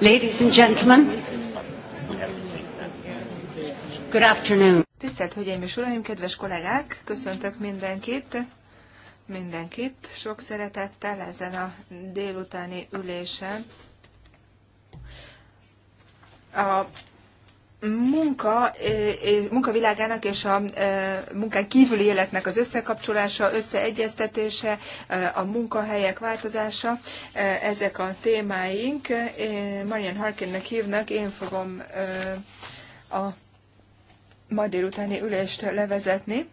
Ladies and gentlemen, good afternoon. Tisztelt Hölgyeim és Uraim, kedves kollégák, köszöntök mindenkit, mindenkit, sok szeretettel ezen a délutáni ülésen. A munka, munkavilágának és a munkán kívüli életnek az összekapcsolása, összeegyeztetése, a munkahelyek változása, ezek a témáink. Marian Harkinnek hívnak, én fogom a ma délutáni ülést levezetni.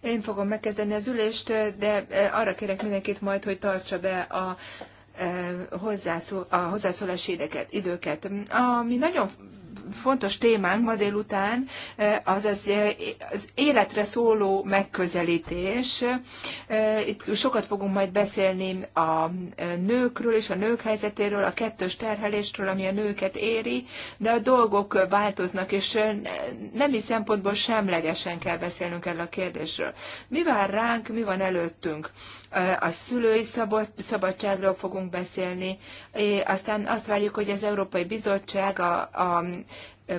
Én fogom megkezdeni az ülést, de arra kérek mindenkit majd, hogy tartsa be a a hozzászólási ideket, időket. Ami nagyon fontos témánk ma délután az, az, az életre szóló megközelítés. Itt sokat fogunk majd beszélni a nőkről és a nők helyzetéről, a kettős terhelésről, ami a nőket éri, de a dolgok változnak, és nemi szempontból semlegesen kell beszélnünk erről a kérdésről. Mi vár ránk, mi van előttünk? a szülői szabadságról fogunk beszélni, aztán azt várjuk, hogy az Európai Bizottság a, a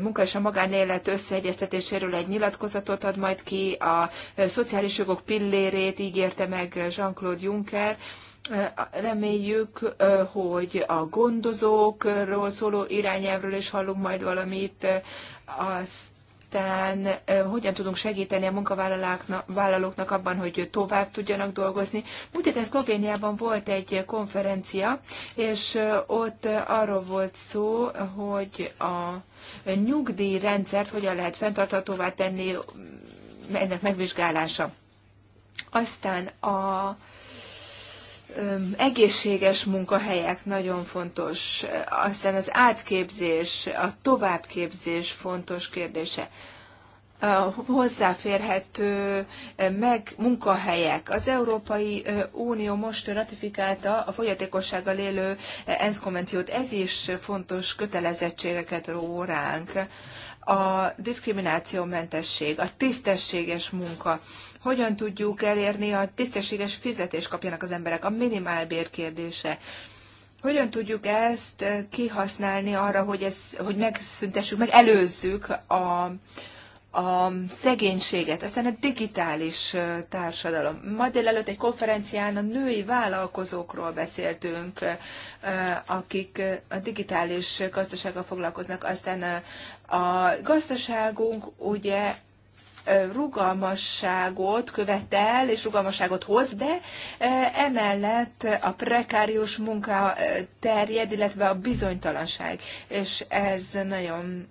munka és a magánélet összeegyeztetéséről egy nyilatkozatot ad majd ki, a szociális jogok pillérét ígérte meg Jean-Claude Juncker, Reméljük, hogy a gondozókról szóló irányelvről is hallunk majd valamit, azt aztán hogyan tudunk segíteni a munkavállalóknak abban, hogy tovább tudjanak dolgozni. Múlt Szlovéniában volt egy konferencia, és ott arról volt szó, hogy a nyugdíjrendszert hogyan lehet fenntarthatóvá tenni ennek megvizsgálása. Aztán a egészséges munkahelyek nagyon fontos, aztán az átképzés, a továbbképzés fontos kérdése, a hozzáférhető meg munkahelyek. Az Európai Unió most ratifikálta a fogyatékossággal élő ENSZ konvenciót, ez is fontos kötelezettségeket ró ránk. A diszkriminációmentesség, a tisztességes munka, hogyan tudjuk elérni a tisztességes fizetést kapjanak az emberek, a minimálbér kérdése. Hogyan tudjuk ezt eh, kihasználni arra, hogy, ez, hogy megszüntessük, meg előzzük a, a szegénységet, aztán a digitális eh, társadalom. Ma délelőtt egy konferencián a női vállalkozókról beszéltünk, eh, akik a digitális gazdasággal foglalkoznak, aztán a gazdaságunk ugye rugalmasságot követel és rugalmasságot hoz, de emellett a prekárius munka terjed, illetve a bizonytalanság, és ez nagyon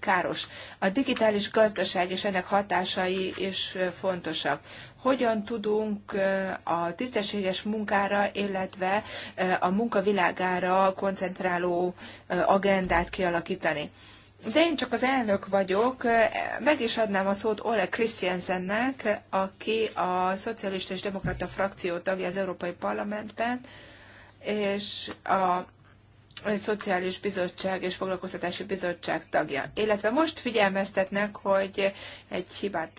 káros. A digitális gazdaság és ennek hatásai is fontosak. Hogyan tudunk a tisztességes munkára, illetve a munkavilágára koncentráló agendát kialakítani? De én csak az elnök vagyok, meg is adnám a szót Ole Christiansennek, aki a Szocialista és Demokrata frakció tagja az Európai Parlamentben, és a Szociális Bizottság és Foglalkoztatási Bizottság tagja. Illetve most figyelmeztetnek, hogy egy hibát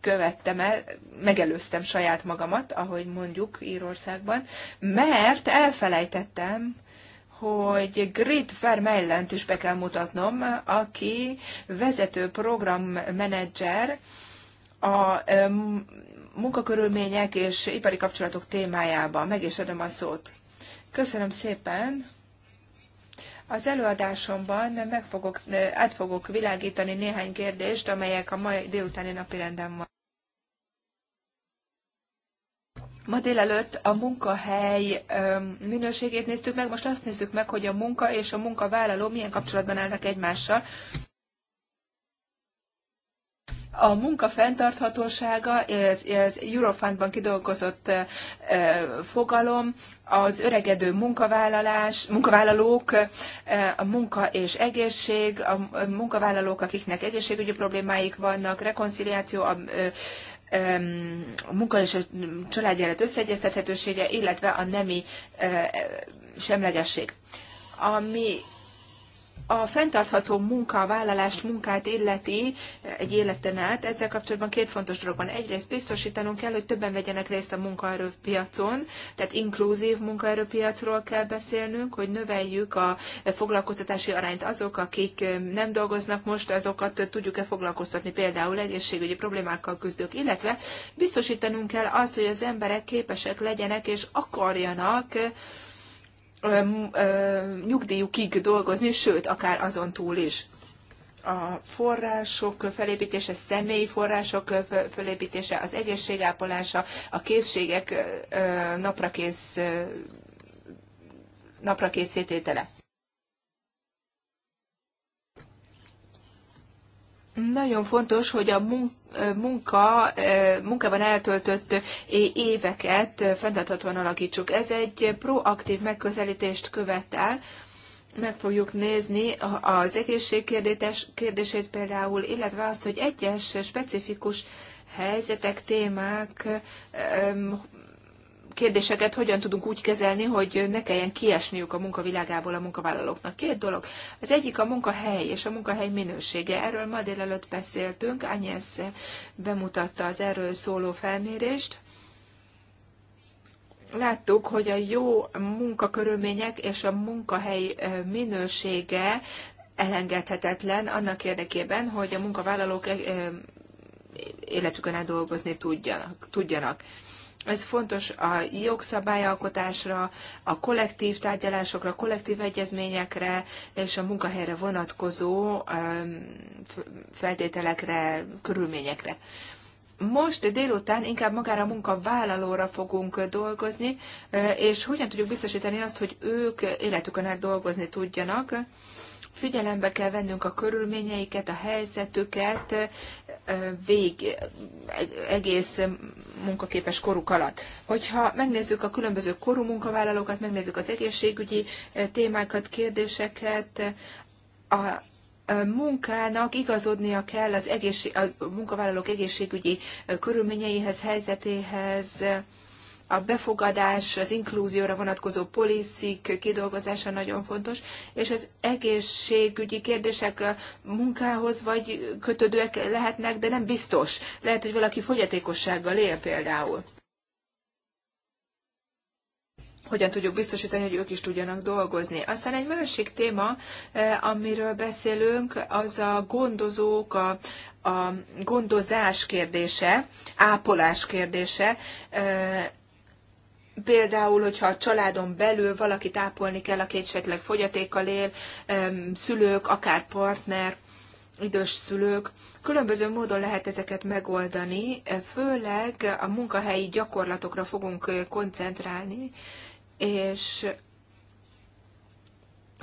követtem el, megelőztem saját magamat, ahogy mondjuk Írországban, mert elfelejtettem hogy Grit Vermeillent is be kell mutatnom, aki vezető programmenedzser a munkakörülmények és ipari kapcsolatok témájában. Meg is adom a szót. Köszönöm szépen! Az előadásomban meg fogok, át fogok világítani néhány kérdést, amelyek a mai délutáni napirenden van. Ma délelőtt a munkahely minőségét néztük meg, most azt nézzük meg, hogy a munka és a munkavállaló milyen kapcsolatban állnak egymással. A munka fenntarthatósága, ez ez Eurofundban kidolgozott fogalom, az öregedő munkavállalás, munkavállalók, a munka és egészség, a munkavállalók, akiknek egészségügyi problémáik vannak, rekonciliáció, a, a munka és a család élet összeegyeztethetősége, illetve a nemi eh, semlegesség. Ami a fenntartható vállalást, munkát illeti egy életen át, ezzel kapcsolatban két fontos dolog van. Egyrészt biztosítanunk kell, hogy többen vegyenek részt a munkaerőpiacon, tehát inkluzív munkaerőpiacról kell beszélnünk, hogy növeljük a foglalkoztatási arányt azok, akik nem dolgoznak most, azokat tudjuk-e foglalkoztatni például egészségügyi problémákkal küzdők, illetve biztosítanunk kell azt, hogy az emberek képesek legyenek és akarjanak nyugdíjukig dolgozni, sőt, akár azon túl is. A források felépítése, személyi források felépítése, az egészségápolása, a készségek naprakész, szététele. Nagyon fontos, hogy a munka munka, munkában eltöltött éveket fenntarthatóan alakítsuk. Ez egy proaktív megközelítést követel, meg fogjuk nézni az egészség kérdését például, illetve azt, hogy egyes specifikus helyzetek, témák kérdéseket hogyan tudunk úgy kezelni, hogy ne kelljen kiesniük a munkavilágából a munkavállalóknak. Két dolog. Az egyik a munkahely és a munkahely minősége. Erről ma délelőtt beszéltünk. Ányesz bemutatta az erről szóló felmérést láttuk, hogy a jó munkakörülmények és a munkahely minősége elengedhetetlen annak érdekében, hogy a munkavállalók életükön át dolgozni tudjanak. tudjanak. Ez fontos a jogszabályalkotásra, a kollektív tárgyalásokra, a kollektív egyezményekre és a munkahelyre vonatkozó feltételekre, körülményekre. Most délután inkább magára a munkavállalóra fogunk dolgozni, és hogyan tudjuk biztosítani azt, hogy ők életükön át dolgozni tudjanak. Figyelembe kell vennünk a körülményeiket, a helyzetüket vég egész munkaképes koruk alatt. Hogyha megnézzük a különböző korú munkavállalókat, megnézzük az egészségügyi témákat, kérdéseket, a munkának igazodnia kell az egészség, a munkavállalók egészségügyi körülményeihez, helyzetéhez, a befogadás, az inklúzióra vonatkozó poliszik kidolgozása nagyon fontos, és az egészségügyi kérdések munkához vagy kötődőek lehetnek, de nem biztos. Lehet, hogy valaki fogyatékossággal él például. Hogyan tudjuk biztosítani, hogy ők is tudjanak dolgozni. Aztán egy másik téma, eh, amiről beszélünk, az a gondozók, a, a gondozás kérdése, ápolás kérdése. Eh, Például, hogyha a családon belül valaki tápolni kell, aki esetleg fogyatékkal él, szülők, akár partner, idős szülők. Különböző módon lehet ezeket megoldani, főleg a munkahelyi gyakorlatokra fogunk koncentrálni, és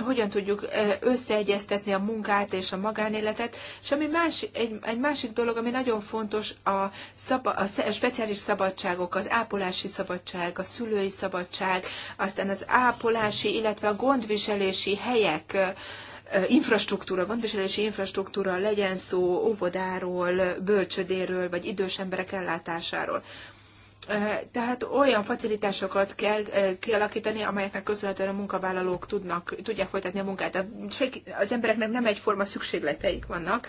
hogyan tudjuk összeegyeztetni a munkát és a magánéletet, és ami más, egy, egy másik dolog, ami nagyon fontos, a, szaba, a speciális szabadságok, az ápolási szabadság, a szülői szabadság, aztán az ápolási, illetve a gondviselési helyek, infrastruktúra, gondviselési infrastruktúra legyen szó óvodáról, bölcsödéről, vagy idős emberek ellátásáról. Tehát olyan facilitásokat kell kialakítani, amelyeknek köszönhetően a munkavállalók tudnak, tudják folytatni a munkát. Az embereknek nem egyforma szükségleteik vannak,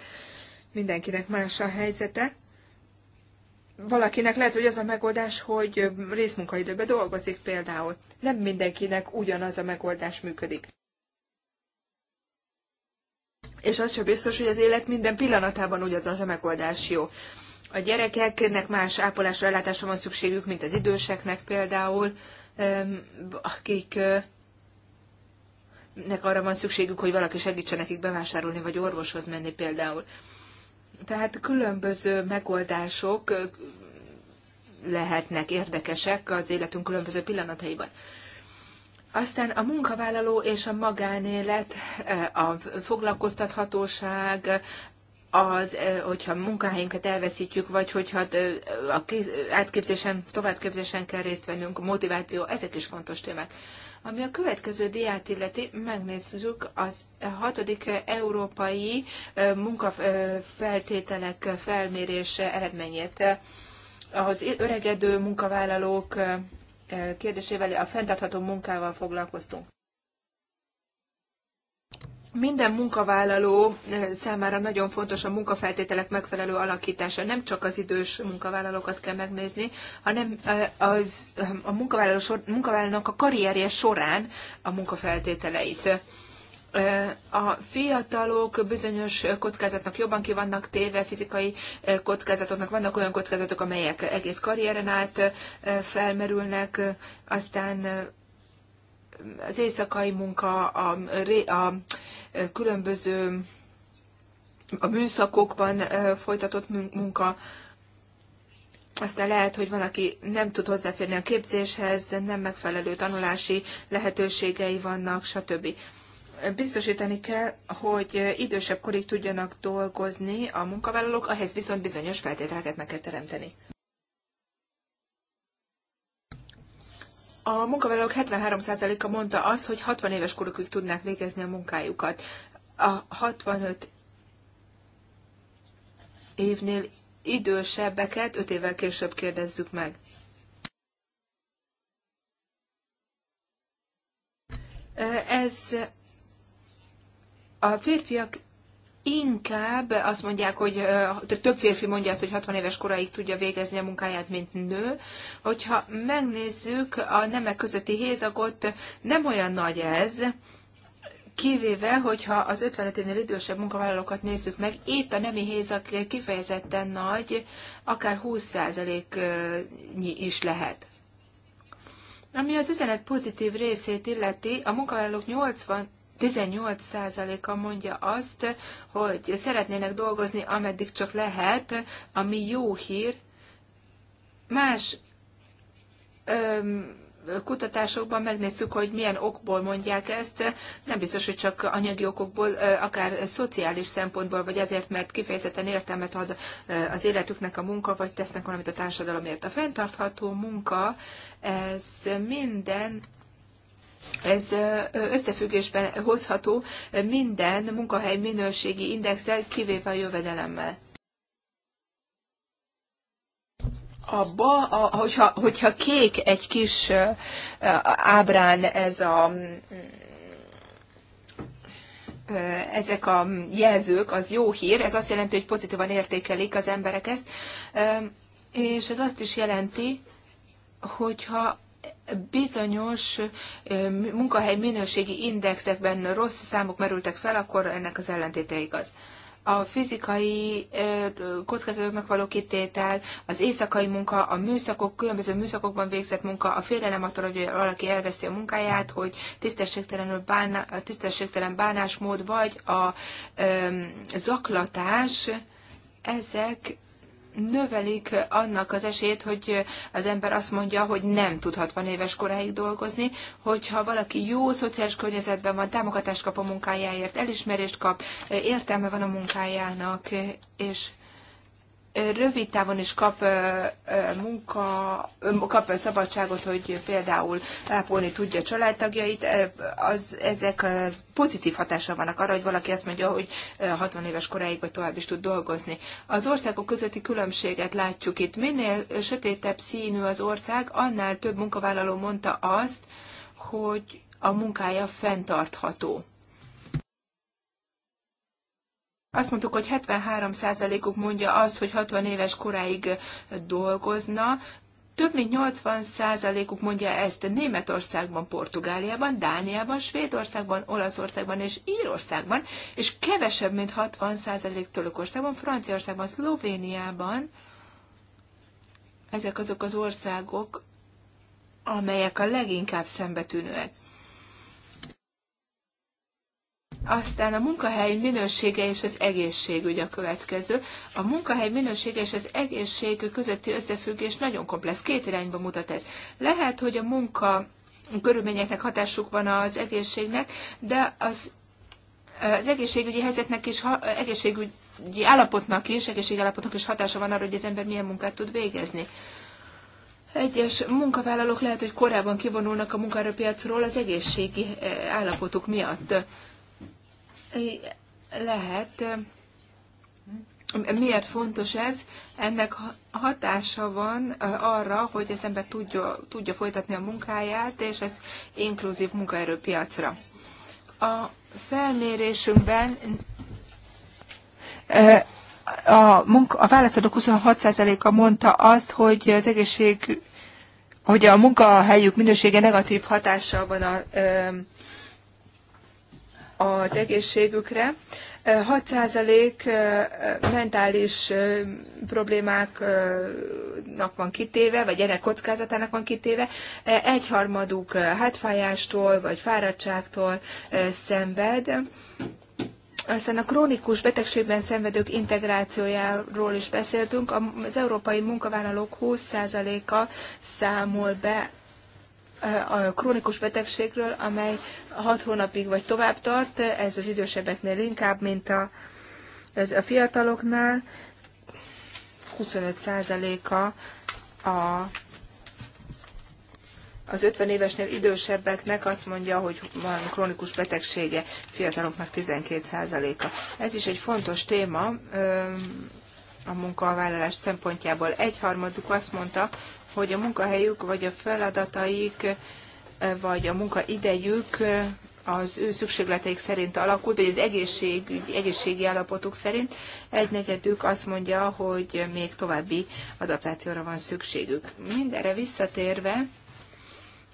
mindenkinek más a helyzete. Valakinek lehet, hogy az a megoldás, hogy részmunkaidőben dolgozik például. Nem mindenkinek ugyanaz a megoldás működik. És az sem biztos, hogy az élet minden pillanatában ugyanaz a megoldás jó. A gyerekeknek más ápolásra, ellátásra van szükségük, mint az időseknek például, akik nek arra van szükségük, hogy valaki segítsen nekik bevásárolni, vagy orvoshoz menni például. Tehát különböző megoldások lehetnek érdekesek az életünk különböző pillanataiban. Aztán a munkavállaló és a magánélet, a foglalkoztathatóság, az, hogyha munkahelyünket elveszítjük, vagy hogyha a átképzésen, továbbképzésen kell részt vennünk, motiváció, ezek is fontos témák. Ami a következő diát illeti, megnézzük az hatodik európai munkafeltételek felmérése eredményét. Az öregedő munkavállalók kérdésével a fenntartható munkával foglalkoztunk. Minden munkavállaló eh, számára nagyon fontos a munkafeltételek megfelelő alakítása. Nem csak az idős munkavállalókat kell megnézni, hanem eh, az, eh, a munkavállaló sor, munkavállalónak a karrierje során a munkafeltételeit. A fiatalok bizonyos kockázatnak jobban ki vannak téve, fizikai kockázatoknak vannak olyan kockázatok, amelyek egész karrieren át felmerülnek, aztán az éjszakai munka, a, a különböző a műszakokban folytatott munka, aztán lehet, hogy van, aki nem tud hozzáférni a képzéshez, nem megfelelő tanulási lehetőségei vannak, stb. Biztosítani kell, hogy idősebb korig tudjanak dolgozni a munkavállalók, ahhez viszont bizonyos feltételeket meg kell teremteni. A munkavállalók 73%-a mondta azt, hogy 60 éves korukig tudnák végezni a munkájukat. A 65 évnél idősebbeket 5 évvel később kérdezzük meg. Ez a férfiak inkább azt mondják, hogy tehát több férfi mondja azt, hogy 60 éves koráig tudja végezni a munkáját, mint nő. Hogyha megnézzük a nemek közötti hézagot, nem olyan nagy ez, kivéve, hogyha az 55 évnél idősebb munkavállalókat nézzük meg, itt a nemi hézak kifejezetten nagy, akár 20%-nyi is lehet. Ami az üzenet pozitív részét illeti, a munkavállalók 18%-a mondja azt, hogy szeretnének dolgozni, ameddig csak lehet, ami jó hír. Más öm, kutatásokban megnéztük, hogy milyen okból mondják ezt. Nem biztos, hogy csak anyagi okokból, akár szociális szempontból, vagy azért, mert kifejezetten értelmet ad az életüknek a munka, vagy tesznek valamit a társadalomért. A fenntartható munka, ez minden ez összefüggésben hozható minden munkahely minőségi indexel, kivéve a jövedelemmel. ba, a, hogyha, hogyha kék egy kis ábrán ez a ezek a jelzők, az jó hír, ez azt jelenti, hogy pozitívan értékelik az emberek ezt, és ez azt is jelenti, hogyha bizonyos munkahely minőségi indexekben rossz számok merültek fel, akkor ennek az ellentéte igaz a fizikai kockázatoknak való kitétel, az éjszakai munka, a műszakok, különböző műszakokban végzett munka, a félelem attól, hogy valaki elveszi a munkáját, hogy tisztességtelenül bána, tisztességtelen bánásmód, vagy a ö, zaklatás, ezek növelik annak az esélyt, hogy az ember azt mondja, hogy nem tud 60 éves koráig dolgozni, hogyha valaki jó szociális környezetben van, támogatást kap a munkájáért, elismerést kap, értelme van a munkájának, és rövid távon is kap munka, kap szabadságot, hogy például ápolni tudja a családtagjait, az, ezek pozitív hatása vannak arra, hogy valaki azt mondja, hogy 60 éves koráig vagy tovább is tud dolgozni. Az országok közötti különbséget látjuk itt. Minél sötétebb színű az ország, annál több munkavállaló mondta azt, hogy a munkája fenntartható. Azt mondtuk, hogy 73%-uk mondja azt, hogy 60 éves koráig dolgozna, több mint 80%-uk mondja ezt Németországban, Portugáliában, Dániában, Svédországban, Olaszországban és Írországban, és kevesebb, mint 60% Törökországban, Franciaországban, Szlovéniában. Ezek azok az országok, amelyek a leginkább szembetűnőek. Aztán a munkahely minősége és az egészségügy a következő. A munkahely minősége és az egészség közötti összefüggés nagyon komplex, két irányba mutat ez. Lehet, hogy a munka körülményeknek hatásuk van az egészségnek, de az, az egészségügyi helyzetnek is, ha, egészségügyi állapotnak is, állapotnak is hatása van arra, hogy az ember milyen munkát tud végezni. Egyes munkavállalók lehet, hogy korábban kivonulnak a munkaerőpiacról az egészségi eh, állapotuk miatt lehet, miért fontos ez? Ennek hatása van arra, hogy az ember tudja, tudja folytatni a munkáját, és ez inkluzív munkaerőpiacra. A felmérésünkben a, munka, a válaszadók 26%-a mondta azt, hogy az egészség, hogy a munkahelyük minősége negatív hatással van a az egészségükre. 6% eh, eh, mentális eh, problémáknak van kitéve, vagy gyerek kockázatának van kitéve, egyharmaduk hátfájástól vagy fáradtságtól szenved. Aztán a krónikus betegségben szenvedők integrációjáról is beszéltünk. Az európai munkavállalók 20%-a számol be a krónikus betegségről, amely 6 hónapig vagy tovább tart, ez az idősebbeknél inkább, mint a, ez a fiataloknál. 25%-a a, az 50 évesnél idősebbeknek azt mondja, hogy van krónikus betegsége, fiataloknak 12%-a. Ez is egy fontos téma a munkavállalás szempontjából. Egyharmaduk azt mondta, hogy a munkahelyük, vagy a feladataik, vagy a munkaidejük az ő szükségleteik szerint alakult, vagy az egészség, egészségi állapotuk szerint. Egynegyedük azt mondja, hogy még további adaptációra van szükségük. Mindenre visszatérve,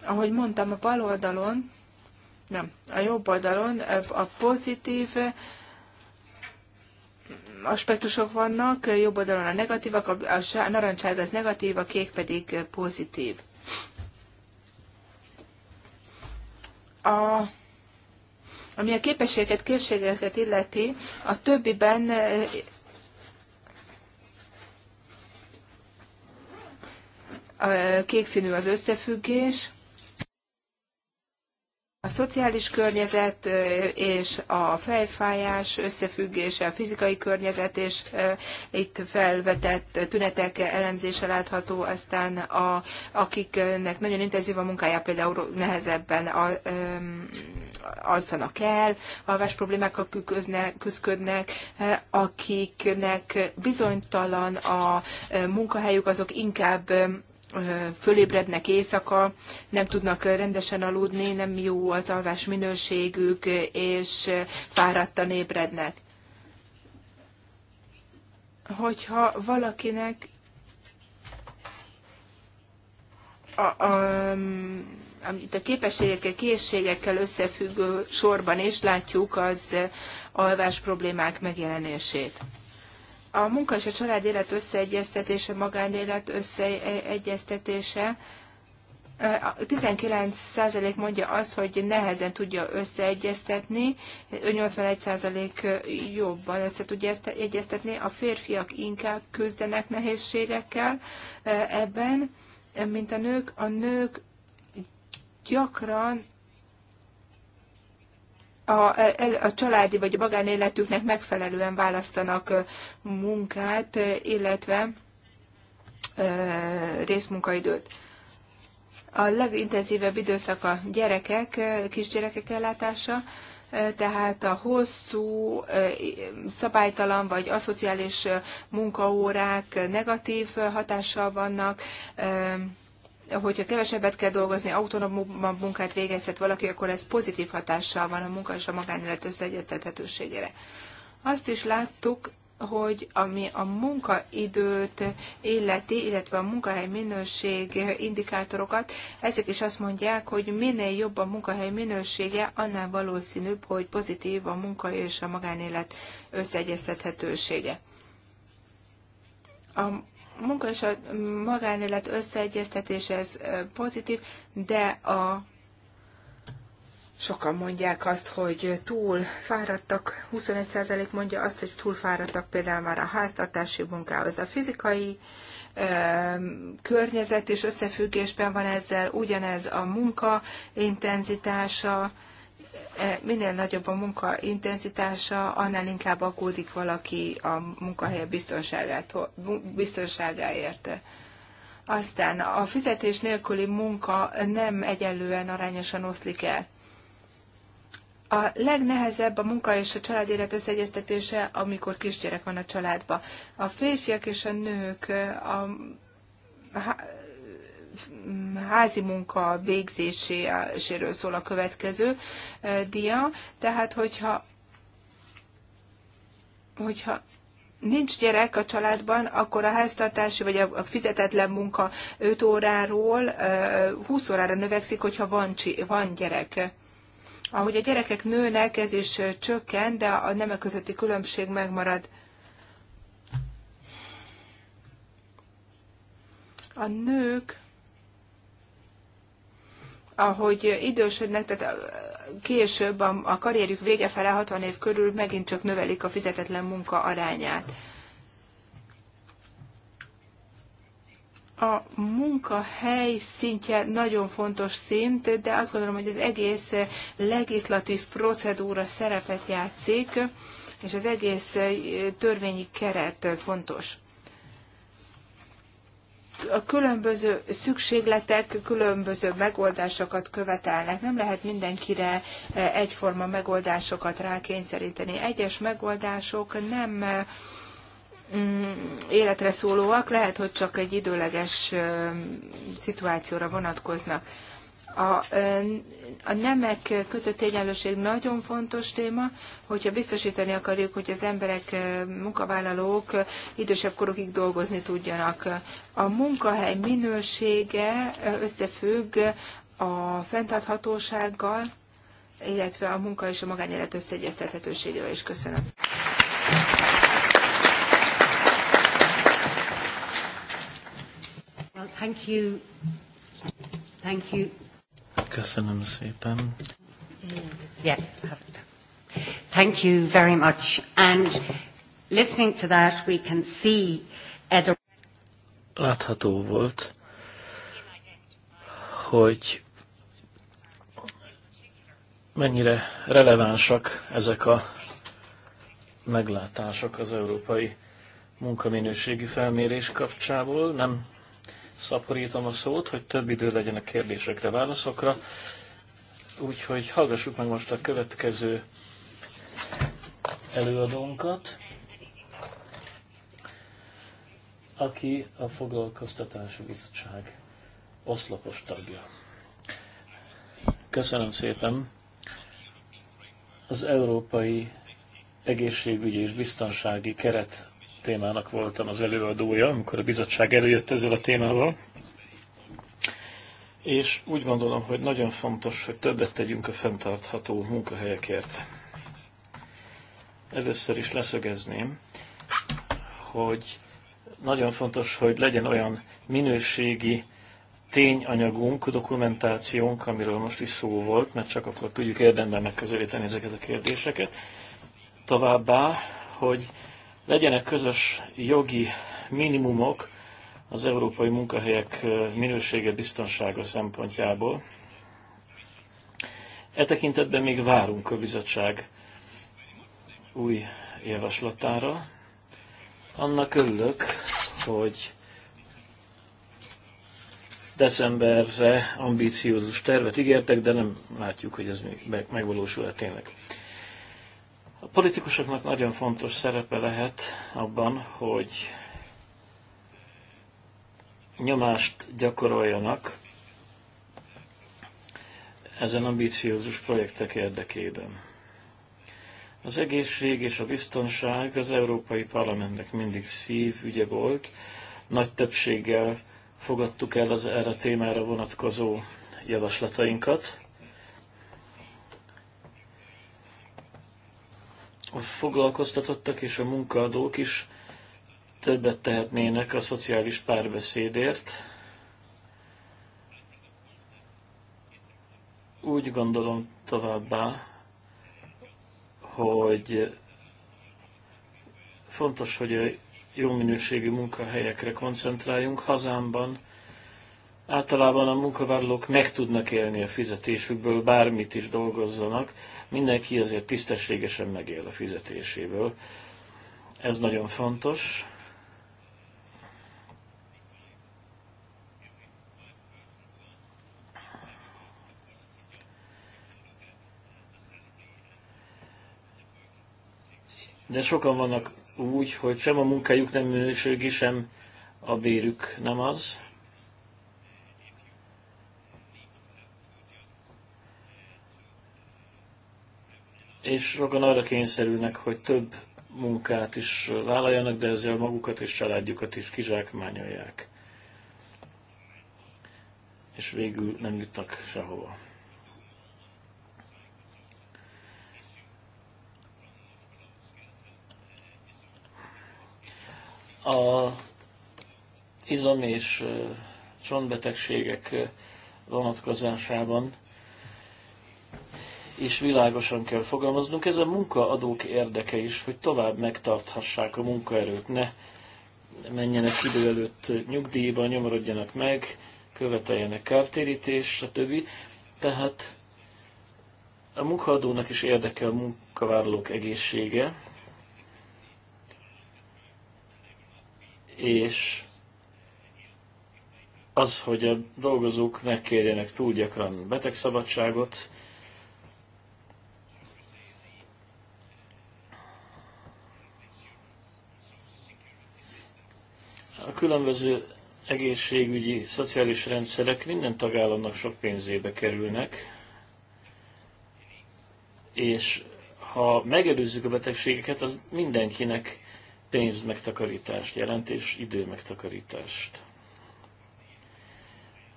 ahogy mondtam, a bal oldalon, nem, a jobb oldalon a pozitív aspektusok vannak, jobb oldalon a negatívak, a narancsárga az negatív, a kék pedig pozitív. A, ami a képességeket, készségeket illeti, a többiben a kék színű az összefüggés, a szociális környezet és a fejfájás összefüggése, a fizikai környezet és itt felvetett tünetek elemzése látható, aztán a, akiknek nagyon intenzív a munkája, például nehezebben a, alszanak el, alvás problémákkal küzdködnek, akiknek bizonytalan a munkahelyük, azok inkább fölébrednek éjszaka, nem tudnak rendesen aludni, nem jó az alvás minőségük, és fáradtan ébrednek. Hogyha valakinek a, a, amit a képességekkel, készségekkel összefüggő sorban is látjuk az alvás problémák megjelenését a munka és a család élet összeegyeztetése, magánélet összeegyeztetése, 19% mondja azt, hogy nehezen tudja összeegyeztetni, 81% jobban össze tudja egyeztetni, a férfiak inkább küzdenek nehézségekkel eh, ebben, mint a nők. A nők gyakran a, a családi vagy a magánéletüknek megfelelően választanak munkát, illetve részmunkaidőt. A legintenzívebb időszak a gyerekek, kisgyerekek ellátása, tehát a hosszú, szabálytalan vagy aszociális munkaórák negatív hatással vannak, hogyha kevesebbet kell dolgozni, autonóm munkát végezhet valaki, akkor ez pozitív hatással van a munka és a magánélet összeegyeztethetőségére. Azt is láttuk, hogy ami a munkaidőt illeti, illetve a munkahely minőség indikátorokat, ezek is azt mondják, hogy minél jobb a munkahely minősége, annál valószínűbb, hogy pozitív a munka és a magánélet összeegyeztethetősége. A munka és a magánélet összeegyeztetése, ez pozitív, de a Sokan mondják azt, hogy túl fáradtak, 21% mondja azt, hogy túl fáradtak például már a háztartási munkához. A fizikai ö, környezet és összefüggésben van ezzel, ugyanez a munka intenzitása, minél nagyobb a munka intenzitása, annál inkább aggódik valaki a munkahelye biztonságát, biztonságáért. Aztán a fizetés nélküli munka nem egyenlően arányosan oszlik el. A legnehezebb a munka és a család élet összeegyeztetése, amikor kisgyerek van a családba. A férfiak és a nők a házi munka végzéséről szól a következő eh, dia, tehát hogyha, hogyha nincs gyerek a családban, akkor a háztartási vagy a fizetetlen munka 5 óráról 20 eh, órára növekszik, hogyha van, van gyerek. Ahogy a gyerekek nőnek, ez is eh, csökken, de a nemek közötti különbség megmarad. A nők ahogy idősödnek, tehát később a karrierjük vége fele 60 év körül megint csak növelik a fizetetlen munka arányát. A munkahely szintje nagyon fontos szint, de azt gondolom, hogy az egész legislatív procedúra szerepet játszik, és az egész törvényi keret fontos a különböző szükségletek különböző megoldásokat követelnek. Nem lehet mindenkire e, egyforma megoldásokat rákényszeríteni. Egyes megoldások nem e, mm, életre szólóak, lehet, hogy csak egy időleges e, szituációra vonatkoznak. A, a nemek között egyenlőség nagyon fontos téma, hogyha biztosítani akarjuk, hogy az emberek, munkavállalók idősebb korokig dolgozni tudjanak. A munkahely minősége összefügg a fenntarthatósággal, illetve a munka és a magánélet összeegyeztethetőségével is. Köszönöm. thank you. Thank you. Köszönöm szépen. Yeah. Thank you very much. And listening to that, we can see a... Látható volt, hogy mennyire relevánsak ezek a meglátások az európai munkaminőségi felmérés kapcsából. Nem szaporítom a szót, hogy több idő legyen a kérdésekre, válaszokra. Úgyhogy hallgassuk meg most a következő előadónkat, aki a Foglalkoztatási Bizottság oszlopos tagja. Köszönöm szépen! Az Európai Egészségügyi és Biztonsági Keret témának voltam az előadója, amikor a bizottság előjött ezzel a témával. És úgy gondolom, hogy nagyon fontos, hogy többet tegyünk a fenntartható munkahelyekért. Először is leszögezném, hogy nagyon fontos, hogy legyen olyan minőségi tényanyagunk, dokumentációnk, amiről most is szó volt, mert csak akkor tudjuk érdemben megközelíteni ezeket a kérdéseket. Továbbá, hogy Legyenek közös jogi minimumok az európai munkahelyek minősége, biztonsága szempontjából. E tekintetben még várunk a bizottság új javaslatára. Annak örülök, hogy decemberre ambíciózus tervet ígértek, de nem látjuk, hogy ez még megvalósul-e tényleg politikusoknak nagyon fontos szerepe lehet abban, hogy nyomást gyakoroljanak ezen ambíciózus projektek érdekében. Az egészség és a biztonság az Európai Parlamentnek mindig szív ügye volt. Nagy többséggel fogadtuk el az erre témára vonatkozó javaslatainkat. a foglalkoztatottak és a munkaadók is többet tehetnének a szociális párbeszédért. Úgy gondolom továbbá, hogy fontos, hogy a jó minőségű munkahelyekre koncentráljunk hazámban, Általában a munkavállalók meg tudnak élni a fizetésükből, bármit is dolgozzanak. Mindenki azért tisztességesen megél a fizetéséből. Ez nagyon fontos. de sokan vannak úgy, hogy sem a munkájuk nem minőségi, sem a bérük nem az. és sokan arra kényszerülnek, hogy több munkát is vállaljanak, de ezzel magukat és családjukat is kizsákmányolják. És végül nem jutnak sehova. A izom és csontbetegségek vonatkozásában és világosan kell fogalmaznunk. Ez a munkaadók érdeke is, hogy tovább megtarthassák a munkaerőt, ne menjenek idő előtt nyugdíjba, nyomorodjanak meg, követeljenek kártérítés, stb. Tehát a munkaadónak is érdeke a munkavállalók egészsége, és az, hogy a dolgozók ne kérjenek túl gyakran betegszabadságot, különböző egészségügyi, szociális rendszerek minden tagállamnak sok pénzébe kerülnek, és ha megelőzzük a betegségeket, az mindenkinek pénz megtakarítást jelent, és megtakarítást.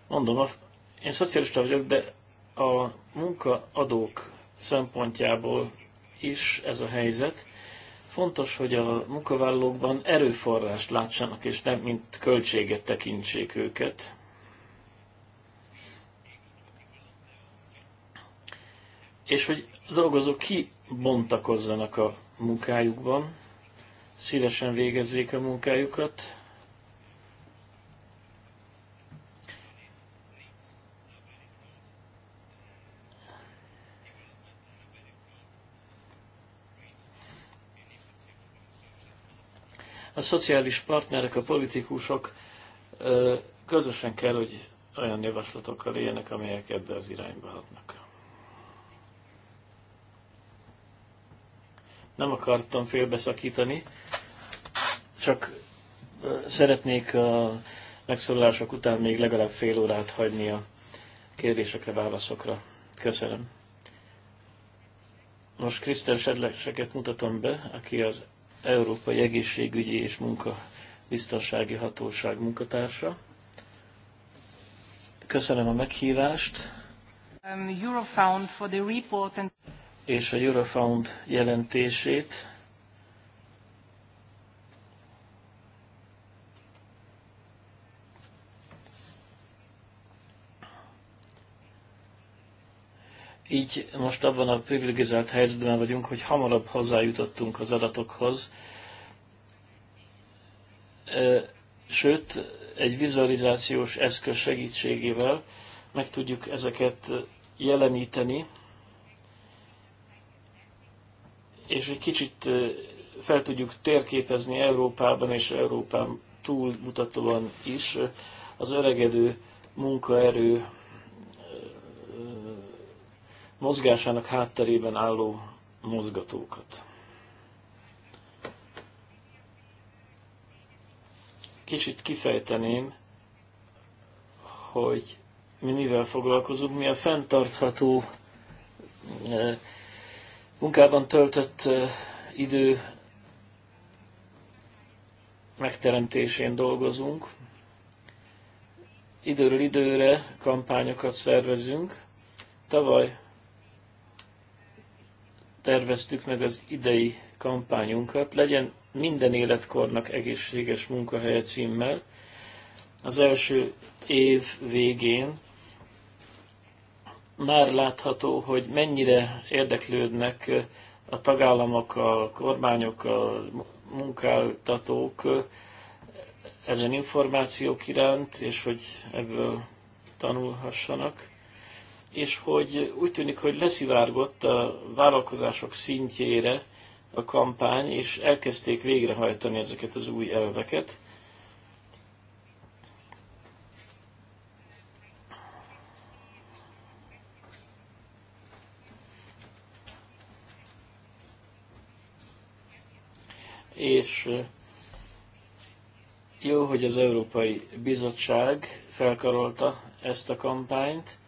Mondom, én szocialista vagyok, de a munkaadók szempontjából is ez a helyzet, Fontos, hogy a munkavállalókban erőforrást látsanak, és nem mint költséget tekintsék őket. És hogy a dolgozók kibontakozzanak a munkájukban, szívesen végezzék a munkájukat, a szociális partnerek, a politikusok közösen kell, hogy olyan javaslatokkal éljenek, amelyek ebbe az irányba hatnak. Nem akartam félbeszakítani, csak szeretnék a megszólalások után még legalább fél órát hagyni a kérdésekre, válaszokra. Köszönöm. Most Krisztel Sedleseket mutatom be, aki az Európai Egészségügyi és Munkabiztonsági Hatóság munkatársa. Köszönöm a meghívást. Um, Eurofound for the report and... és a Eurofound jelentését Így most abban a privilegizált helyzetben vagyunk, hogy hamarabb hozzájutottunk az adatokhoz. Sőt, egy vizualizációs eszköz segítségével meg tudjuk ezeket jeleníteni, és egy kicsit fel tudjuk térképezni Európában és Európán túlmutatóan is az öregedő munkaerő mozgásának hátterében álló mozgatókat. Kicsit kifejteném, hogy mi mivel foglalkozunk, mi a fenntartható eh, munkában töltött eh, idő megteremtésén dolgozunk. Időről időre kampányokat szervezünk. Tavaly terveztük meg az idei kampányunkat. Legyen minden életkornak egészséges munkahelye címmel. Az első év végén már látható, hogy mennyire érdeklődnek a tagállamok, a kormányok, a munkáltatók ezen információk iránt, és hogy ebből tanulhassanak és hogy úgy tűnik, hogy leszivárgott a vállalkozások szintjére a kampány, és elkezdték végrehajtani ezeket az új elveket. És jó, hogy az Európai Bizottság felkarolta ezt a kampányt,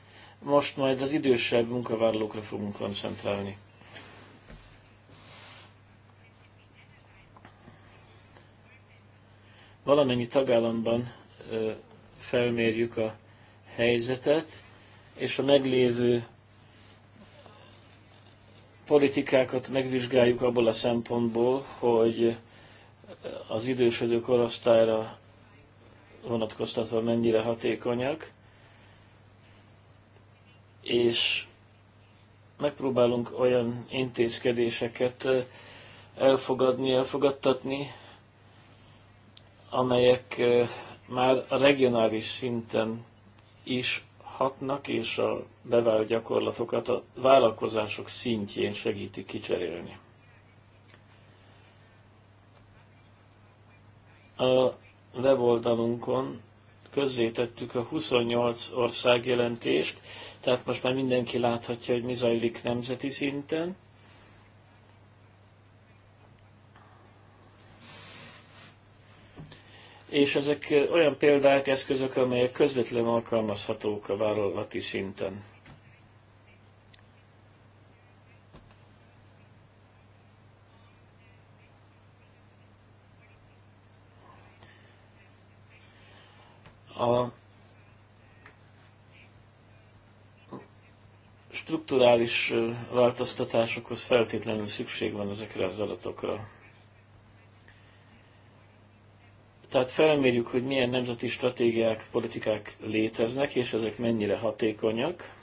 most majd az idősebb munkavállalókra fogunk koncentrálni. Valamennyi tagállamban felmérjük a helyzetet, és a meglévő politikákat megvizsgáljuk abból a szempontból, hogy az idősödő korosztályra vonatkoztatva mennyire hatékonyak és megpróbálunk olyan intézkedéseket elfogadni, elfogadtatni, amelyek már a regionális szinten is hatnak, és a bevált gyakorlatokat a vállalkozások szintjén segítik kicserélni. A weboldalunkon közzétettük a 28 ország jelentést, tehát most már mindenki láthatja, hogy mi zajlik nemzeti szinten. És ezek olyan példák, eszközök, amelyek közvetlenül alkalmazhatók a vállalati szinten. A strukturális változtatásokhoz feltétlenül szükség van ezekre az adatokra. Tehát felmérjük, hogy milyen nemzeti stratégiák, politikák léteznek, és ezek mennyire hatékonyak.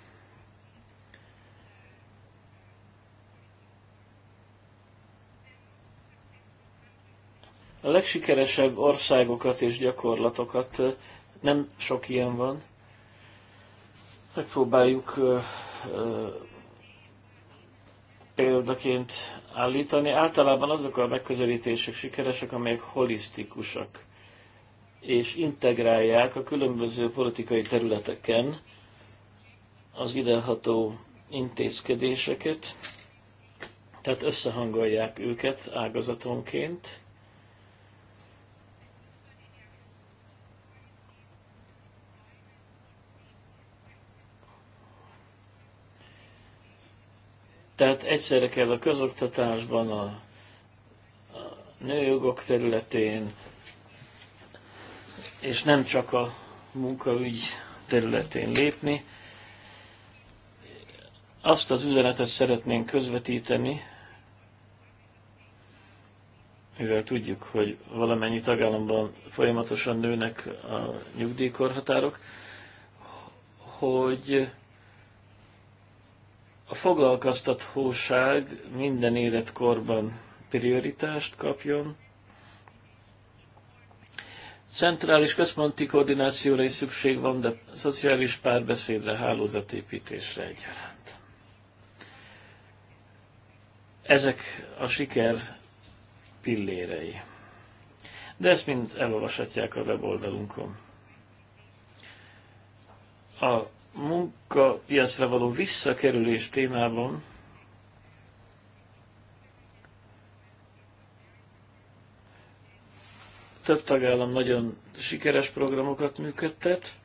A legsikeresebb országokat és gyakorlatokat nem sok ilyen van. Megpróbáljuk példaként állítani. Általában azok a megközelítések sikeresek, amelyek holisztikusak, és integrálják a különböző politikai területeken az ideható intézkedéseket, tehát összehangolják őket ágazatonként, Tehát egyszerre kell a közoktatásban, a, a nőjogok területén, és nem csak a munkaügy területén lépni. Azt az üzenetet szeretnénk közvetíteni, mivel tudjuk, hogy valamennyi tagállamban folyamatosan nőnek a nyugdíjkorhatárok, hogy a foglalkoztathóság minden életkorban prioritást kapjon. Centrális központi koordinációra is szükség van, de szociális párbeszédre, hálózatépítésre egyaránt. Ezek a siker pillérei. De ezt mind elolvashatják a weboldalunkon. A munkapiacra való visszakerülés témában több tagállam nagyon sikeres programokat működtet.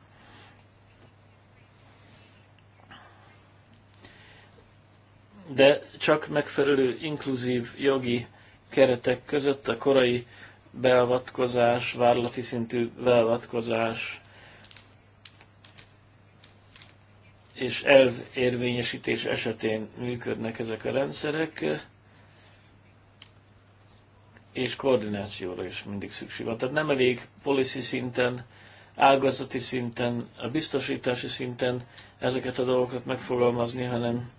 De csak megfelelő inkluzív jogi keretek között a korai beavatkozás, várlati szintű beavatkozás, és elvérvényesítés esetén működnek ezek a rendszerek, és koordinációra is mindig szükség van. Tehát nem elég policy szinten, ágazati szinten, a biztosítási szinten ezeket a dolgokat megfogalmazni, hanem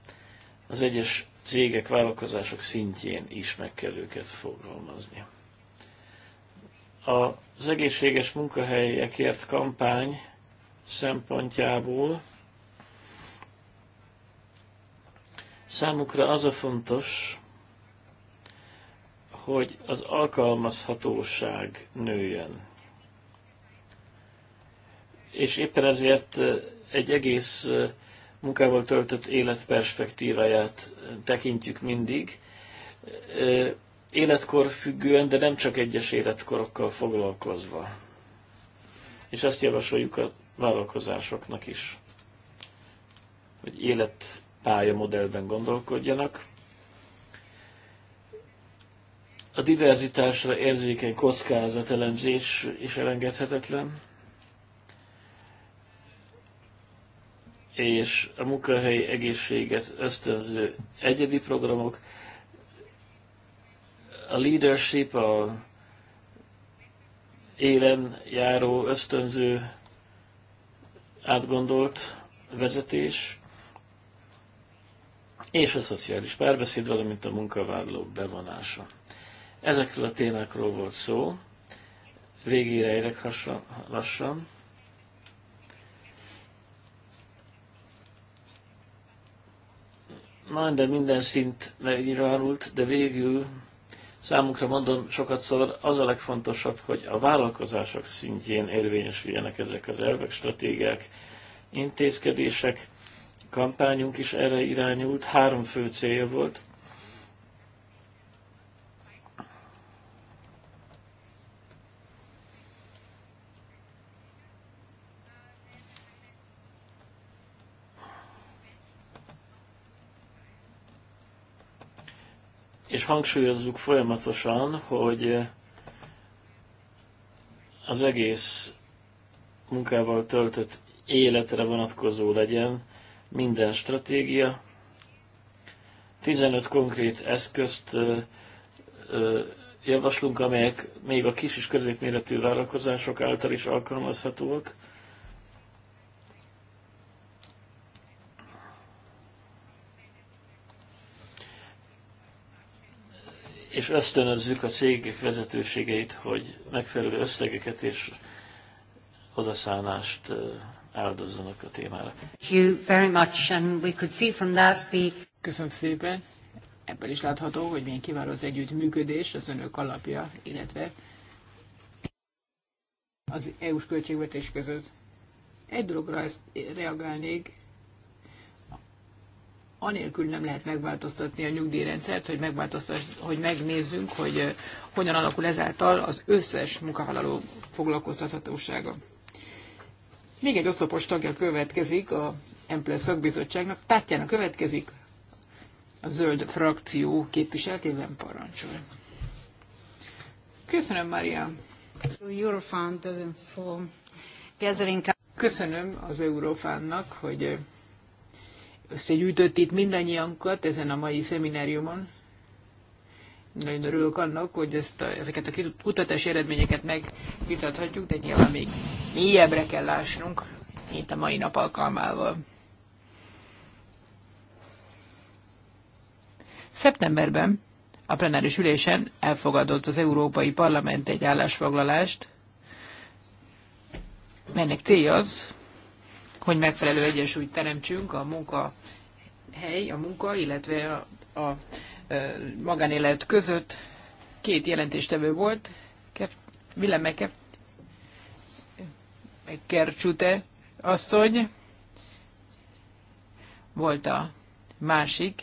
az egyes cégek, vállalkozások szintjén is meg kell őket fogalmazni. Az egészséges munkahelyekért kampány szempontjából Számukra az a fontos, hogy az alkalmazhatóság nőjön. És éppen ezért egy egész munkával töltött élet perspektíváját tekintjük mindig. Életkor függően, de nem csak egyes életkorokkal foglalkozva. És ezt javasoljuk a vállalkozásoknak is, hogy élet pályamodellben gondolkodjanak. A diverzitásra érzékeny kockázatelemzés is elengedhetetlen, és a munkahelyi egészséget ösztönző egyedi programok, a leadership, a élen járó, ösztönző, átgondolt vezetés, és a szociális párbeszéd, valamint a munkavállaló bevonása. Ezekről a témákról volt szó, végére érek lassan. Majdnem minden szint megnyilvánult, de végül számunkra mondom sokat az a legfontosabb, hogy a vállalkozások szintjén érvényesüljenek ezek az elvek, stratégiák, intézkedések, kampányunk is erre irányult, három fő célja volt. És hangsúlyozzuk folyamatosan, hogy eh, az egész munkával töltött életre vonatkozó legyen minden stratégia, 15 konkrét eszközt ö, ö, javaslunk, amelyek még a kis és középméretű vállalkozások által is alkalmazhatóak. És ösztönözzük a cégek vezetőségeit, hogy megfelelő összegeket és odaszállást áldozzanak a témára. Köszönöm szépen. Ebből is látható, hogy milyen kiváló az együttműködés, az önök alapja, illetve az EU-s költségvetés között. Egy dologra ezt reagálnék, anélkül nem lehet megváltoztatni a nyugdíjrendszert, hogy, hogy megnézzünk, hogy eh, hogyan alakul ezáltal az összes munkavállaló foglalkoztathatósága. Még egy oszlopos tagja következik a Emple szakbizottságnak. Tátjának következik a zöld frakció képviseltében parancsol. Köszönöm, Mária. Uh, Köszönöm az Eurofánnak, hogy összegyűjtött itt mindannyiankat ezen a mai szemináriumon. Nagyon örülök annak, hogy ezt a, ezeket a kutatási eredményeket megvitathatjuk, de nyilván még mélyebbre kell lásnunk, mint a mai nap alkalmával. Szeptemberben a plenáris ülésen elfogadott az Európai Parlament egy állásfoglalást, melynek célja az, hogy megfelelő egyensúlyt teremtsünk a munka hely, a munka, illetve a, a magánélet között. Két jelentéstevő volt, Willem Mekercsute asszony, volt a másik,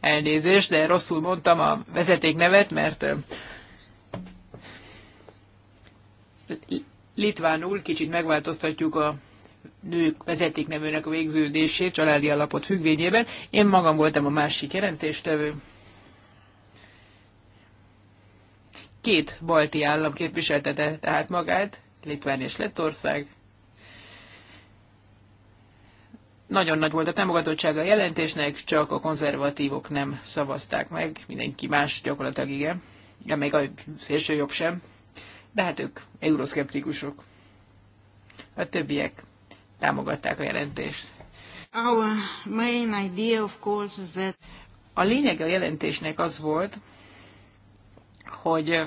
elnézést, de rosszul mondtam a vezeték nevet, mert litvánul kicsit megváltoztatjuk a nők vezetik nevőnek a végződését családi alapot függvényében. Én magam voltam a másik jelentéstevő. Két balti állam képviseltete tehát magát, Litván és Lettország. Nagyon nagy volt a támogatottsága a jelentésnek, csak a konzervatívok nem szavazták meg, mindenki más gyakorlatilag igen, de még a szélső jobb sem, de hát ők euroszkeptikusok. A többiek támogatták a jelentést. Our main idea, of course, is that... A lényeg a jelentésnek az volt, hogy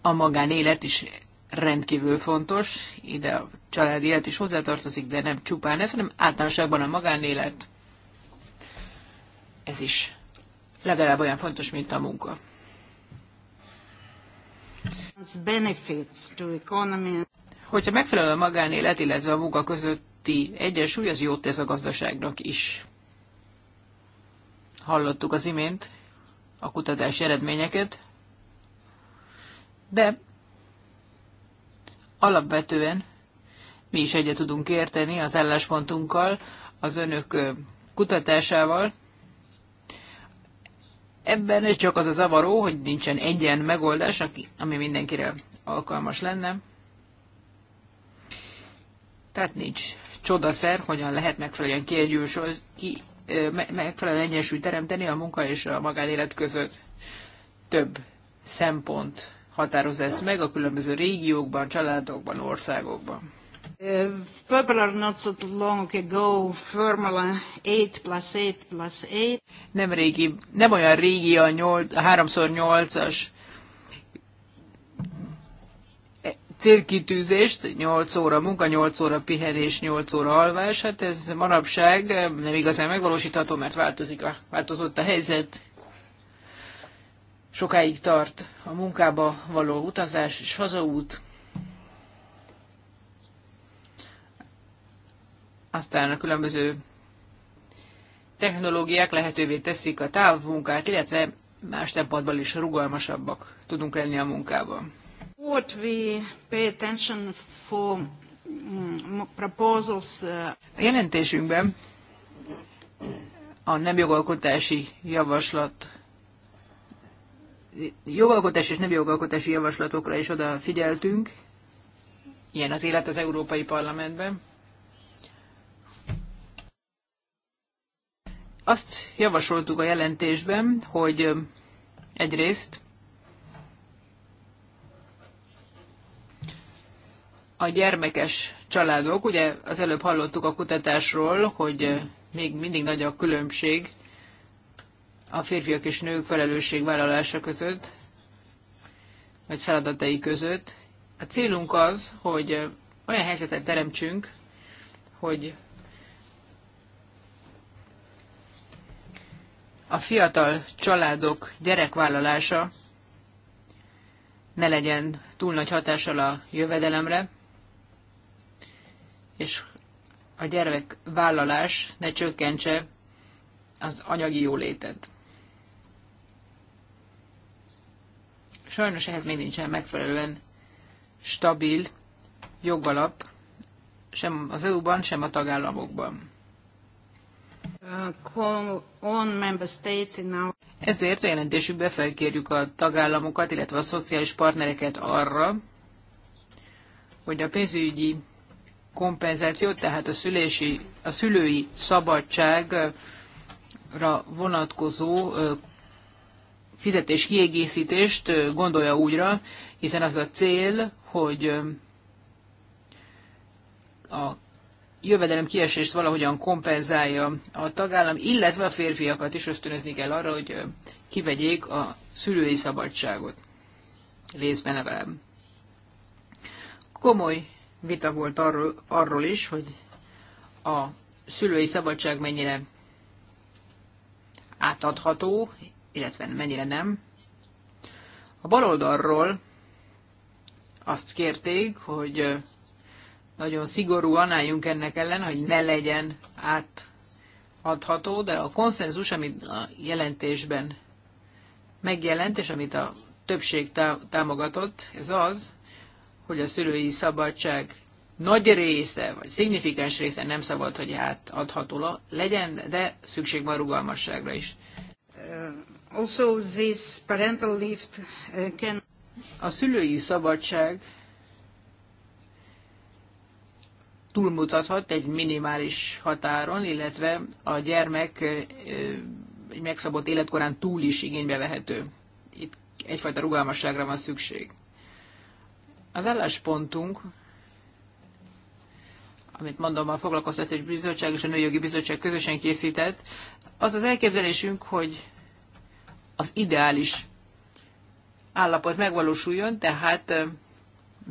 a magánélet is rendkívül fontos, ide a családi élet is hozzátartozik, de nem csupán ez, hanem általánosságban a magánélet, ez is legalább olyan fontos, mint a munka hogyha megfelelő a magánélet, illetve a munka közötti egyensúly, az jót tesz a gazdaságnak is. Hallottuk az imént a kutatás eredményeket, de alapvetően mi is egyet tudunk érteni az álláspontunkkal, az önök kutatásával. Ebben csak az a zavaró, hogy nincsen egyen megoldás, ami mindenkire alkalmas lenne. Tehát nincs csodaszer, hogyan lehet megfelelően kiegyensúlyozni, ki, megfelelően egyensúly teremteni a munka és a magánélet között. Több szempont határozza ezt meg a különböző régiókban, családokban, országokban. Popular uh, not so long ago formula 8 plus 8 plus 8. Nem, régi, nem olyan régi a 3x8-as célkitűzést, 8 óra munka, 8 óra pihenés, 8 óra alvás, hát ez manapság nem igazán megvalósítható, mert változik a, változott a helyzet. Sokáig tart a munkába való utazás és hazaút. Aztán a különböző technológiák lehetővé teszik a távmunkát, illetve más szempontból is rugalmasabbak tudunk lenni a munkában. What we pay attention for mm, proposals. Uh, a jelentésünkben a nem jogalkotási javaslat jogalkotási és nem jogalkotási javaslatokra is odafigyeltünk. Ilyen az élet az Európai Parlamentben. Azt javasoltuk a jelentésben, hogy egyrészt a gyermekes családok, ugye az előbb hallottuk a kutatásról, hogy még mindig nagy a különbség a férfiak és nők felelősségvállalása között, vagy feladatai között. A célunk az, hogy olyan helyzetet teremtsünk, hogy a fiatal családok gyerekvállalása ne legyen túl nagy hatással a jövedelemre, és a gyermek vállalás ne csökkentse az anyagi jólétet. Sajnos ehhez még nincsen megfelelően stabil jogalap, sem az EU-ban, sem a tagállamokban. Ezért a jelentésükbe felkérjük a tagállamokat, illetve a szociális partnereket arra, hogy a pénzügyi kompenzációt, tehát a, szülési, a szülői szabadságra vonatkozó fizetés kiegészítést gondolja úgyra, hiszen az a cél, hogy a jövedelem kiesést valahogyan kompenzálja a tagállam, illetve a férfiakat is ösztönözni kell arra, hogy kivegyék a szülői szabadságot. Részben legalább. Komoly vita volt arról, arról is, hogy a szülői szabadság mennyire átadható, illetve mennyire nem. A baloldalról azt kérték, hogy nagyon szigorúan álljunk ennek ellen, hogy ne legyen átadható, de a konszenzus, amit a jelentésben megjelent, és amit a többség támogatott, ez az, hogy a szülői szabadság nagy része, vagy szignifikáns része nem szabad, hogy hát adható legyen, de szükség van rugalmasságra is. Uh, also this parental lift uh, can... A szülői szabadság túlmutathat egy minimális határon, illetve a gyermek uh, egy megszabott életkorán túl is igénybe vehető. Itt egyfajta rugalmasságra van szükség. Az álláspontunk, amit mondom, a Foglalkoztatási Bizottság és a Nőjogi Bizottság közösen készített, az az elképzelésünk, hogy az ideális állapot megvalósuljon, tehát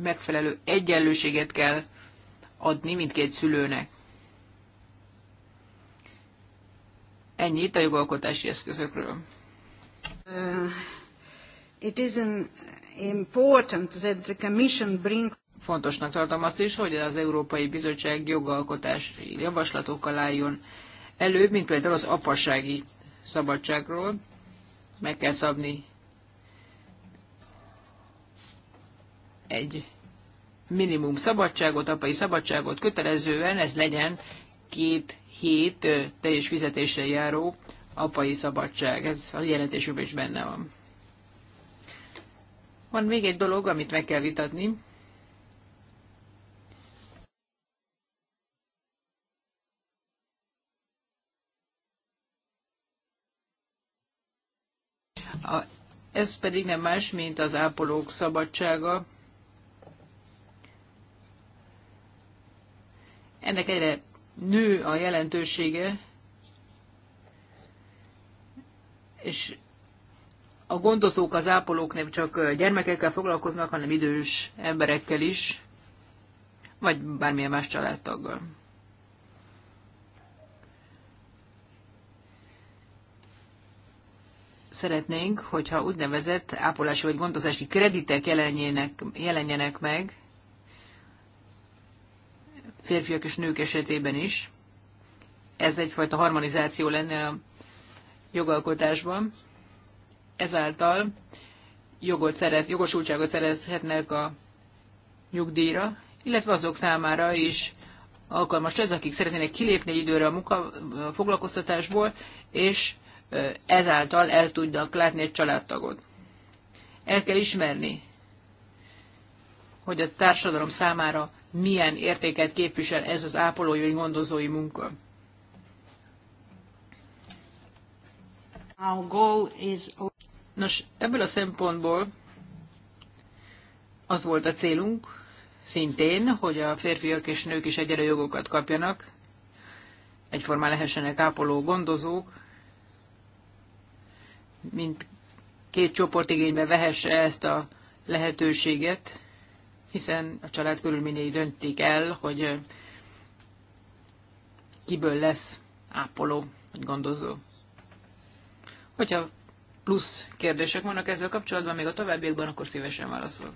megfelelő egyenlőséget kell adni mindkét szülőnek. Ennyit a jogalkotási eszközökről. Uh, it is an important that the Commission bring Fontosnak tartom azt is, hogy az Európai Bizottság jogalkotási javaslatokkal álljon elő, mint például az apasági szabadságról. Meg kell szabni egy minimum szabadságot, apai szabadságot kötelezően, ez legyen két hét teljes fizetéssel járó apai szabadság. Ez a jelentésünkben is benne van. Van még egy dolog, amit meg kell vitatni. A, ez pedig nem más, mint az ápolók szabadsága. Ennek egyre nő a jelentősége, és a gondozók, az ápolók nem csak gyermekekkel foglalkoznak, hanem idős emberekkel is, vagy bármilyen más családtaggal. Szeretnénk, hogyha úgynevezett ápolási vagy gondozási kreditek jelenjenek, jelenjenek meg férfiak és nők esetében is. Ez egyfajta harmonizáció lenne a jogalkotásban ezáltal jogot szerez, jogosultságot szerezhetnek a nyugdíjra, illetve azok számára is alkalmas ez, akik szeretnének kilépni időre a, munka, a foglalkoztatásból, és ezáltal el tudnak látni egy családtagot. El kell ismerni, hogy a társadalom számára milyen értéket képvisel ez az ápolói vagy gondozói munka. Our goal is... Nos, ebből a szempontból az volt a célunk, szintén, hogy a férfiak és nők is egyenlő jogokat kapjanak, egyformán lehessenek ápoló gondozók, mint két csoport igénybe vehesse ezt a lehetőséget, hiszen a család körülményei döntik el, hogy kiből lesz ápoló, vagy gondozó. Hogyha plusz kérdések vannak ezzel kapcsolatban, még a továbbiakban, akkor szívesen válaszol.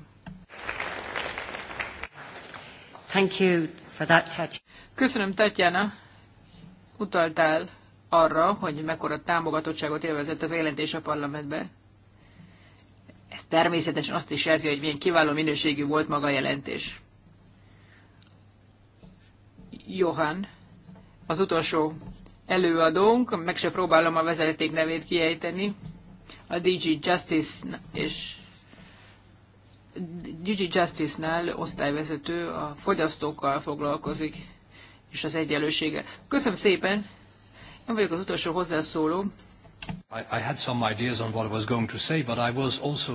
Thank you for that, Tatjana. Köszönöm, Tatjana. Utaltál arra, hogy mekkora támogatottságot élvezett az jelentés a parlamentbe. Ez természetesen azt is jelzi, hogy milyen kiváló minőségű volt maga a jelentés. Johan, az utolsó előadónk, meg se próbálom a vezeték nevét kiejteni, a DG Justice és DG Justice-nál osztályvezető a fogyasztókkal foglalkozik, és az egyenlősége. Köszönöm szépen! Én vagyok az utolsó hozzászóló. I, I had some ideas on what I was going to say, but I was also...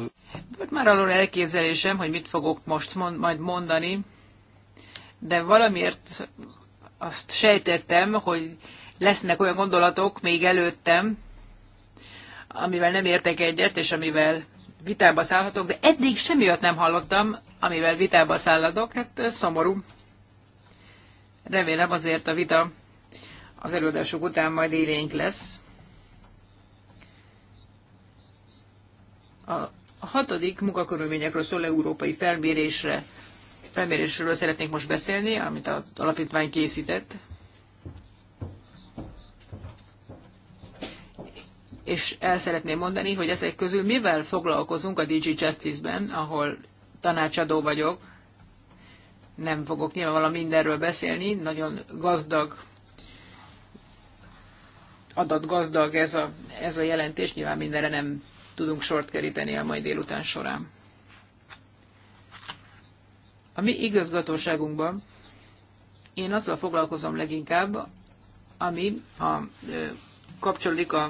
Volt már alól elképzelésem, hogy mit fogok most mond, majd mondani, de valamiért azt sejtettem, hogy lesznek olyan gondolatok még előttem, amivel nem értek egyet, és amivel vitába szállhatok, de eddig semmi nem hallottam, amivel vitába szálladok, hát szomorú. Remélem azért a vita az előadások után majd élénk lesz. A hatodik munkakörülményekről szól európai felmérésre, felmérésről szeretnék most beszélni, amit az alapítvány készített. és el szeretném mondani, hogy ezek közül mivel foglalkozunk a DG Justice-ben, ahol tanácsadó vagyok, nem fogok nyilvánvalóan mindenről beszélni, nagyon gazdag, adatgazdag ez a, ez a jelentés, nyilván mindenre nem tudunk sort keríteni a mai délután során. A mi igazgatóságunkban én azzal foglalkozom leginkább, ami a, kapcsolódik a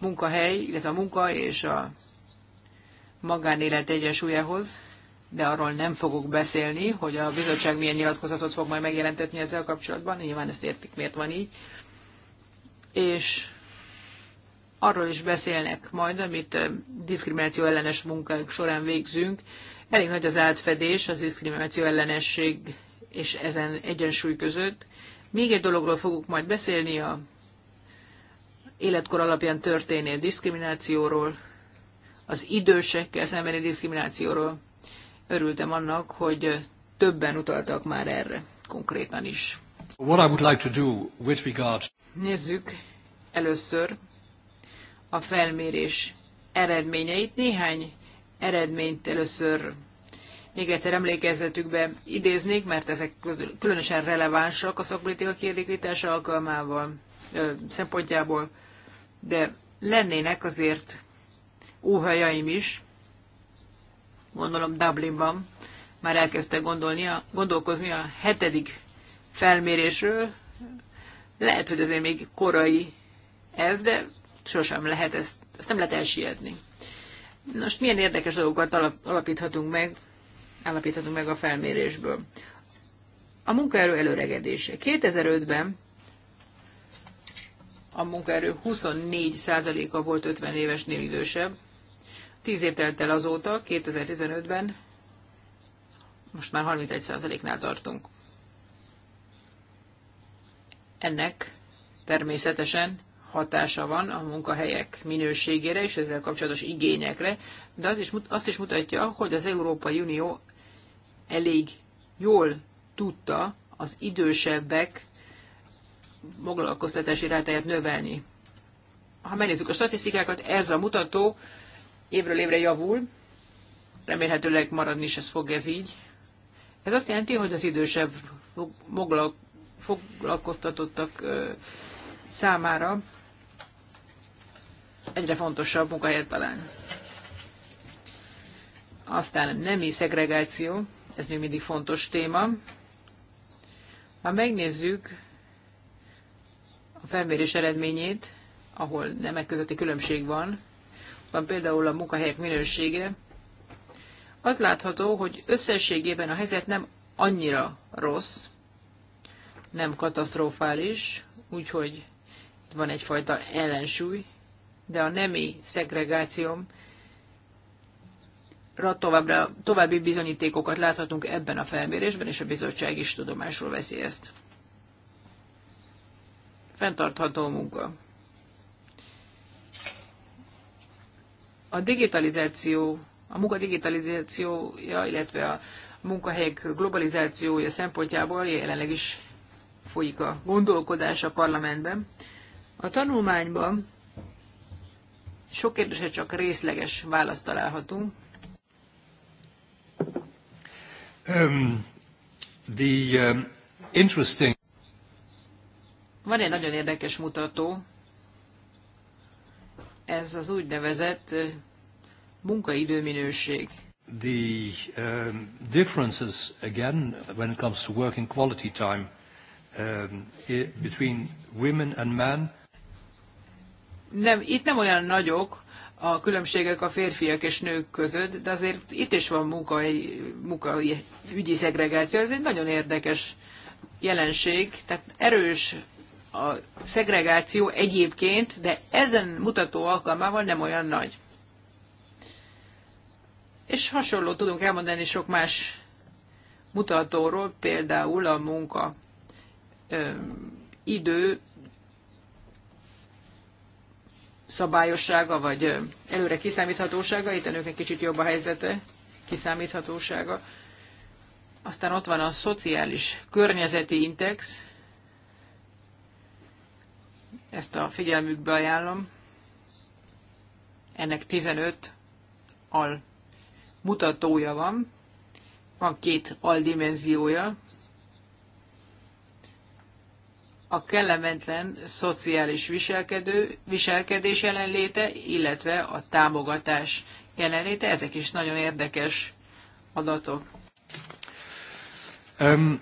munkahely, illetve a munka és a magánélet egyensúlyához, de arról nem fogok beszélni, hogy a bizottság milyen nyilatkozatot fog majd megjelentetni ezzel kapcsolatban, nyilván ezt értik, miért van így. És arról is beszélnek majd, amit diszkrimináció ellenes munkák során végzünk. Elég nagy az átfedés az diszkrimináció ellenesség és ezen egyensúly között. Még egy dologról fogok majd beszélni, a életkor alapján történő diszkriminációról, az idősekkel szembeni diszkriminációról. Örültem annak, hogy többen utaltak már erre konkrétan is. What I would like to do with regard... Nézzük először a felmérés eredményeit. Néhány eredményt először még egyszer emlékezetükbe idéznék, mert ezek közül különösen relevánsak a szakpolitika kiértékítése alkalmával szempontjából de lennének azért óhajaim is, gondolom Dublinban már elkezdte gondolni a, gondolkozni a hetedik felmérésről. Lehet, hogy azért még korai ez, de sosem lehet ezt, ezt nem lehet elsietni. Most milyen érdekes dolgokat alapíthatunk meg, állapíthatunk meg a felmérésből. A munkaerő előregedése. 2005-ben a munkaerő 24%-a volt 50 évesnél idősebb. Tíz év telt el azóta, 2015-ben most már 31%-nál tartunk. Ennek természetesen hatása van a munkahelyek minőségére és ezzel kapcsolatos igényekre, de az is, azt is mutatja, hogy az Európai Unió elég jól tudta az idősebbek foglalkoztatási rátáját növelni. Ha megnézzük a statisztikákat, ez a mutató évről évre javul, remélhetőleg maradni is ez fog ez így. Ez azt jelenti, hogy az idősebb foglalkoztatottak számára egyre fontosabb munkahelyet talán. Aztán nemi szegregáció, ez még mindig fontos téma. Ha megnézzük a felmérés eredményét, ahol nemek közötti különbség van, van például a munkahelyek minősége, az látható, hogy összességében a helyzet nem annyira rossz, nem katasztrofális, úgyhogy itt van egyfajta ellensúly, de a nemi szegregációm továbbra, további bizonyítékokat láthatunk ebben a felmérésben, és a bizottság is tudomásul veszi ezt fenntartható munka. A digitalizáció, a munka digitalizációja, illetve a munkahelyek globalizációja szempontjából jelenleg is folyik a gondolkodás a parlamentben. A tanulmányban sok kérdésre csak részleges választ találhatunk. Um, the um, interesting van egy nagyon érdekes mutató, ez az úgynevezett munkaidőminőség. The um, differences again when it comes to working quality time um, between women and men. Nem, itt nem olyan nagyok a különbségek a férfiak és nők között, de azért itt is van munkai, munkai ügyi szegregáció. Ez egy nagyon érdekes jelenség, tehát erős a szegregáció egyébként, de ezen mutató alkalmával nem olyan nagy. És hasonló tudunk elmondani sok más mutatóról, például a munka ö, idő szabályossága, vagy előre kiszámíthatósága, itt a egy kicsit jobb a helyzete, kiszámíthatósága. Aztán ott van a szociális környezeti index, ezt a figyelmükbe ajánlom. Ennek 15 al mutatója van, van két aldimenziója. A kellemetlen szociális viselkedő, viselkedés jelenléte, illetve a támogatás jelenléte, ezek is nagyon érdekes adatok. Um,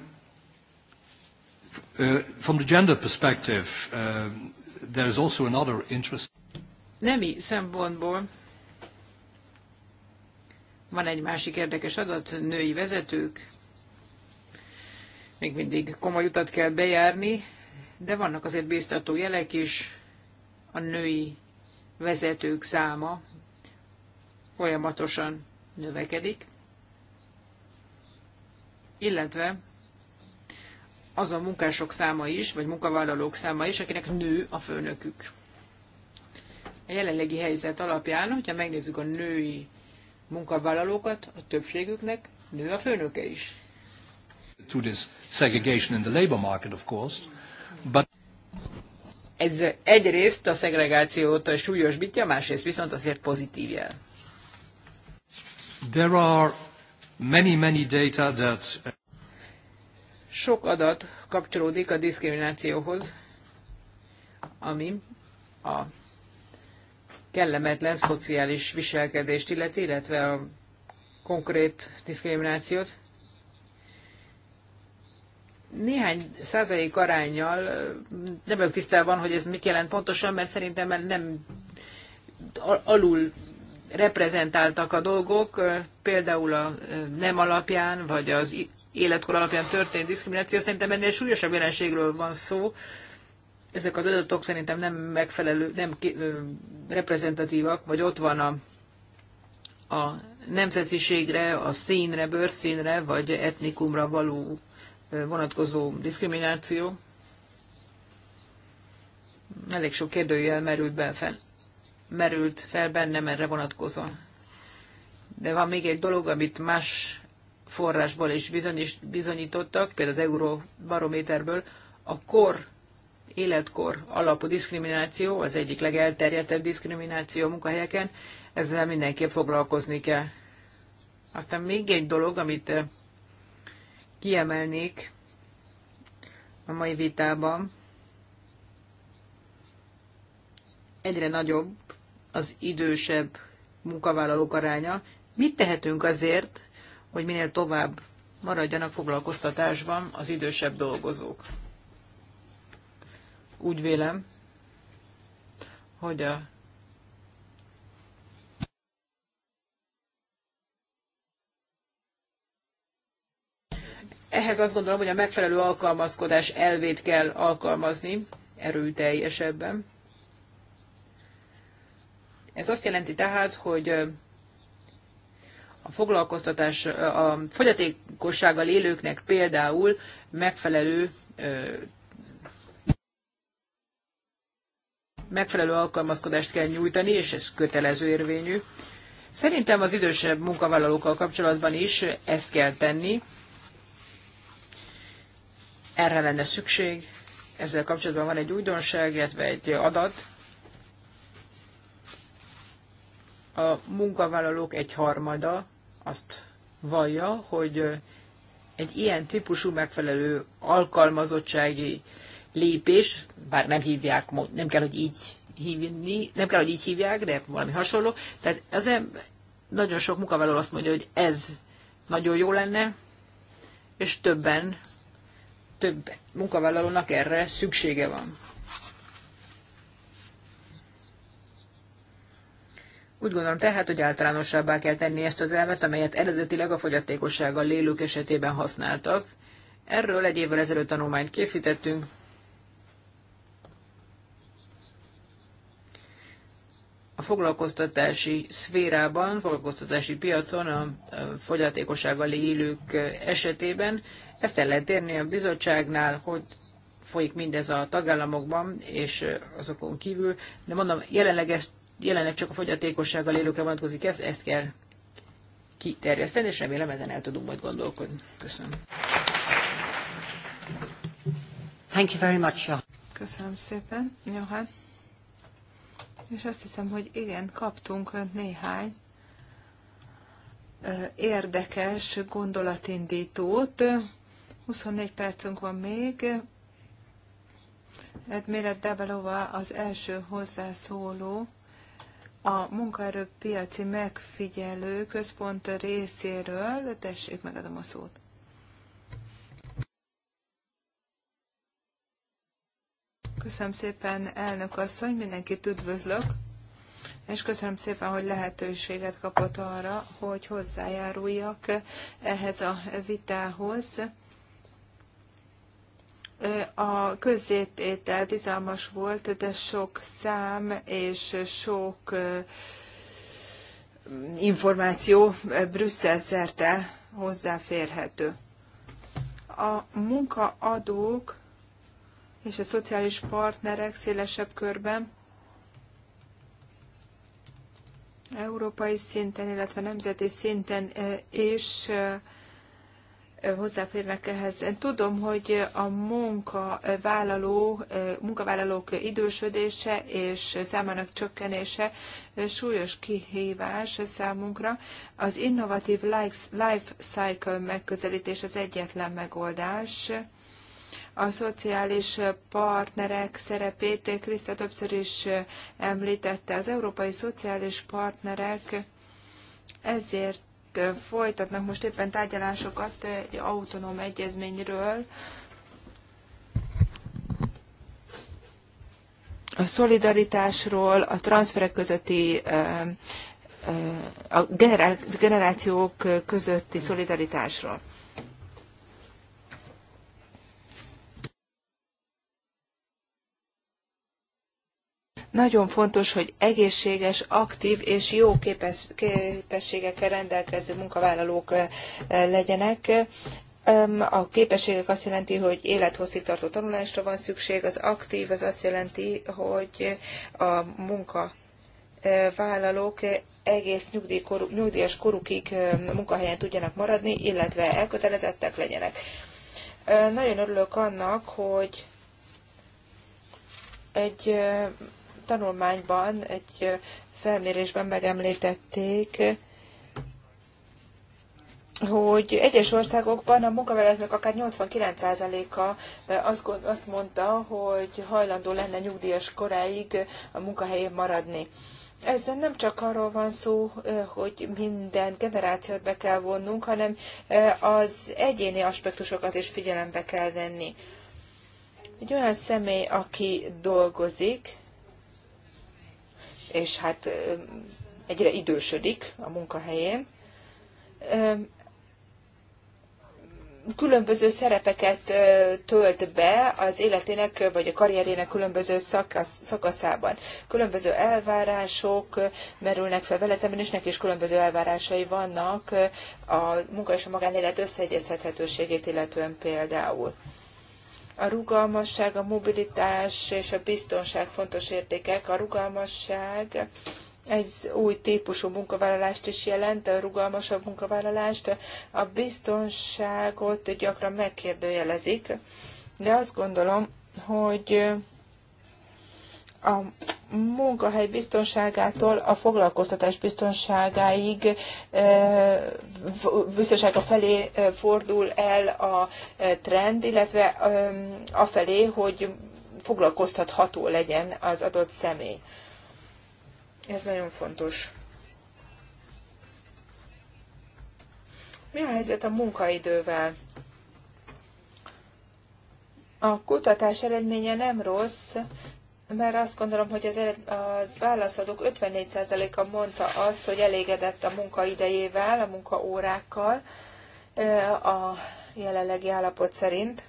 uh, from the gender perspective, um, there is also another interest. Nemi szempontból van egy másik érdekes adat, női vezetők. Még mindig komoly utat kell bejárni, de vannak azért biztató jelek is. A női vezetők száma folyamatosan növekedik, illetve az a munkások száma is, vagy munkavállalók száma is, akinek nő a főnökük. A jelenlegi helyzet alapján, hogyha megnézzük a női munkavállalókat, a többségüknek nő a főnöke is. To this segregation in the labor market, of course, but ez egyrészt a szegregációt súlyosbítja, másrészt viszont azért pozitív jel. There are many, many data that sok adat kapcsolódik a diszkriminációhoz, ami a kellemetlen szociális viselkedést illeti, illetve a konkrét diszkriminációt. Néhány százalék arányjal nem vagyok tisztában, hogy ez mit jelent pontosan, mert szerintem nem alul reprezentáltak a dolgok, például a nem alapján, vagy az életkor alapján történt diszkrimináció, szerintem ennél súlyosabb jelenségről van szó. Ezek az adatok szerintem nem megfelelő, nem reprezentatívak, vagy ott van a, a nemzetiségre, a színre, bőrszínre, vagy etnikumra való vonatkozó diszkrimináció. Elég sok kérdőjel merült, be fel, merült fel bennem erre vonatkozóan. De van még egy dolog, amit más forrásból is bizonyítottak, például az Euróbarométerből, a kor, életkor alapú diszkrimináció az egyik legelterjedtebb diszkrimináció a munkahelyeken, ezzel mindenképp foglalkozni kell. Aztán még egy dolog, amit eh, kiemelnék a mai vitában, egyre nagyobb az idősebb munkavállalók aránya. Mit tehetünk azért, hogy minél tovább maradjanak foglalkoztatásban az idősebb dolgozók. Úgy vélem, hogy a Ehhez azt gondolom, hogy a megfelelő alkalmazkodás elvét kell alkalmazni erőteljesebben. Ez azt jelenti tehát, hogy a foglalkoztatás, a fogyatékossággal élőknek például megfelelő megfelelő alkalmazkodást kell nyújtani, és ez kötelező érvényű. Szerintem az idősebb munkavállalókkal kapcsolatban is ezt kell tenni. Erre lenne szükség. Ezzel kapcsolatban van egy újdonság, illetve egy adat. A munkavállalók egy harmada azt vallja, hogy egy ilyen típusú megfelelő alkalmazottsági lépés, bár nem hívják, nem kell, hogy így hívni, nem kell, hogy így hívják, de valami hasonló. Tehát az nagyon sok munkavállaló azt mondja, hogy ez nagyon jó lenne, és többen, több munkavállalónak erre szüksége van. Úgy gondolom tehát, hogy általánosabbá kell tenni ezt az elvet, amelyet eredetileg a fogyatékossággal lélők esetében használtak. Erről egy évvel ezelőtt tanulmányt készítettünk. A foglalkoztatási szférában, foglalkoztatási piacon a fogyatékossággal élők esetében ezt el lehet érni a bizottságnál, hogy folyik mindez a tagállamokban és azokon kívül, de mondom, jelenleg ezt jelenleg csak a fogyatékossággal élőkre vonatkozik ez, ezt kell kiterjeszteni, és remélem ezen el tudunk majd gondolkodni. Köszönöm. Thank you very much, Köszönöm szépen, Johan. És azt hiszem, hogy igen, kaptunk néhány érdekes gondolatindítót. 24 percünk van még. Edmire Debelova az első hozzászóló a munkaerőpiaci megfigyelő központ részéről. Tessék, megadom a szót. Köszönöm szépen, elnök asszony, mindenkit üdvözlök, és köszönöm szépen, hogy lehetőséget kapott arra, hogy hozzájáruljak ehhez a vitához. A közzététel bizalmas volt, de sok szám és sok információ Brüsszel szerte hozzáférhető. A munkaadók és a szociális partnerek szélesebb körben európai szinten, illetve nemzeti szinten és hozzáférnek ehhez. Én tudom, hogy a munkavállaló, munkavállalók idősödése és számának csökkenése súlyos kihívás számunkra. Az innovatív life cycle megközelítés az egyetlen megoldás. A szociális partnerek szerepét Kriszta többször is említette. Az európai szociális partnerek ezért folytatnak most éppen tárgyalásokat egy autonóm egyezményről, a szolidaritásról, a transferek közötti, a generációk közötti szolidaritásról. Nagyon fontos, hogy egészséges, aktív és jó képes, képességekkel rendelkező munkavállalók legyenek. A képességek azt jelenti, hogy élethosszígtartó tanulásra van szükség, az aktív az azt jelenti, hogy a munka vállalók egész nyugdíjkor, nyugdíjas korukig munkahelyen tudjanak maradni, illetve elkötelezettek legyenek. Nagyon örülök annak, hogy egy tanulmányban, egy felmérésben megemlítették, hogy egyes országokban a munkavállalóknak akár 89%-a azt mondta, hogy hajlandó lenne nyugdíjas koráig a munkahelyén maradni. Ez nem csak arról van szó, hogy minden generációt be kell vonnunk, hanem az egyéni aspektusokat is figyelembe kell venni. Egy olyan személy, aki dolgozik, és hát egyre idősödik a munkahelyén. Különböző szerepeket tölt be az életének vagy a karrierének különböző szakasz, szakaszában. Különböző elvárások merülnek fel vele szemben, és neki is különböző elvárásai vannak a munka és a magánélet összeegyeztethetőségét illetően például. A rugalmasság, a mobilitás és a biztonság fontos értékek. A rugalmasság egy új típusú munkavállalást is jelent, a rugalmasabb munkavállalást. A biztonságot gyakran megkérdőjelezik, de azt gondolom, hogy a munkahely biztonságától a foglalkoztatás biztonságáig, e, biztonsága felé e, fordul el a e, trend, illetve afelé, hogy foglalkoztatható legyen az adott személy. Ez nagyon fontos. Mi a helyzet a munkaidővel? A kutatás eredménye nem rossz, mert azt gondolom, hogy az, az válaszadók 54%-a mondta azt, hogy elégedett a munkaidejével, a munkaórákkal a jelenlegi állapot szerint.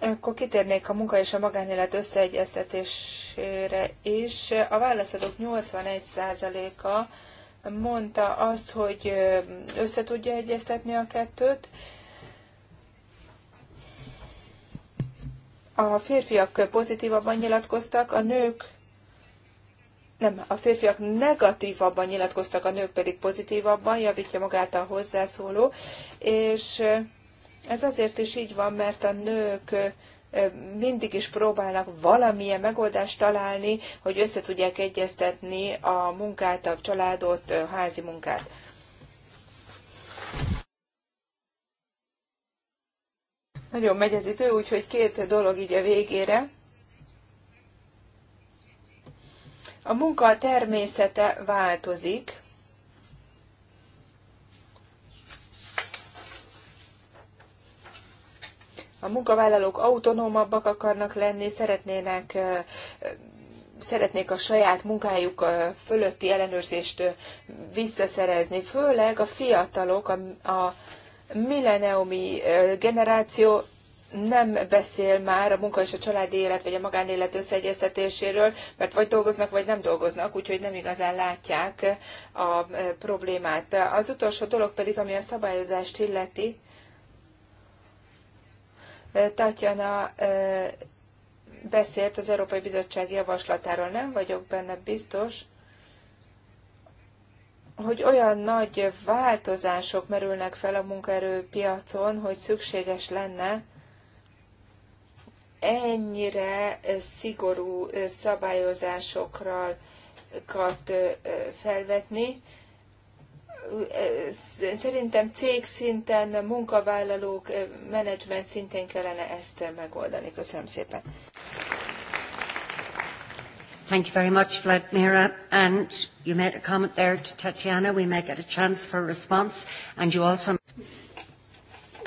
Akkor kitérnék a munka és a magánélet összeegyeztetésére is. A válaszadók 81%-a mondta azt, hogy összetudja egyeztetni a kettőt, a férfiak pozitívabban nyilatkoztak, a nők nem, a férfiak negatívabban nyilatkoztak, a nők pedig pozitívabban, javítja magát a hozzászóló, és ez azért is így van, mert a nők mindig is próbálnak valamilyen megoldást találni, hogy össze tudják egyeztetni a munkát, a családot, a házi munkát. Nagyon megy az idő, úgyhogy két dolog így a végére. A munka természete változik. A munkavállalók autonómabbak akarnak lenni, szeretnének szeretnék a saját munkájuk fölötti ellenőrzést visszaszerezni, főleg a fiatalok, a, a milleniumi generáció nem beszél már a munka és a családi élet vagy a magánélet összeegyeztetéséről, mert vagy dolgoznak, vagy nem dolgoznak, úgyhogy nem igazán látják a problémát. Az utolsó dolog pedig, ami a szabályozást illeti, Tatjana beszélt az Európai Bizottság javaslatáról, nem vagyok benne biztos, hogy olyan nagy változások merülnek fel a munkaerőpiacon, hogy szükséges lenne ennyire szigorú szabályozásokat felvetni. Szerintem cég szinten, munkavállalók, menedzsment szinten kellene ezt megoldani. Köszönöm szépen. Thank you very much, Vladimira. And you made a comment there to Tatiana. We may get a chance for a response. And you also...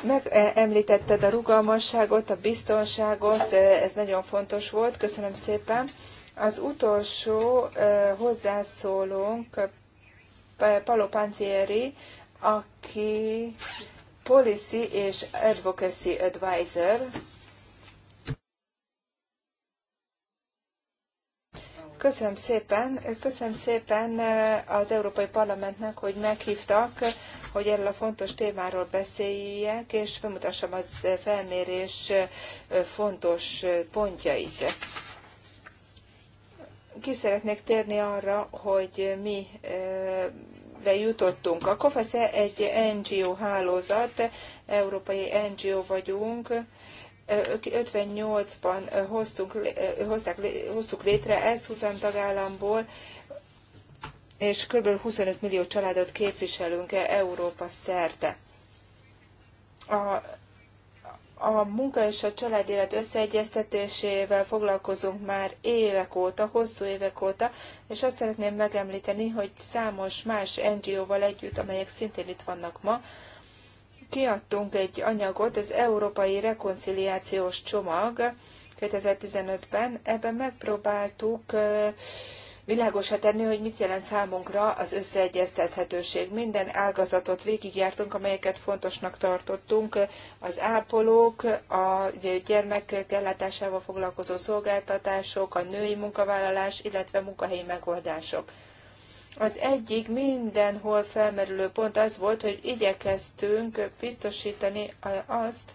Megemlítetted a rugalmasságot, a biztonságot, eh, ez nagyon fontos volt. Köszönöm szépen. Az utolsó eh, hozzászólónk eh, Paolo Panzieri, aki Policy és Advocacy Advisor, Köszönöm szépen, köszönöm szépen az Európai Parlamentnek, hogy meghívtak, hogy erről a fontos témáról beszéljek, és bemutassam az felmérés fontos pontjait. Ki szeretnék térni arra, hogy mi jutottunk. A COFASZE egy NGO hálózat, európai NGO vagyunk, 58-ban hoztunk, hozták, hoztuk létre ezt 20 tagállamból, és kb. 25 millió családot képviselünk e, Európa szerte. A, a munka és a család élet összeegyeztetésével foglalkozunk már évek óta, hosszú évek óta, és azt szeretném megemlíteni, hogy számos más NGO-val együtt, amelyek szintén itt vannak ma, kiadtunk egy anyagot, az Európai Rekonciliációs Csomag 2015-ben, ebben megpróbáltuk világosá tenni, hogy mit jelent számunkra az összeegyeztethetőség. Minden ágazatot végigjártunk, amelyeket fontosnak tartottunk, az ápolók, a gyermekek ellátásával foglalkozó szolgáltatások, a női munkavállalás, illetve munkahelyi megoldások. Az egyik mindenhol felmerülő pont az volt, hogy igyekeztünk biztosítani azt,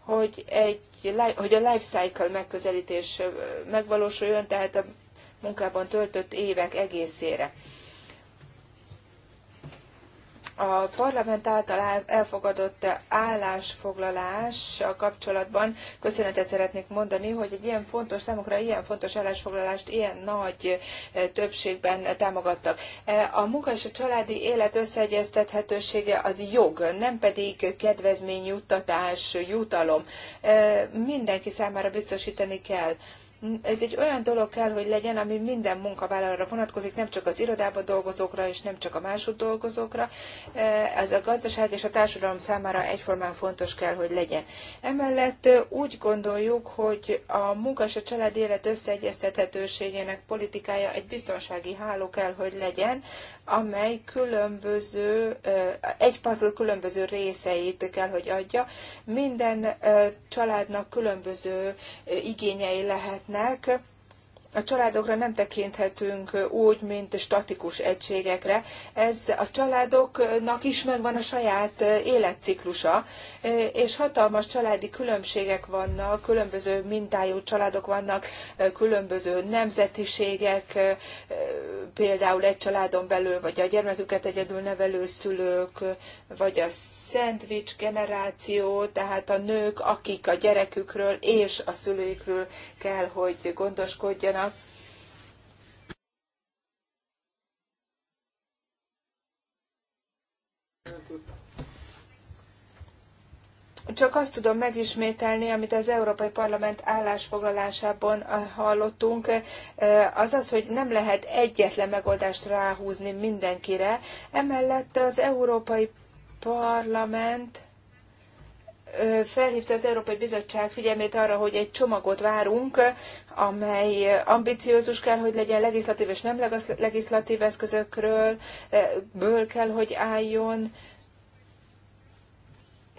hogy, egy, hogy a life cycle megközelítés megvalósuljon, tehát a munkában töltött évek egészére a parlament által elfogadott állásfoglalás kapcsolatban köszönetet szeretnék mondani, hogy egy ilyen fontos, számukra ilyen fontos állásfoglalást ilyen nagy eh, többségben támogattak. Eh, a munka és a családi élet összeegyeztethetősége az jog, nem pedig kedvezmény, juttatás, jutalom. Eh, mindenki számára biztosítani kell ez egy olyan dolog kell, hogy legyen, ami minden munkavállalóra vonatkozik, nem csak az irodában dolgozókra, és nem csak a másod dolgozókra. Eh, ez a gazdaság és a társadalom számára egyformán fontos kell, hogy legyen. Emellett eh, úgy gondoljuk, hogy a munka és a család élet összeegyeztethetőségének politikája egy biztonsági háló kell, hogy legyen, amely különböző, eh, egy puzzle különböző részeit kell, hogy adja. Minden eh, családnak különböző eh, igényei lehetnek, a családokra nem tekinthetünk úgy, mint statikus egységekre. Ez a családoknak is megvan a saját eh, életciklusa, eh, és hatalmas családi különbségek vannak, különböző mintájú családok vannak, eh, különböző nemzetiségek, például egy családon belül, vagy a gyermeküket egyedül nevelő szülők, vagy a szendvics generáció, tehát a nők, akik a gyerekükről és a szülőikről kell, hogy gondoskodjanak, Csak azt tudom megismételni, amit az Európai Parlament állásfoglalásában eh, hallottunk, eh, az az, hogy nem lehet egyetlen megoldást ráhúzni mindenkire. Emellett az Európai Parlament eh, felhívta az Európai Bizottság figyelmét arra, hogy egy csomagot várunk, amely ambiciózus kell, hogy legyen legislatív és nem legislatív eszközökről, ből kell, hogy álljon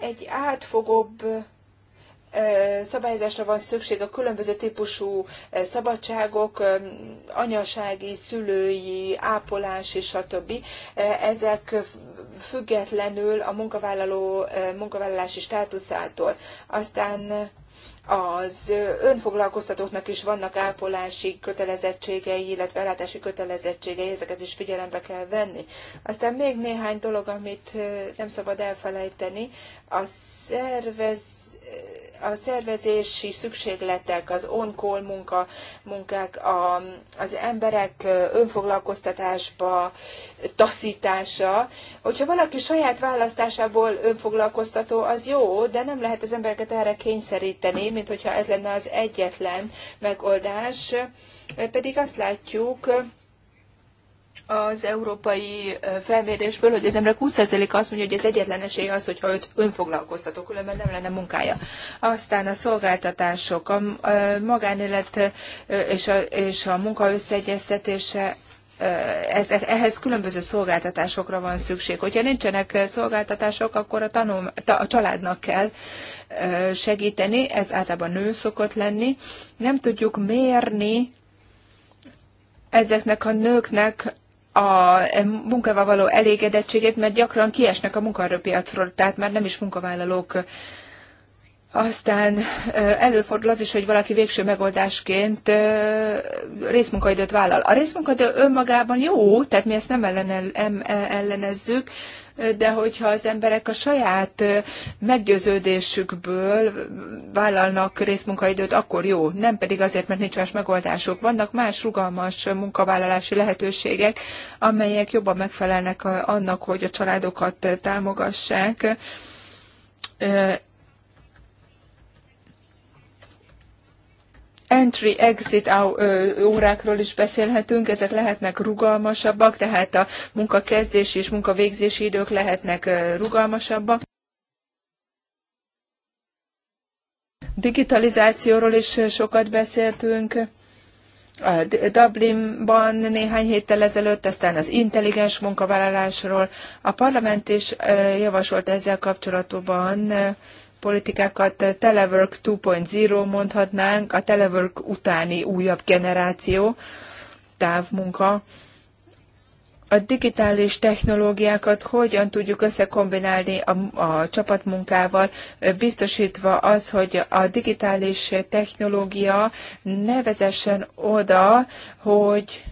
egy átfogóbb szabályozásra van szükség a különböző típusú szabadságok, anyasági, szülői, ápolási, többi. Ezek függetlenül a munkavállaló munkavállalási státuszától. Aztán az önfoglalkoztatóknak is vannak ápolási kötelezettségei, illetve ellátási kötelezettségei, ezeket is figyelembe kell venni. Aztán még néhány dolog, amit eh, nem szabad elfelejteni, a szervez a szervezési szükségletek, az on-call munka, munkák, a, az emberek önfoglalkoztatásba taszítása. Hogyha valaki saját választásából önfoglalkoztató, az jó, de nem lehet az embereket erre kényszeríteni, mint hogyha ez lenne az egyetlen megoldás. Pedig azt látjuk, az európai felmérésből, hogy az emberek 20% azt mondja, hogy az egyetlen esély az, hogyha őt önfoglalkoztató, különben nem lenne munkája. Aztán a szolgáltatások, a magánélet és a, és a munka összeegyeztetése ez, ehhez különböző szolgáltatásokra van szükség. Hogyha nincsenek szolgáltatások, akkor a, tanul, a családnak kell segíteni, ez általában nő szokott lenni. Nem tudjuk mérni ezeknek a nőknek a munkával való elégedettségét, mert gyakran kiesnek a munkaerőpiacról, tehát már nem is munkavállalók. Aztán előfordul az is, hogy valaki végső megoldásként részmunkaidőt vállal. A részmunkaidő önmagában jó, tehát mi ezt nem ellene, ellenezzük, de hogyha az emberek a saját meggyőződésükből vállalnak részmunkaidőt, akkor jó, nem pedig azért, mert nincs más megoldásuk. Vannak más rugalmas munkavállalási lehetőségek, amelyek jobban megfelelnek annak, hogy a családokat támogassák, entry-exit órákról is beszélhetünk, ezek lehetnek rugalmasabbak, tehát a munkakezdési és munkavégzési idők lehetnek rugalmasabbak. Digitalizációról is sokat beszéltünk. A Dublinban néhány héttel ezelőtt, aztán az intelligens munkavállalásról. A parlament is javasolt ezzel kapcsolatban politikákat, eh, Telework 2.0 mondhatnánk, a Telework utáni újabb generáció, távmunka, a digitális technológiákat hogyan tudjuk összekombinálni a, a csapatmunkával, eh, biztosítva az, hogy a digitális technológia ne vezessen oda, hogy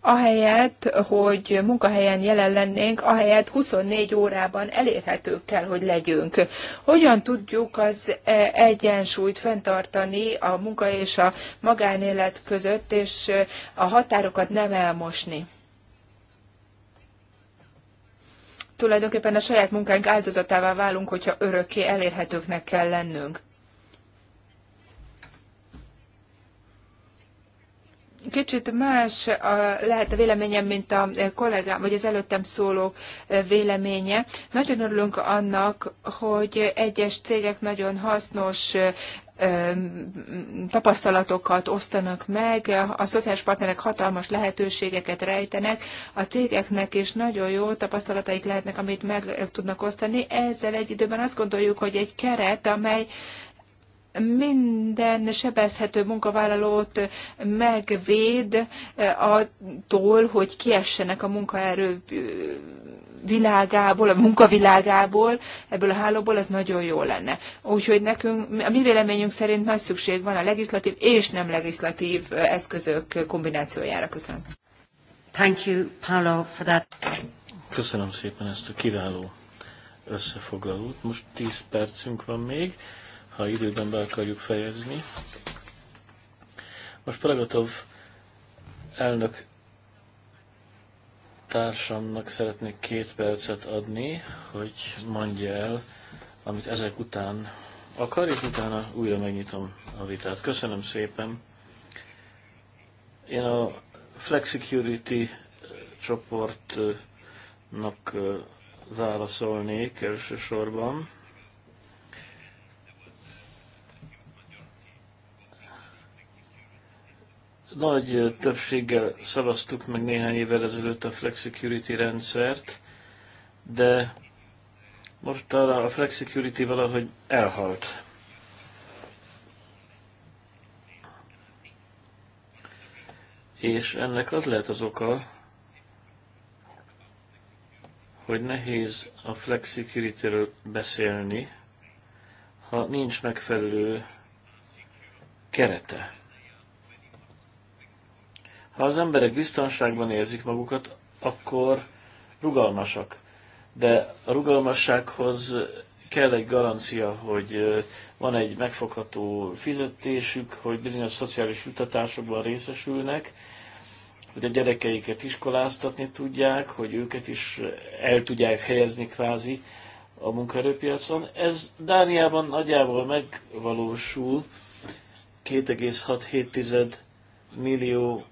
ahelyett, hogy munkahelyen jelen lennénk, ahelyett 24 órában elérhetők kell, hogy legyünk. Hogyan tudjuk az e, egyensúlyt fenntartani a munka és a magánélet között, és e, a határokat nem elmosni? Tulajdonképpen a saját munkánk áldozatává válunk, hogyha örökké elérhetőknek kell lennünk. Kicsit más a, lehet a véleményem, mint a kollégám, vagy az előttem szóló véleménye. Nagyon örülünk annak, hogy egyes cégek nagyon hasznos tapasztalatokat osztanak meg, a szociális partnerek hatalmas lehetőségeket rejtenek, a cégeknek is nagyon jó tapasztalataik lehetnek, amit meg tudnak osztani. Ezzel egy időben azt gondoljuk, hogy egy keret, amely minden sebezhető munkavállalót megvéd eh, attól, hogy kiessenek a munkaerő eh, világából, a munkavilágából, ebből a hálóból, az nagyon jó lenne. Úgyhogy nekünk, a mi véleményünk szerint nagy szükség van a legislatív és nem legislatív eh, eszközök kombinációjára. Köszönöm. Thank you, Paolo, for that. Köszönöm szépen ezt a kiváló összefoglalót. Most 10 percünk van még ha időben be akarjuk fejezni. Most Pragatov elnök társamnak szeretnék két percet adni, hogy mondja el, amit ezek után akar, és utána újra megnyitom a vitát. Köszönöm szépen. Én a Flexicurity csoportnak válaszolnék elsősorban. nagy többséggel szavaztuk meg néhány évvel ezelőtt a flexicurity rendszert, de most arra a flexicurity valahogy elhalt. És ennek az lehet az oka, hogy nehéz a flexicurity-ről beszélni, ha nincs megfelelő kerete. Ha az emberek biztonságban érzik magukat, akkor rugalmasak. De a rugalmassághoz kell egy garancia, hogy van egy megfogható fizetésük, hogy bizonyos szociális jutatásokban részesülnek, hogy a gyerekeiket iskoláztatni tudják, hogy őket is el tudják helyezni kvázi a munkaerőpiacon. Ez Dániában nagyjából megvalósul 2,67 millió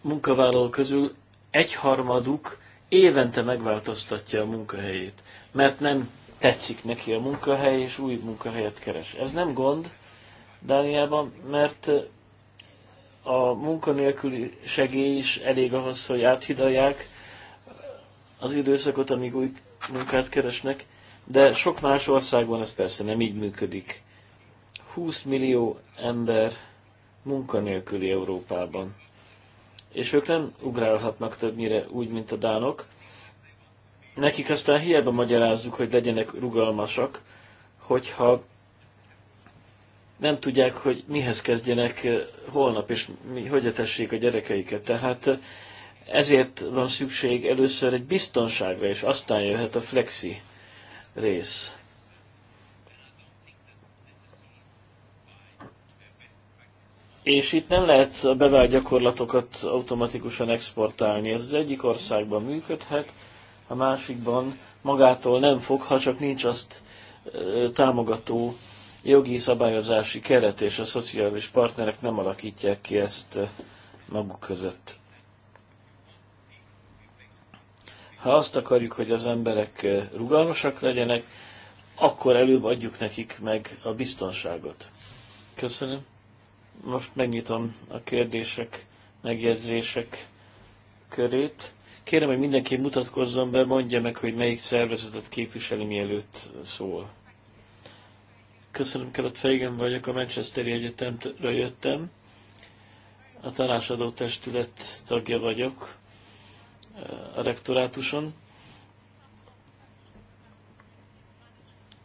munkavállaló közül egyharmaduk évente megváltoztatja a munkahelyét, mert nem tetszik neki a munkahely, és új munkahelyet keres. Ez nem gond Dániában, mert a munkanélküli segély is elég ahhoz, hogy áthidalják az időszakot, amíg új munkát keresnek, de sok más országban ez persze nem így működik. 20 millió ember munkanélküli Európában és ők nem ugrálhatnak többnyire úgy, mint a dánok. Nekik aztán hiába magyarázzuk, hogy legyenek rugalmasak, hogyha nem tudják, hogy mihez kezdjenek eh, holnap, és mi, hogy etessék a gyerekeiket. Tehát eh, ezért van szükség először egy biztonságra, és aztán jöhet a flexi rész. És itt nem lehet a bevált gyakorlatokat automatikusan exportálni. Ez az egyik országban működhet, a másikban magától nem fog, ha csak nincs azt támogató jogi szabályozási keret, és a szociális partnerek nem alakítják ki ezt maguk között. Ha azt akarjuk, hogy az emberek rugalmasak legyenek, akkor előbb adjuk nekik meg a biztonságot. Köszönöm. Most megnyitom a kérdések, megjegyzések körét. Kérem, hogy mindenki mutatkozzon be, mondja meg, hogy melyik szervezetet képviseli, mielőtt szól. Köszönöm, kellett fejem, vagyok, a Manchesteri Egyetemről jöttem. A tanácsadó testület tagja vagyok eh, a rektorátuson.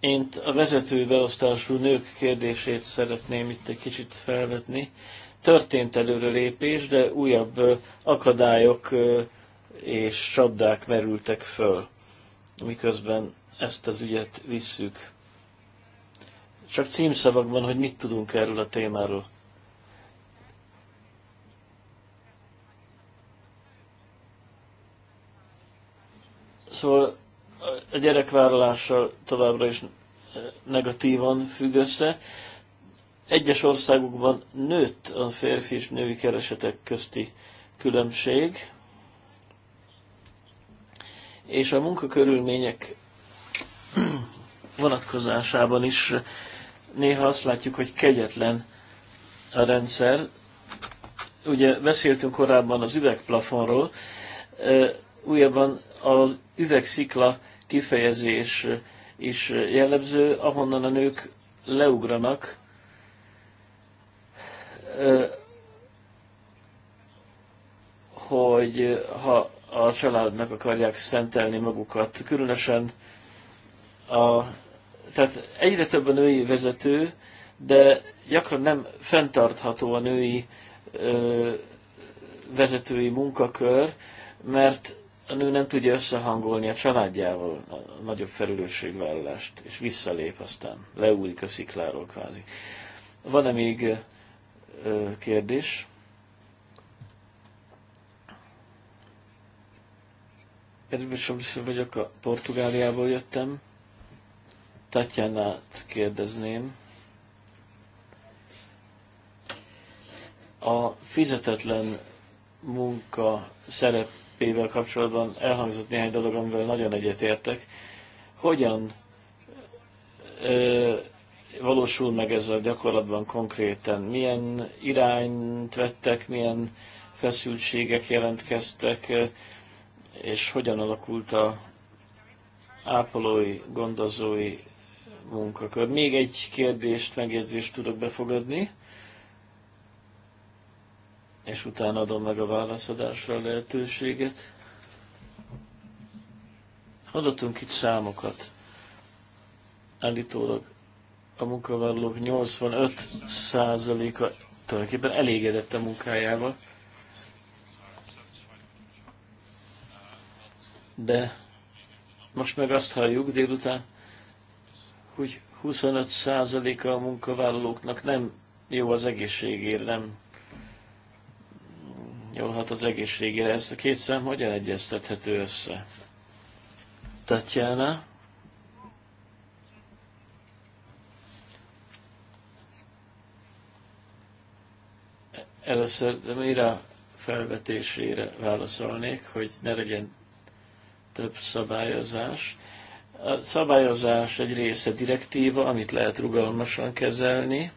Én a vezető beosztású nők kérdését szeretném itt egy kicsit felvetni. Történt előre lépés, de újabb akadályok és csapdák merültek föl, miközben ezt az ügyet visszük. Csak címszavakban, hogy mit tudunk erről a témáról. Szóval a gyerekvállalással továbbra is eh, negatívan függ össze. Egyes országokban nőtt a férfi és női keresetek közti különbség, és a munkakörülmények vonatkozásában is eh, néha azt látjuk, hogy kegyetlen a rendszer. Ugye beszéltünk korábban az üvegplafonról, eh, újabban az üvegszikla kifejezés is jellemző, ahonnan a nők leugranak. hogy ha a családnak akarják szentelni magukat, különösen a, tehát egyre több a női vezető, de gyakran nem fenntartható a női ö, vezetői munkakör, mert a nő nem tudja összehangolni a családjával a nagyobb felelősségvállalást, és visszalép aztán, leúlik a szikláról kvázi. Van-e még ö, kérdés? Edvisoms vagyok, a Portugáliából jöttem. Tatjánát kérdezném. A fizetetlen munka szerep PPP-vel kapcsolatban elhangzott néhány dolog, amivel nagyon egyetértek. Hogyan ö, valósul meg ez a gyakorlatban konkrétan? Milyen irányt vettek, milyen feszültségek jelentkeztek, és hogyan alakult a ápolói, gondozói munkakör? Még egy kérdést, megjegyzést tudok befogadni és utána adom meg a válaszadásra a lehetőséget. Adatunk itt számokat. Állítólag a munkavállalók 85%-a tulajdonképpen elégedett a munkájával, de most meg azt halljuk délután, hogy 25%-a a munkavállalóknak nem jó az egészségért, nem jó, hát az egészségére. Ezt a két szem hogyan egyeztethető össze? Tatjana? Először Mira felvetésére válaszolnék, hogy ne legyen több szabályozás. A szabályozás egy része direktíva, amit lehet rugalmasan kezelni,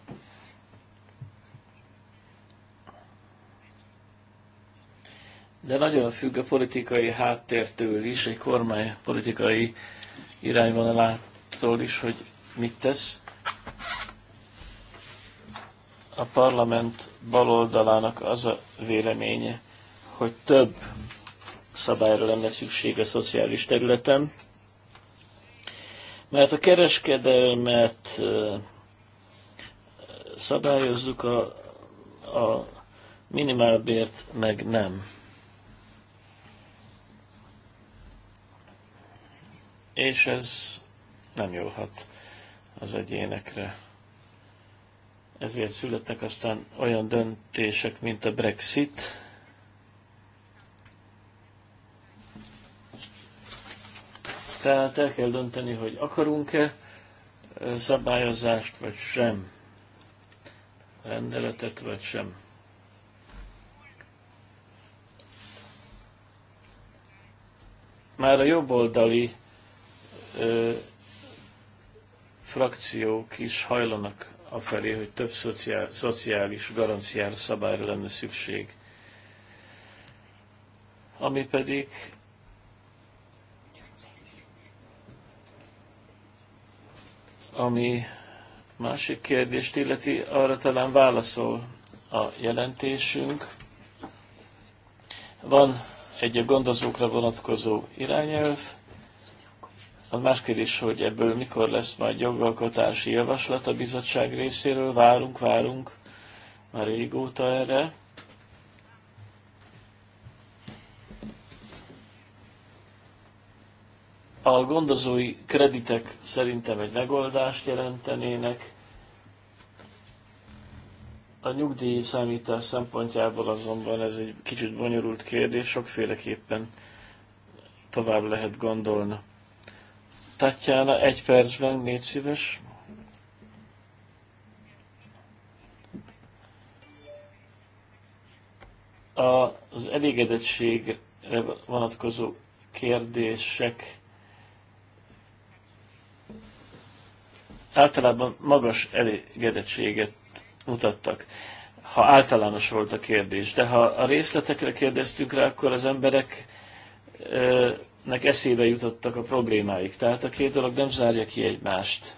de nagyon függ a politikai háttértől is, egy kormány politikai irányvonalától is, hogy mit tesz. A parlament baloldalának az a véleménye, hogy több szabályra lenne szükség a szociális területen, mert a kereskedelmet szabályozzuk, a, a minimálbért meg nem. és ez nem jóhat az egyénekre. Ezért születtek aztán olyan döntések, mint a Brexit, Tehát el kell dönteni, hogy akarunk-e szabályozást, vagy sem. Rendeletet, vagy sem. Már a jobboldali ö, frakciók is hajlanak afelé, hogy több szociál, szociális garanciára szabályra lenne szükség. Ami pedig ami másik kérdést illeti, arra talán válaszol a jelentésünk. Van egy a gondozókra vonatkozó irányelv, az más kérdés, hogy ebből mikor lesz majd jogalkotási javaslat a bizottság részéről. Várunk, várunk már régóta erre. A gondozói kreditek szerintem egy megoldást jelentenének. A nyugdíj számítás szempontjából azonban ez egy kicsit bonyolult kérdés, sokféleképpen tovább lehet gondolni. Tatjana, egy percben, négy szíves. Az elégedettségre vonatkozó kérdések általában magas elégedettséget mutattak, ha általános volt a kérdés. De ha a részletekre kérdeztünk rá, akkor az emberek nek eszébe jutottak a problémáik. Tehát a két dolog nem zárja ki egymást.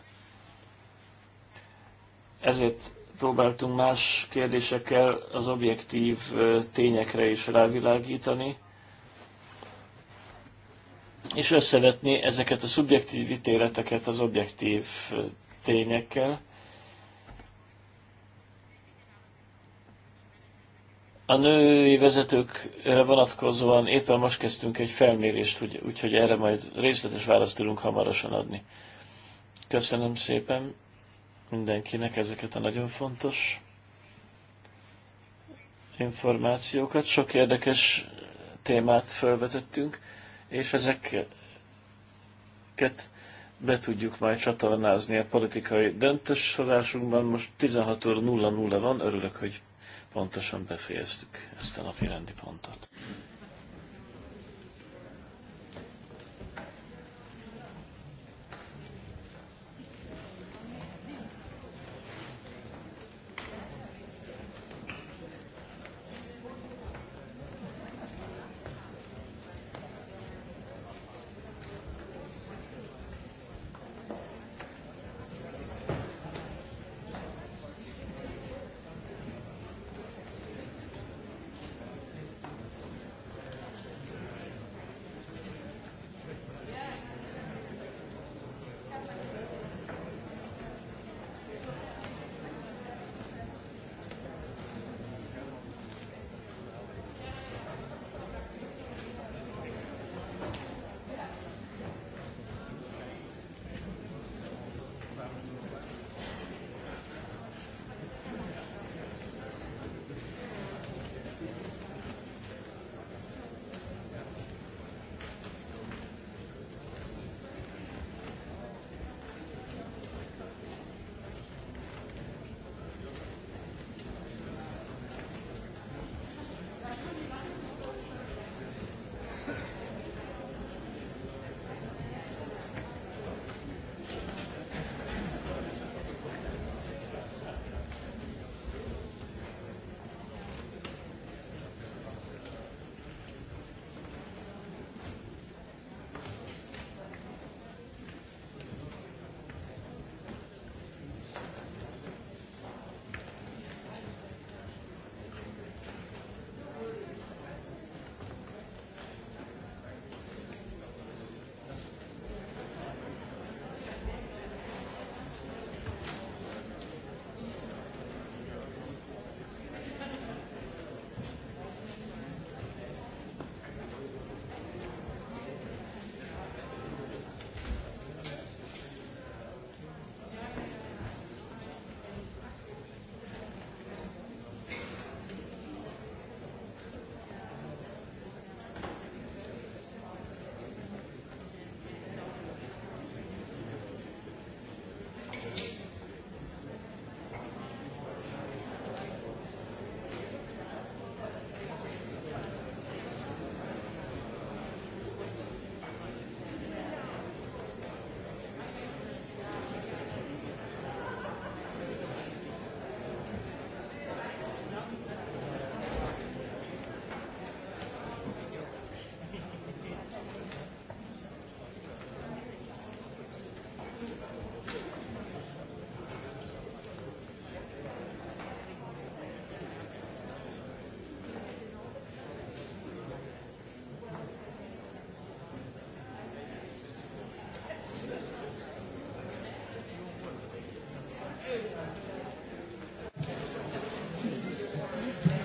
Ezért próbáltunk más kérdésekkel az objektív tényekre is rávilágítani, és összevetni ezeket a szubjektív ítéleteket az objektív tényekkel. A női vezetőkre vonatkozóan éppen most kezdtünk egy felmérést, úgyhogy erre majd részletes választ tudunk hamarosan adni. Köszönöm szépen mindenkinek ezeket a nagyon fontos információkat. Sok érdekes témát felvetettünk, és ezeket be tudjuk majd csatornázni a politikai döntéshozásunkban. Most 16 óra 00 van, örülök, hogy pontosan befejeztük ezt a napi rendi pontot.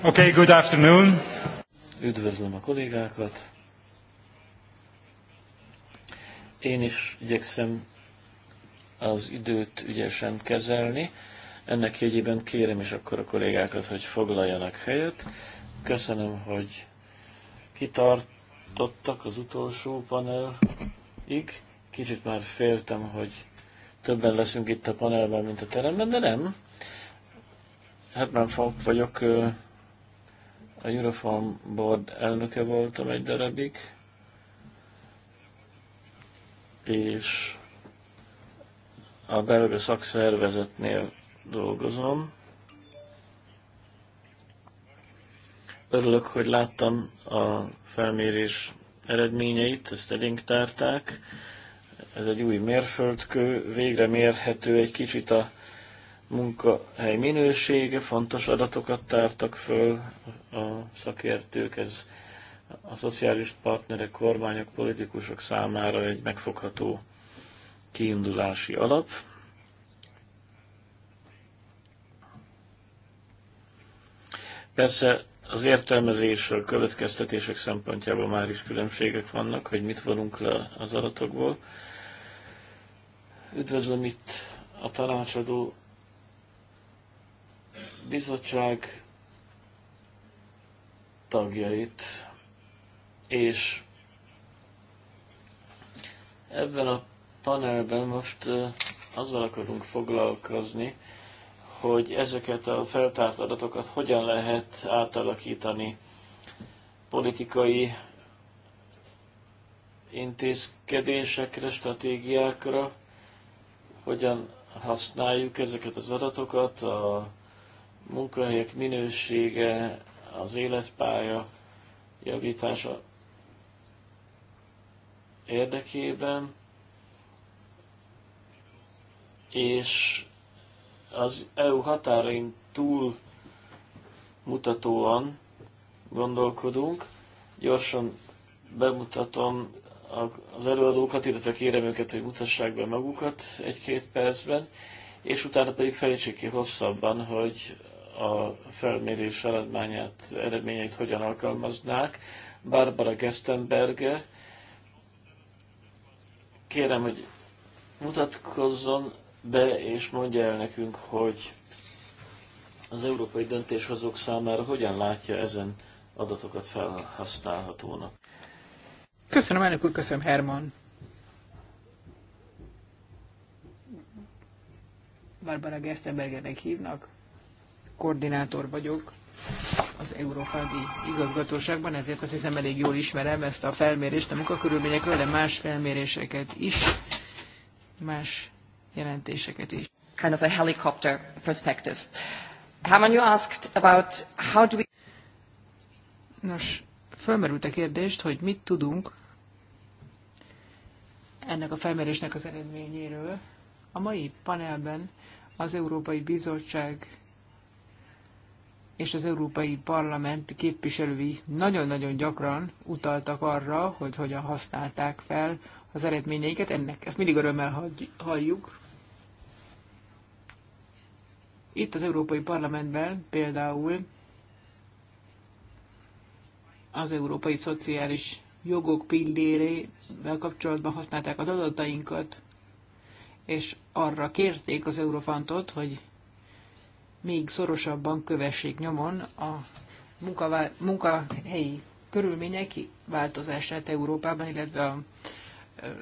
Okay, good afternoon. Üdvözlöm a kollégákat. Én is igyekszem az időt ügyesen kezelni. Ennek jegyében kérem is akkor a kollégákat, hogy foglaljanak helyet. Köszönöm, hogy kitartottak az utolsó panelig. Kicsit már féltem, hogy többen leszünk itt a panelben, mint a teremben, de nem. Hát nem fog vagyok, a Uniform Board elnöke voltam egy darabig, és a belga szakszervezetnél dolgozom. Örülök, hogy láttam a felmérés eredményeit, ezt link tárták. Ez egy új mérföldkő, végre mérhető egy kicsit a munkahely minősége, fontos adatokat tártak föl a szakértők, ez a szociális partnerek, kormányok, politikusok számára egy megfogható kiindulási alap. Persze az értelmezésről, következtetések szempontjából már is különbségek vannak, hogy mit vonunk le az adatokból. Üdvözlöm itt a tanácsadó bizottság tagjait, és ebben a panelben most azzal akarunk foglalkozni, hogy ezeket a feltárt adatokat hogyan lehet átalakítani politikai intézkedésekre, stratégiákra, hogyan használjuk ezeket az adatokat, a munkahelyek minősége, az életpálya javítása érdekében, és az EU határain túl mutatóan gondolkodunk. Gyorsan bemutatom az előadókat, illetve kérem őket, hogy mutassák be magukat egy-két percben, és utána pedig fejtsék ki hosszabban, hogy a felmérés eredményét, eredményeit hogyan alkalmaznák. Barbara Gestenberger, kérem, hogy mutatkozzon be és mondja el nekünk, hogy az európai döntéshozók számára hogyan látja ezen adatokat felhasználhatónak. Köszönöm, elnök úr, köszönöm, Herman. Barbara Gerstenbergernek hívnak koordinátor vagyok az Európádi Igazgatóságban, ezért azt hiszem elég jól ismerem ezt a felmérést, a munkakörülményekről, de más felméréseket is, más jelentéseket is. Kind of a helicopter perspective. Haman, you asked about how do we... Nos, fölmerült a kérdést, hogy mit tudunk ennek a felmérésnek az eredményéről. A mai panelben az Európai Bizottság és az Európai Parlament képviselői nagyon-nagyon gyakran utaltak arra, hogy hogyan használták fel az eredményeiket. Ennek ezt mindig örömmel halljuk. Itt az Európai Parlamentben például az európai szociális jogok pillérével kapcsolatban használták az adatainkat, és arra kérték az Eurofantot, hogy még szorosabban kövessék nyomon a munkahelyi körülmények változását Európában, illetve a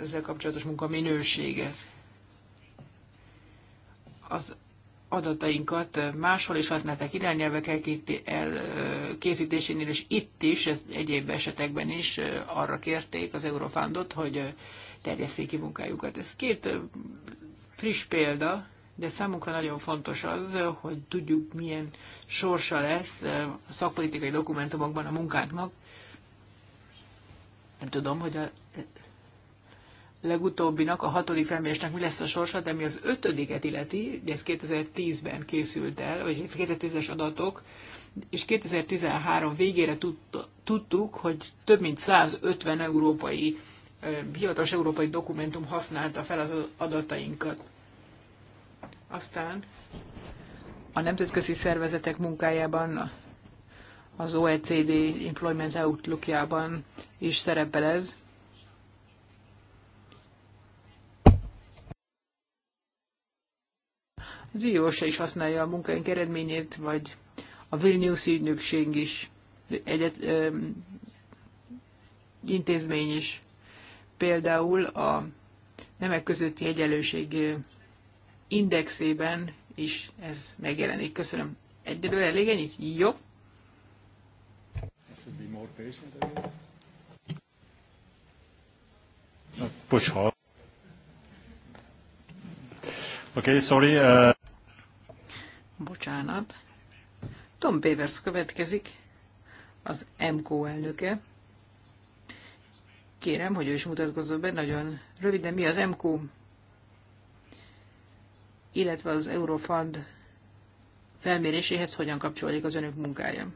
ezzel kapcsolatos munkaminősége. Az adatainkat máshol is használták irányelvek készítésénél és itt is, ez egyéb esetekben is arra kérték az Eurofundot, hogy terjesszék ki munkájukat. Ez két friss példa, de számunkra nagyon fontos az, hogy tudjuk, milyen sorsa lesz a szakpolitikai dokumentumokban a munkáknak. Nem tudom, hogy a legutóbbinak, a hatodik felmérésnek mi lesz a sorsa, de mi az ötödiket illeti, ez 2010-ben készült el, vagy 2010-es adatok, és 2013 végére tudtuk, hogy több mint 150 európai, hivatalos európai dokumentum használta fel az adatainkat. Aztán a nemzetközi szervezetek munkájában, az OECD Employment Outlookjában is szerepel ez. Az IO se is használja a munkáink eredményét, vagy a Vilnius ügynökség is, egyet, ö, intézmény is. Például a nemek közötti egyenlőség indexében is ez megjelenik. Köszönöm. Egyedül elég ennyi? Jó. Bocsánat. Oké, okay, sorry. Uh... Bocsánat. Tom Bevers következik, az MKO elnöke. Kérem, hogy ő is mutatkozzon be, nagyon röviden, mi az MKO, illetve az Eurofund felméréséhez hogyan kapcsolódik az önök munkája.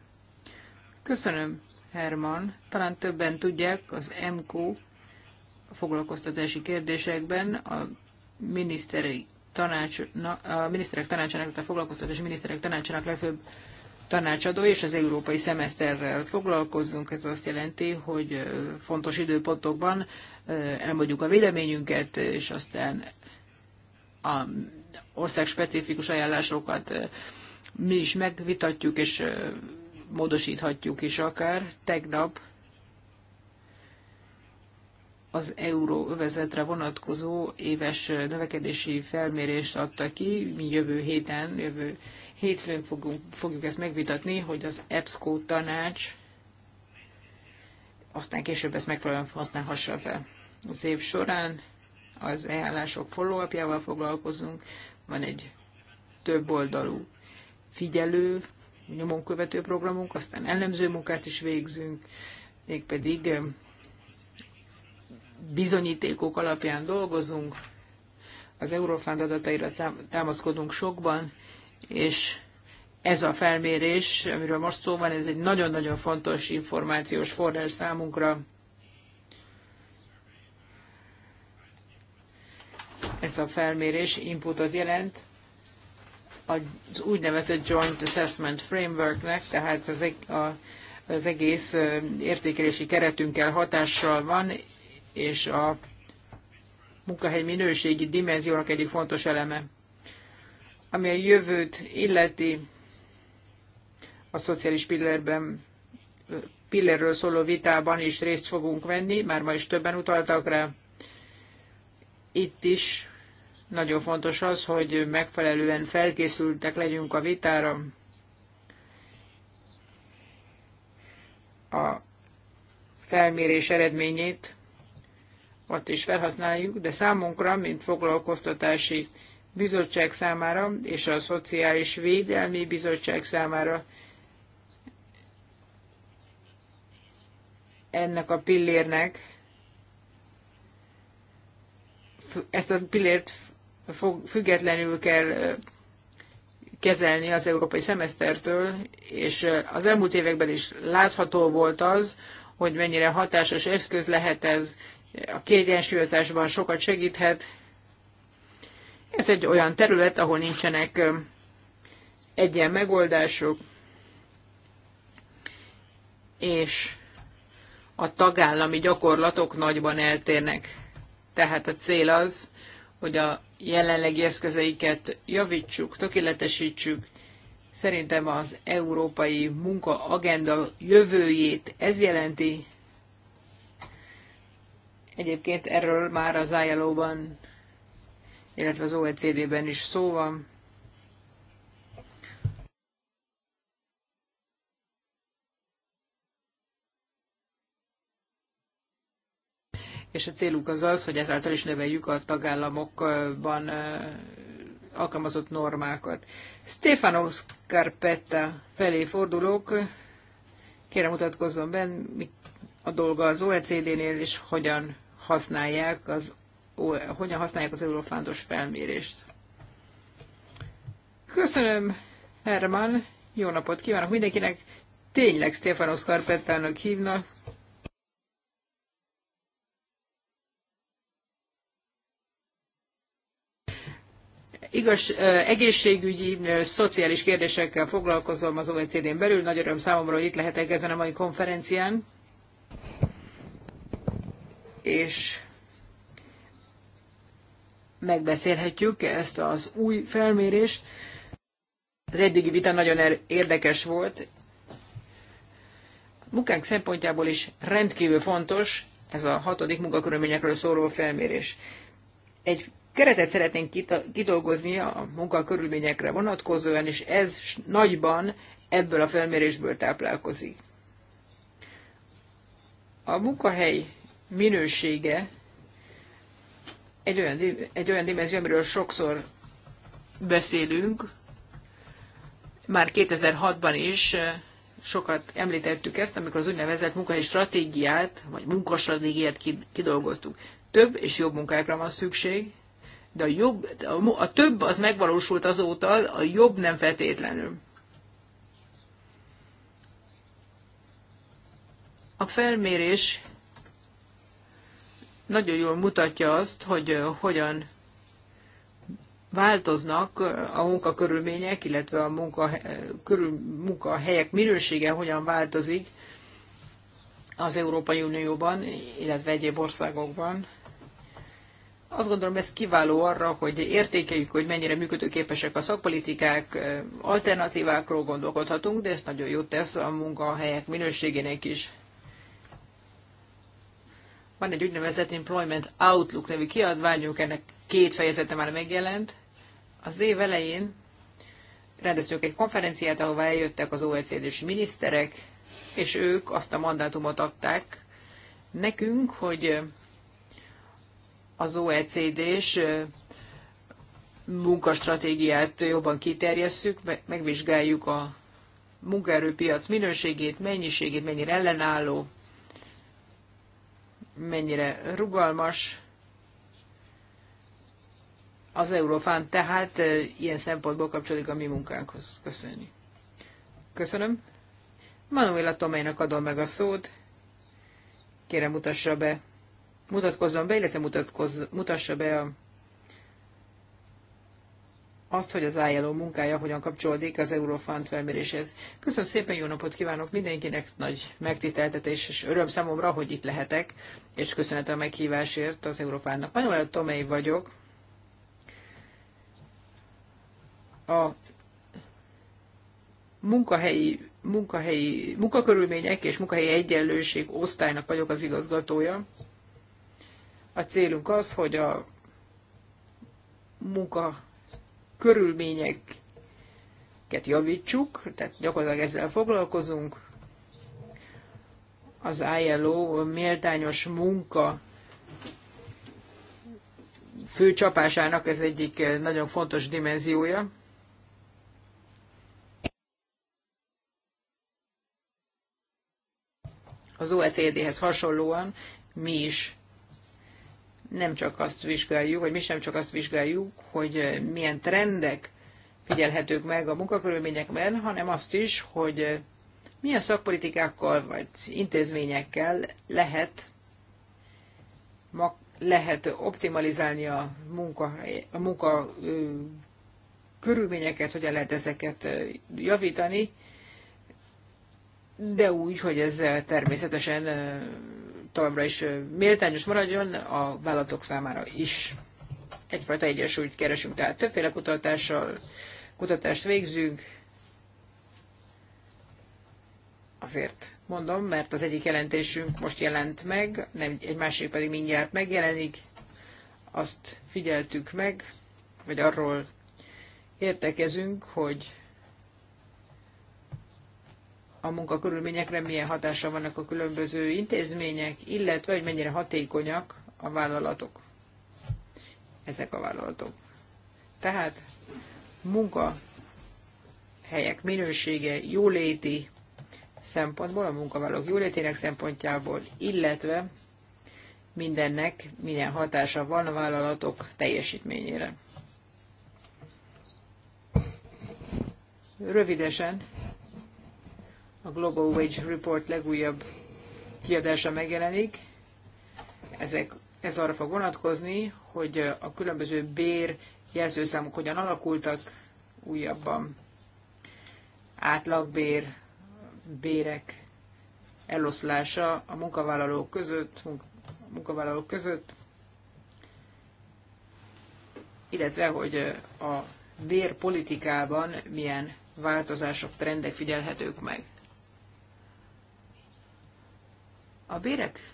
Köszönöm, Herman. Talán többen tudják, az MQ foglalkoztatási kérdésekben a miniszteri tanács, a miniszterek tanácsának, a foglalkoztatási miniszterek tanácsának legfőbb tanácsadó, és az európai szemeszterrel foglalkozzunk. Ez azt jelenti, hogy fontos időpontokban elmondjuk a véleményünket, és aztán a országspecifikus ajánlásokat mi is megvitatjuk, és módosíthatjuk is akár. Tegnap az euróövezetre vonatkozó éves növekedési felmérést adta ki. Mi jövő héten, jövő hétfőn fogunk, fogjuk ezt megvitatni, hogy az EBSCO tanács aztán később ezt megfelelően használhassa fel az év során az ajánlások follow foglalkozunk, van egy több oldalú figyelő, nyomon követő programunk, aztán ellenző munkát is végzünk, mégpedig eh, bizonyítékok alapján dolgozunk, az Eurofund adataira támaszkodunk sokban, és ez a felmérés, amiről most szó van, ez egy nagyon-nagyon fontos információs forrás számunkra, ez a felmérés inputot jelent az úgynevezett Joint Assessment Frameworknek, tehát az, az egész értékelési keretünkkel hatással van, és a munkahely minőségi dimenziónak egyik fontos eleme. Ami a jövőt illeti, a szociális pillérben, pillérről szóló vitában is részt fogunk venni, már ma is többen utaltak rá. Itt is nagyon fontos az, hogy megfelelően felkészültek legyünk a vitára. A felmérés eredményét ott is felhasználjuk, de számunkra, mint foglalkoztatási bizottság számára és a Szociális Védelmi Bizottság számára ennek a pillérnek, ezt a pillért függetlenül kell kezelni az európai szemesztertől, és az elmúlt években is látható volt az, hogy mennyire hatásos eszköz lehet ez, a kiegyensúlyozásban sokat segíthet. Ez egy olyan terület, ahol nincsenek egyen megoldások, és a tagállami gyakorlatok nagyban eltérnek. Tehát a cél az, hogy a jelenlegi eszközeiket javítsuk, tökéletesítsük. Szerintem az európai munkaagenda jövőjét ez jelenti. Egyébként erről már az ILO-ban, illetve az OECD-ben is szó van. és a célunk az az, hogy ezáltal is növeljük a tagállamokban alkalmazott normákat. Stefano Scarpetta felé fordulok, kérem mutatkozzon be, mit a dolga az OECD-nél, és hogyan használják az, hogyan használják az eurofándos felmérést. Köszönöm, Herman, jó napot kívánok mindenkinek. Tényleg Stefano Scarpettának hívnak, Igaz, egészségügyi, szociális kérdésekkel foglalkozom az OECD-n belül. Nagy öröm számomra, hogy itt lehetek ezen a mai konferencián. És megbeszélhetjük ezt az új felmérést. Az eddigi vita nagyon er- érdekes volt. A munkánk szempontjából is rendkívül fontos ez a hatodik munkakörülményekről szóló felmérés. Egy keretet szeretnénk kidolgozni a munkakörülményekre vonatkozóan, és ez nagyban ebből a felmérésből táplálkozik. A munkahely minősége egy olyan, egy olyan dimenzió, amiről sokszor beszélünk, már 2006-ban is sokat említettük ezt, amikor az úgynevezett munkahelyi stratégiát, vagy munkastratégiát kidolgoztuk. Több és jobb munkákra van szükség, de a, jobb, a több az megvalósult azóta, a jobb nem feltétlenül. A felmérés nagyon jól mutatja azt, hogy hogyan változnak a munkakörülmények, illetve a munka, körül, munkahelyek minősége hogyan változik az Európai Unióban, illetve egyéb országokban. Azt gondolom, ez kiváló arra, hogy értékeljük, hogy mennyire működőképesek a szakpolitikák, alternatívákról gondolkodhatunk, de ez nagyon jót tesz a munkahelyek minőségének is. Van egy úgynevezett Employment Outlook nevű kiadványunk, ennek két fejezete már megjelent. Az év elején rendeztünk egy konferenciát, ahová eljöttek az OECD-s miniszterek, és ők azt a mandátumot adták nekünk, hogy az OECD-s munkastratégiát jobban kiterjesszük, megvizsgáljuk a munkaerőpiac minőségét, mennyiségét, mennyire ellenálló, mennyire rugalmas. Az Eurofán tehát ilyen szempontból kapcsolódik a mi munkánkhoz. Köszönjük. Köszönöm. Manuela Toménak adom meg a szót. Kérem, mutassa be mutatkozzon be, illetve mutatkozz, mutassa be a, azt, hogy az ILO munkája hogyan kapcsolódik az Eurofund felméréshez. Köszönöm szépen, jó napot kívánok mindenkinek, nagy megtiszteltetés és öröm számomra, hogy itt lehetek, és köszönet a meghívásért az Eurofundnak. Manuel Tomei vagyok, a munkahelyi, munkahelyi, munkakörülmények és munkahelyi egyenlőség osztálynak vagyok az igazgatója. A célunk az, hogy a munka körülményeket javítsuk, tehát gyakorlatilag ezzel foglalkozunk. Az ILO méltányos munka fő csapásának ez egyik nagyon fontos dimenziója. Az OECD-hez hasonlóan mi is nem csak azt vizsgáljuk, vagy mi sem csak azt vizsgáljuk, hogy milyen trendek figyelhetők meg a munkakörülményekben, hanem azt is, hogy milyen szakpolitikákkal vagy intézményekkel lehet, lehet optimalizálni a munka, a munka körülményeket, hogyan lehet ezeket javítani, de úgy, hogy ez természetesen továbbra is méltányos maradjon a vállalatok számára is. Egyfajta egyensúlyt keresünk, tehát többféle kutatással kutatást végzünk. Azért mondom, mert az egyik jelentésünk most jelent meg, nem, egy másik pedig mindjárt megjelenik. Azt figyeltük meg, vagy arról értekezünk, hogy a munkakörülményekre milyen hatása vannak a különböző intézmények, illetve hogy mennyire hatékonyak a vállalatok. Ezek a vállalatok. Tehát munka helyek minősége, jóléti szempontból, a munkavállalók jólétének szempontjából, illetve mindennek milyen hatása van a vállalatok teljesítményére. Rövidesen a Global Wage Report legújabb kiadása megjelenik. Ezek, ez arra fog vonatkozni, hogy a különböző bér jelzőszámok hogyan alakultak újabban. Átlagbér, bérek eloszlása a munkavállalók között, a munkavállalók között, illetve hogy a bérpolitikában milyen változások, trendek figyelhetők meg. A bérek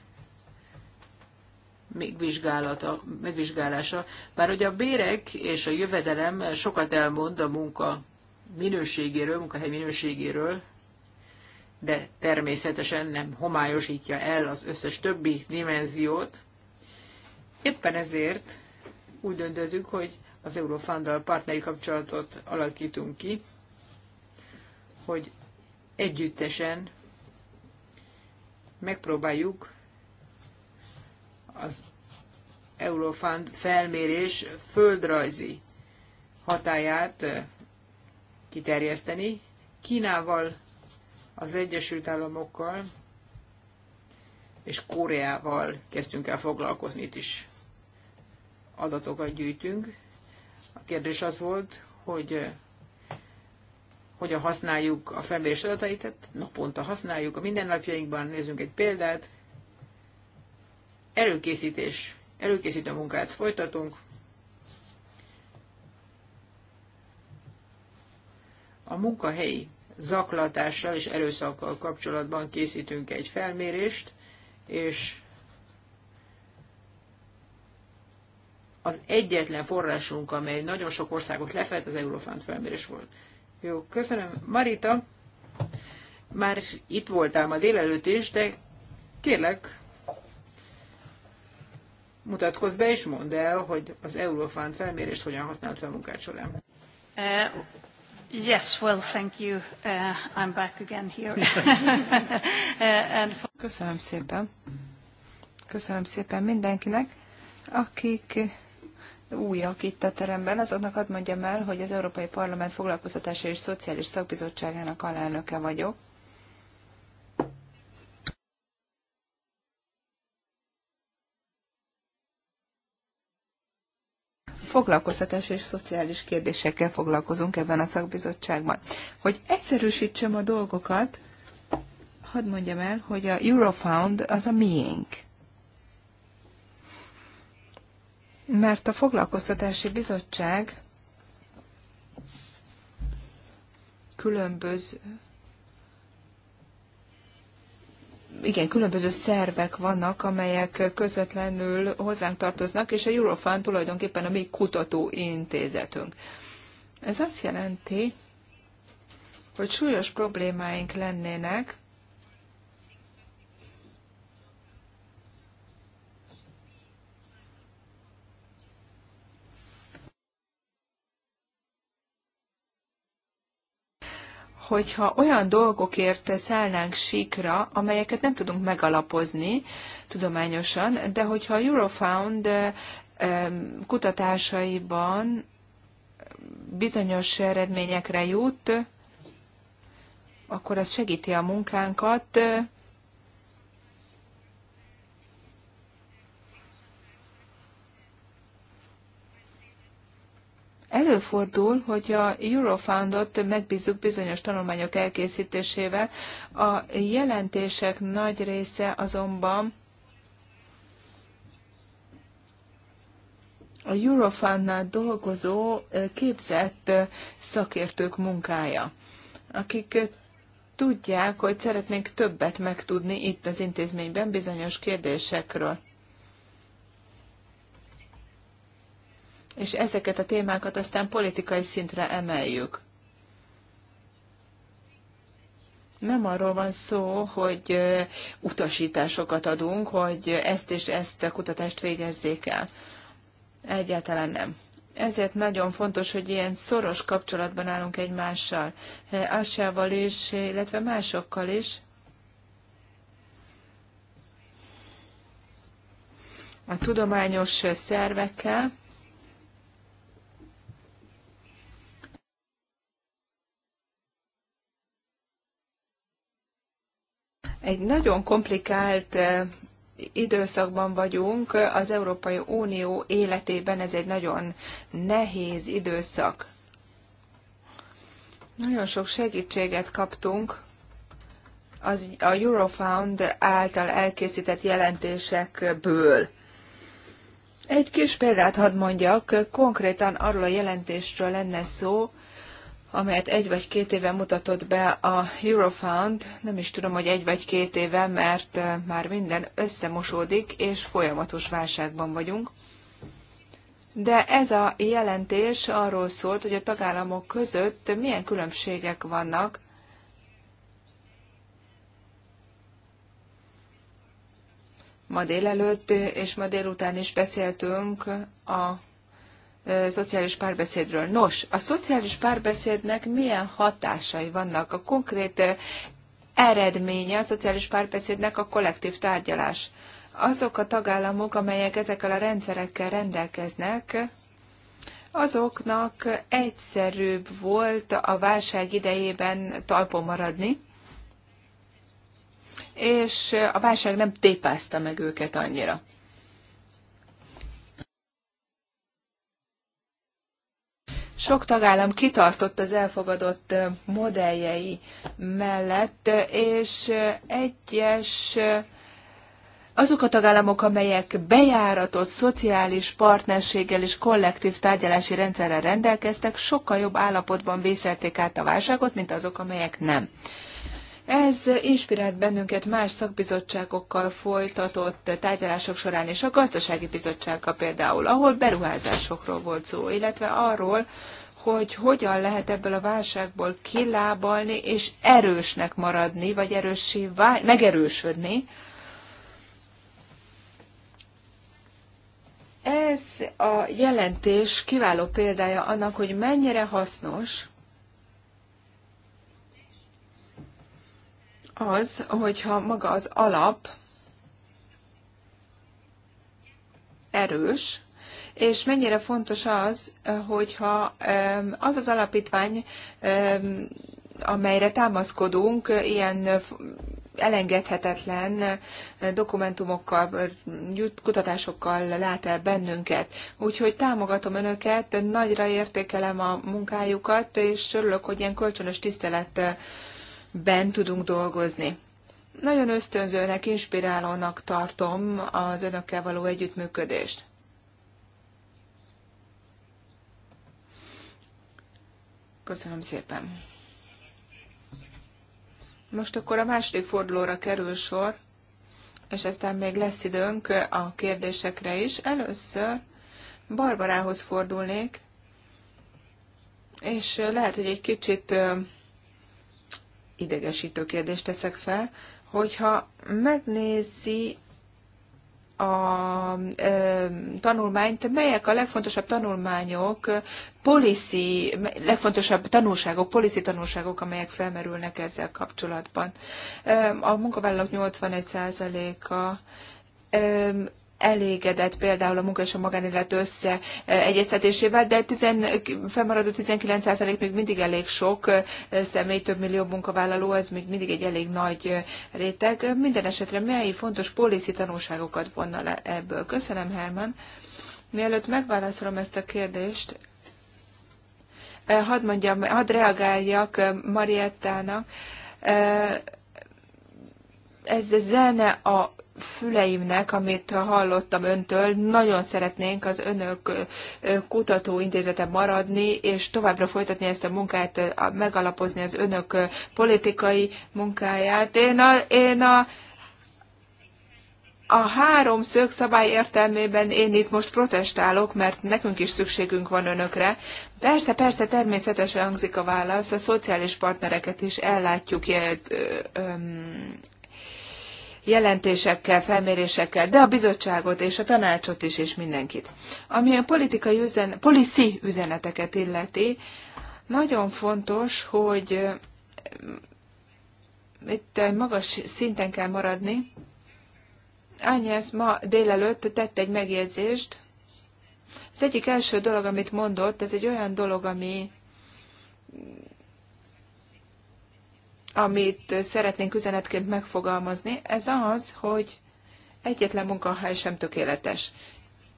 megvizsgálata, megvizsgálása, bár hogy a bérek és a jövedelem sokat elmond a munka minőségéről, munkahely minőségéről, de természetesen nem homályosítja el az összes többi dimenziót. Éppen ezért úgy döntöttük, hogy az Eurofunddal partneri kapcsolatot alakítunk ki, hogy együttesen megpróbáljuk az Eurofund felmérés földrajzi hatáját kiterjeszteni. Kínával, az Egyesült Államokkal és Koreával kezdtünk el foglalkozni, itt is adatokat gyűjtünk. A kérdés az volt, hogy hogyan használjuk a felmérés adatait, tehát naponta használjuk a mindennapjainkban, nézzünk egy példát. Előkészítés, előkészítő munkát folytatunk. A munkahelyi zaklatással és erőszakkal kapcsolatban készítünk egy felmérést, és az egyetlen forrásunk, amely nagyon sok országot lefett, az Eurofund felmérés volt. Jó, köszönöm. Marita, már itt voltál ma délelőtt is, de kérlek, mutatkozz be és mondd el, hogy az Eurofund felmérést hogyan használt fel munkád során. Uh, yes, well, thank you. Uh, I'm back again here. uh, and for... Köszönöm szépen. Köszönöm szépen mindenkinek, akik újak itt a teremben, azoknak ad mondjam el, hogy az Európai Parlament Foglalkoztatási és Szociális Szakbizottságának alelnöke vagyok. foglalkoztatás és szociális kérdésekkel foglalkozunk ebben a szakbizottságban. Hogy egyszerűsítsem a dolgokat, hadd mondjam el, hogy a Eurofound az a miénk. mert a foglalkoztatási bizottság különböző igen, különböző szervek vannak, amelyek közvetlenül hozzánk tartoznak, és a Eurofund tulajdonképpen a mi intézetünk, Ez azt jelenti, hogy súlyos problémáink lennének, hogyha olyan dolgokért szállnánk síkra, amelyeket nem tudunk megalapozni tudományosan, de hogyha a Eurofound kutatásaiban bizonyos eredményekre jut, akkor ez segíti a munkánkat, előfordul, hogy a Eurofoundot megbízzuk bizonyos tanulmányok elkészítésével. A jelentések nagy része azonban a Eurofoundnál dolgozó képzett szakértők munkája, akik tudják, hogy szeretnénk többet megtudni itt az intézményben bizonyos kérdésekről. és ezeket a témákat aztán politikai szintre emeljük. Nem arról van szó, hogy utasításokat adunk, hogy ezt és ezt a kutatást végezzék el. Egyáltalán nem. Ezért nagyon fontos, hogy ilyen szoros kapcsolatban állunk egymással, Assával is, illetve másokkal is. A tudományos szervekkel, Egy nagyon komplikált eh, időszakban vagyunk, az Európai Unió életében ez egy nagyon nehéz időszak. Nagyon sok segítséget kaptunk az, a Eurofound által elkészített jelentésekből. Egy kis példát hadd mondjak, konkrétan arról a jelentésről lenne szó, amelyet egy vagy két éve mutatott be a Eurofound, nem is tudom, hogy egy vagy két éve, mert eh, már minden összemosódik, és folyamatos válságban vagyunk. De ez a jelentés arról szólt, hogy a tagállamok között milyen különbségek vannak, Ma délelőtt és ma délután is beszéltünk a szociális párbeszédről. Nos, a szociális párbeszédnek milyen hatásai vannak? A konkrét eredménye a szociális párbeszédnek a kollektív tárgyalás. Azok a tagállamok, amelyek ezekkel a rendszerekkel rendelkeznek, azoknak egyszerűbb volt a válság idejében talpon maradni, és a válság nem tépázta meg őket annyira. Sok tagállam kitartott az elfogadott modelljei mellett, és egyes azok a tagállamok, amelyek bejáratott szociális partnerséggel és kollektív tárgyalási rendszerrel rendelkeztek, sokkal jobb állapotban vészelték át a válságot, mint azok, amelyek nem. Ez inspirált bennünket más szakbizottságokkal folytatott tárgyalások során, és a gazdasági bizottsággal például, ahol beruházásokról volt szó, illetve arról, hogy hogyan lehet ebből a válságból kilábalni, és erősnek maradni, vagy erőssé vál, megerősödni. Ez a jelentés kiváló példája annak, hogy mennyire hasznos az, hogyha maga az alap erős, és mennyire fontos az, hogyha az az alapítvány, amelyre támaszkodunk, ilyen elengedhetetlen eh, dokumentumokkal, kutatásokkal lát el bennünket. Úgyhogy támogatom Önöket, nagyra értékelem a munkájukat, és örülök, hogy ilyen kölcsönös tisztelet ben tudunk dolgozni. Nagyon ösztönzőnek, inspirálónak tartom az önökkel való együttműködést. Köszönöm szépen. Most akkor a második fordulóra kerül sor, és aztán még lesz időnk a kérdésekre is. Először Barbarához fordulnék, és lehet, hogy egy kicsit idegesítő kérdést teszek fel, hogyha megnézi a e, tanulmányt, melyek a legfontosabb tanulmányok, policy, legfontosabb tanulságok, policy tanulságok, amelyek felmerülnek ezzel kapcsolatban. E, a munkavállalók 81%-a elégedett például a munka és a magánélet összeegyeztetésével, eh, de 10, felmaradó 19% még mindig elég sok eh, személy, több millió munkavállaló, ez még mindig egy elég nagy eh, réteg. Minden esetre mely fontos policy tanulságokat vonna le ebből? Köszönöm, Herman. Mielőtt megválaszolom ezt a kérdést, hadd mondjam, hadd reagáljak Mariettának. Ez a zene a füleimnek, amit hallottam öntől. Nagyon szeretnénk az önök kutatóintézete maradni, és továbbra folytatni ezt a munkát, megalapozni az önök politikai munkáját. Én a, én a a háromszög szabály értelmében én itt most protestálok, mert nekünk is szükségünk van önökre. Persze, persze, természetesen hangzik a válasz, a szociális partnereket is ellátjuk jelentésekkel, felmérésekkel, de a bizottságot és a tanácsot is, és mindenkit. Ami a politikai üzen, policy üzeneteket illeti, nagyon fontos, hogy eh, itt magas szinten kell maradni. Ányász ma délelőtt tett egy megjegyzést. Az egyik első dolog, amit mondott, ez egy olyan dolog, ami amit szeretnénk üzenetként megfogalmazni, ez az, hogy egyetlen munkahely sem tökéletes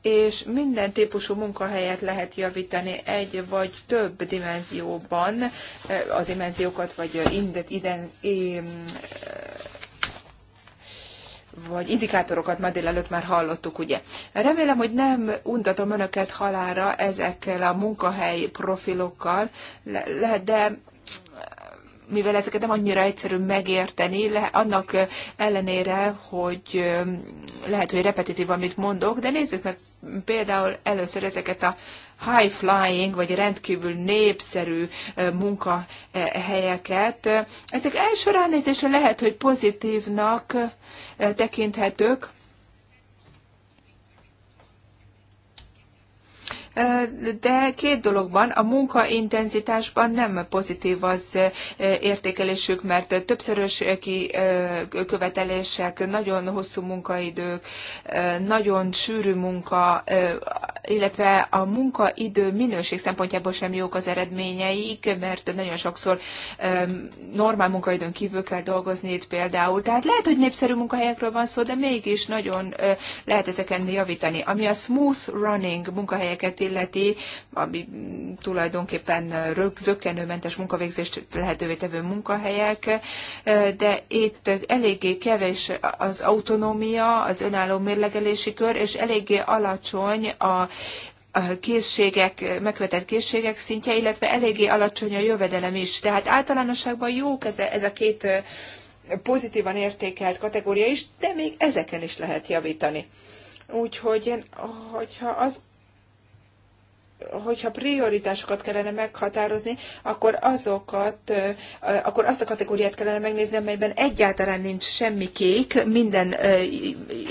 és minden típusú munkahelyet lehet javítani egy vagy több dimenzióban, eh, a dimenziókat vagy indet, iden, eh, vagy indikátorokat ma délelőtt már hallottuk, ugye. Remélem, hogy nem untatom önöket halára ezekkel a munkahely profilokkal, de mivel ezeket nem annyira egyszerű megérteni, le, annak ellenére, hogy lehet, hogy repetitív, amit mondok, de nézzük meg például először ezeket a high flying, vagy rendkívül népszerű munkahelyeket. Ezek első ránézésre lehet, hogy pozitívnak tekinthetők, de két dologban, a munkaintenzitásban nem pozitív az értékelésük, mert többszörös követelések, nagyon hosszú munkaidők, nagyon sűrű munka, illetve a munkaidő minőség szempontjából sem jók az eredményeik, mert nagyon sokszor normál munkaidőn kívül kell dolgozni itt például. Tehát lehet, hogy népszerű munkahelyekről van szó, de mégis nagyon lehet ezeken javítani. Ami a smooth running munkahelyeket illeti, ami tulajdonképpen rögzökkenőmentes munkavégzést lehetővé tevő munkahelyek, de itt eléggé kevés az autonómia, az önálló mérlegelési kör, és eléggé alacsony a a készségek, megvetett készségek szintje, illetve eléggé alacsony a jövedelem is. Tehát általánosságban jók ez a, ez a két pozitívan értékelt kategória is, de még ezeken is lehet javítani. Úgyhogy én, hogyha azt hogyha prioritásokat kellene meghatározni, akkor azokat, akkor azt a kategóriát kellene megnézni, amelyben egyáltalán nincs semmi kék, minden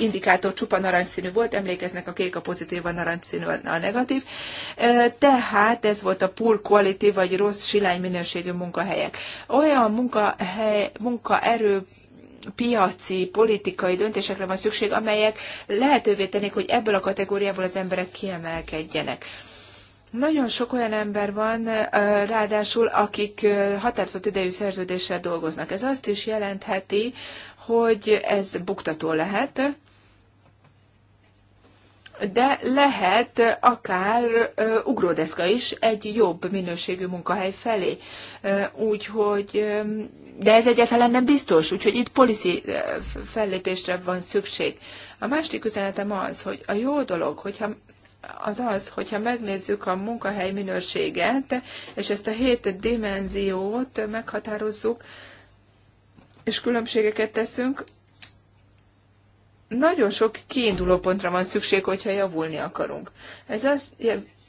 indikátor csupa narancsszínű volt, emlékeznek a kék a pozitív, a narancsszínű a negatív. Tehát ez volt a poor quality, vagy rossz silány minőségű munkahelyek. Olyan munkahely, munkaerő piaci, politikai döntésekre van szükség, amelyek lehetővé tennék, hogy ebből a kategóriából az emberek kiemelkedjenek. Nagyon sok olyan ember van, ráadásul, akik határozott idejű szerződéssel dolgoznak. Ez azt is jelentheti, hogy ez buktató lehet, de lehet akár ugródeszka is egy jobb minőségű munkahely felé. Úgyhogy, de ez egyáltalán nem biztos, úgyhogy itt policy fellépésre van szükség. A másik üzenetem az, hogy a jó dolog, hogyha az az, hogyha megnézzük a munkahely minőséget, és ezt a hét dimenziót meghatározzuk, és különbségeket teszünk, nagyon sok kiinduló pontra van szükség, hogyha javulni akarunk. Ez azt,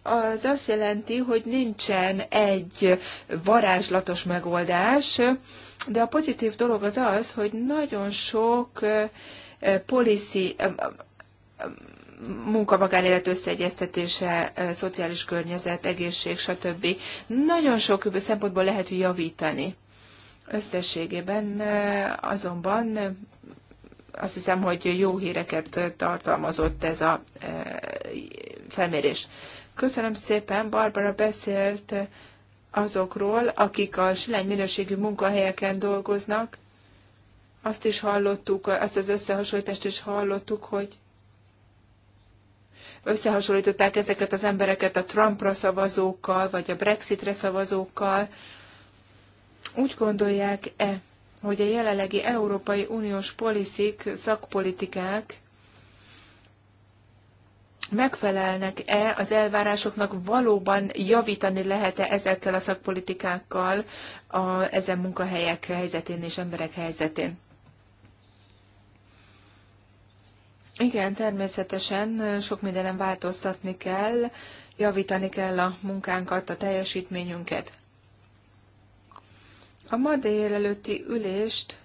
az azt jelenti, hogy nincsen egy varázslatos megoldás, de a pozitív dolog az az, hogy nagyon sok eh, policy, eh, munka-magánélet összeegyeztetése, szociális környezet, egészség, stb. Nagyon sok szempontból lehet javítani. Összességében azonban azt hiszem, hogy jó híreket tartalmazott ez a felmérés. Köszönöm szépen, Barbara beszélt azokról, akik a silány minőségű munkahelyeken dolgoznak. Azt is hallottuk, azt az összehasonlítást is hallottuk, hogy összehasonlították ezeket az embereket a Trumpra szavazókkal, vagy a Brexitre szavazókkal. Úgy gondolják-e, hogy a jelenlegi Európai Uniós poliszik, szakpolitikák megfelelnek-e az elvárásoknak, valóban javítani lehet-e ezekkel a szakpolitikákkal a, ezen munkahelyek helyzetén és emberek helyzetén? Igen, természetesen sok mindenem változtatni kell, javítani kell a munkánkat, a teljesítményünket. A ma délelőtti ülést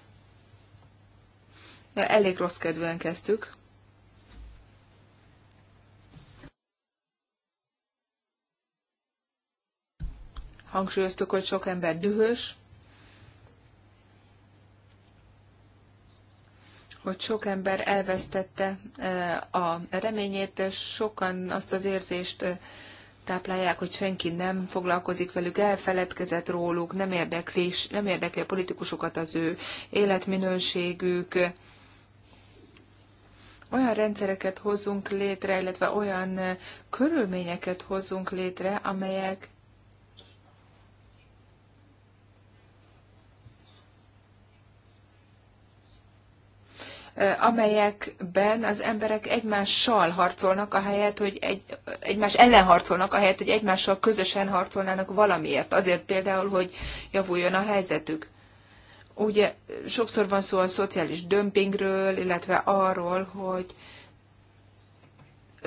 elég rossz kedvűen kezdtük. Hangsúlyoztuk, hogy sok ember dühös, hogy sok ember elvesztette eh, a reményét, és sokan azt az érzést eh, táplálják, hogy senki nem foglalkozik velük, elfeledkezett róluk, nem érdekli, nem érdekli a politikusokat az ő életminőségük. Olyan rendszereket hozunk létre, illetve olyan eh, körülményeket hozunk létre, amelyek amelyekben az emberek egymással harcolnak, ahelyett, hogy egy, egymás ellen harcolnak, ahelyett, hogy egymással közösen harcolnának valamiért. Azért például, hogy javuljon a helyzetük. Ugye sokszor van szó a szociális dömpingről, illetve arról, hogy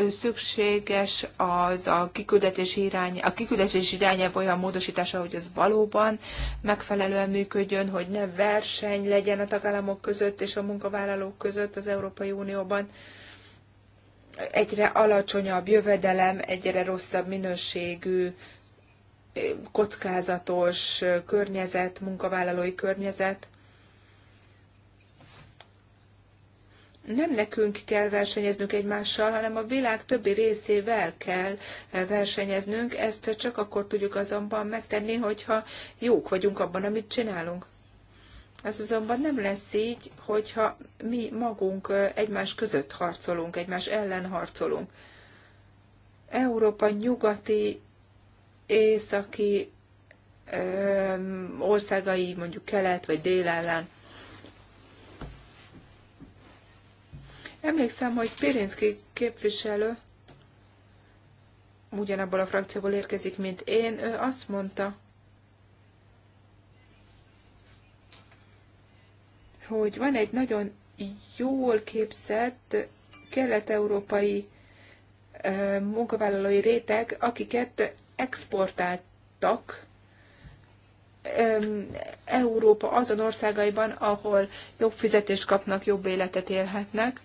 szükséges az a kiküldetés irány, a kiküldetés irányelv olyan módosítása, hogy az valóban megfelelően működjön, hogy ne verseny legyen a tagállamok között és a munkavállalók között az Európai Unióban. Egyre alacsonyabb jövedelem, egyre rosszabb minőségű, kockázatos környezet, munkavállalói környezet nem nekünk kell versenyeznünk egymással, hanem a világ többi részével kell versenyeznünk. Ezt csak akkor tudjuk azonban megtenni, hogyha jók vagyunk abban, amit csinálunk. Ez azonban nem lesz így, hogyha mi magunk egymás között harcolunk, egymás ellen harcolunk. Európa nyugati, északi ö, országai, mondjuk kelet vagy dél ellen Emlékszem, hogy Pirinszki képviselő ugyanabból a frakcióból érkezik, mint én. Ő azt mondta, hogy van egy nagyon jól képzett kelet-európai munkavállalói réteg, akiket exportáltak Európa azon országaiban, ahol jobb fizetést kapnak, jobb életet élhetnek.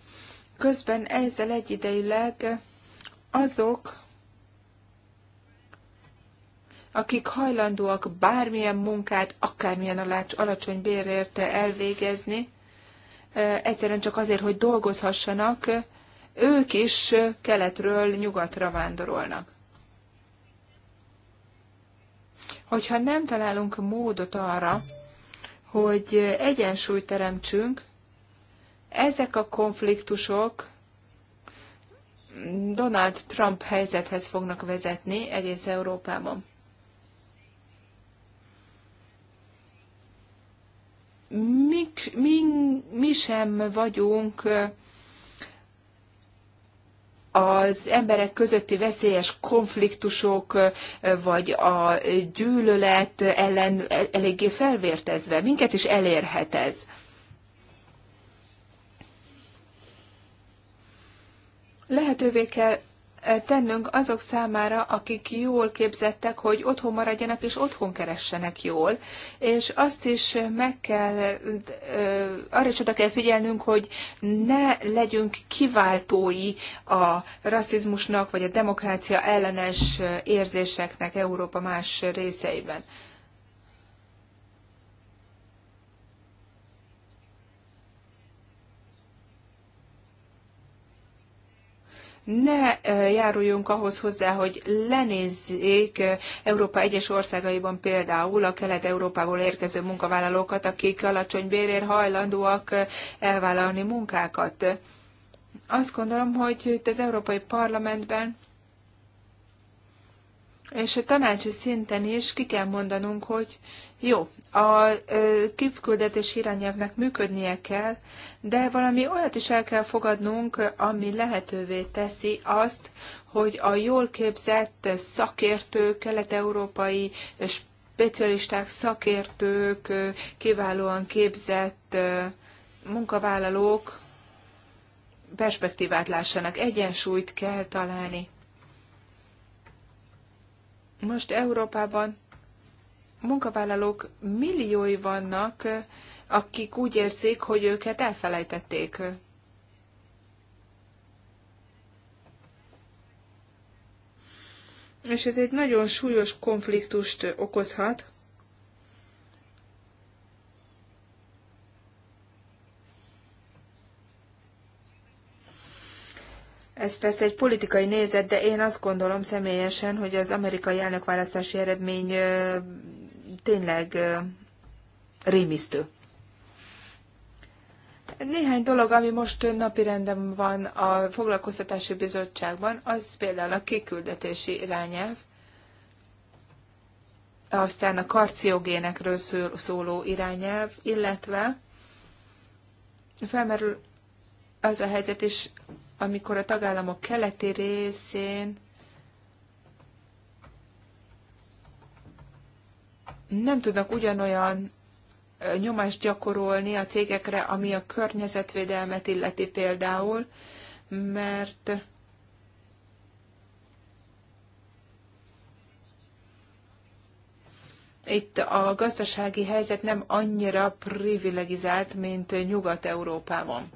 Közben ezzel egyidejűleg azok, akik hajlandóak bármilyen munkát, akármilyen alacsony bérért elvégezni, egyszerűen csak azért, hogy dolgozhassanak, ők is keletről nyugatra vándorolnak. Hogyha nem találunk módot arra, hogy egyensúlyt teremtsünk, ezek a konfliktusok Donald Trump helyzethez fognak vezetni egész Európában. Mi, mi, mi sem vagyunk az emberek közötti veszélyes konfliktusok, vagy a gyűlölet ellen eléggé felvértezve. Minket is elérhet ez. Lehetővé kell eh, tennünk azok számára, akik jól képzettek, hogy otthon maradjanak és otthon keressenek jól. És azt is meg kell, eh, arra is oda kell figyelnünk, hogy ne legyünk kiváltói a rasszizmusnak vagy a demokrácia ellenes eh, érzéseknek Európa más részeiben. ne járuljunk ahhoz hozzá, hogy lenézzék Európa egyes országaiban például a Kelet-Európából érkező munkavállalókat, akik alacsony bérér hajlandóak elvállalni munkákat. Azt gondolom, hogy itt az Európai Parlamentben és a tanácsi szinten is ki kell mondanunk, hogy jó, a kipküldetés irányelvnek működnie kell, de valami olyat is el kell fogadnunk, ami lehetővé teszi azt, hogy a jól képzett szakértők, kelet-európai specialisták, szakértők, kiválóan képzett munkavállalók perspektívát lássanak, egyensúlyt kell találni. Most Európában munkavállalók milliói vannak, akik úgy érzik, hogy őket elfelejtették. És ez egy nagyon súlyos konfliktust okozhat. Ez persze egy politikai nézet, de én azt gondolom személyesen, hogy az amerikai elnökválasztási eredmény tényleg rémisztő. Néhány dolog, ami most napi rendem van a foglalkoztatási bizottságban, az például a kiküldetési irányelv, aztán a karciogénekről szóló irányelv, illetve felmerül az a helyzet is, amikor a tagállamok keleti részén nem tudnak ugyanolyan nyomást gyakorolni a cégekre, ami a környezetvédelmet illeti például, mert itt a gazdasági helyzet nem annyira privilegizált, mint Nyugat-Európában.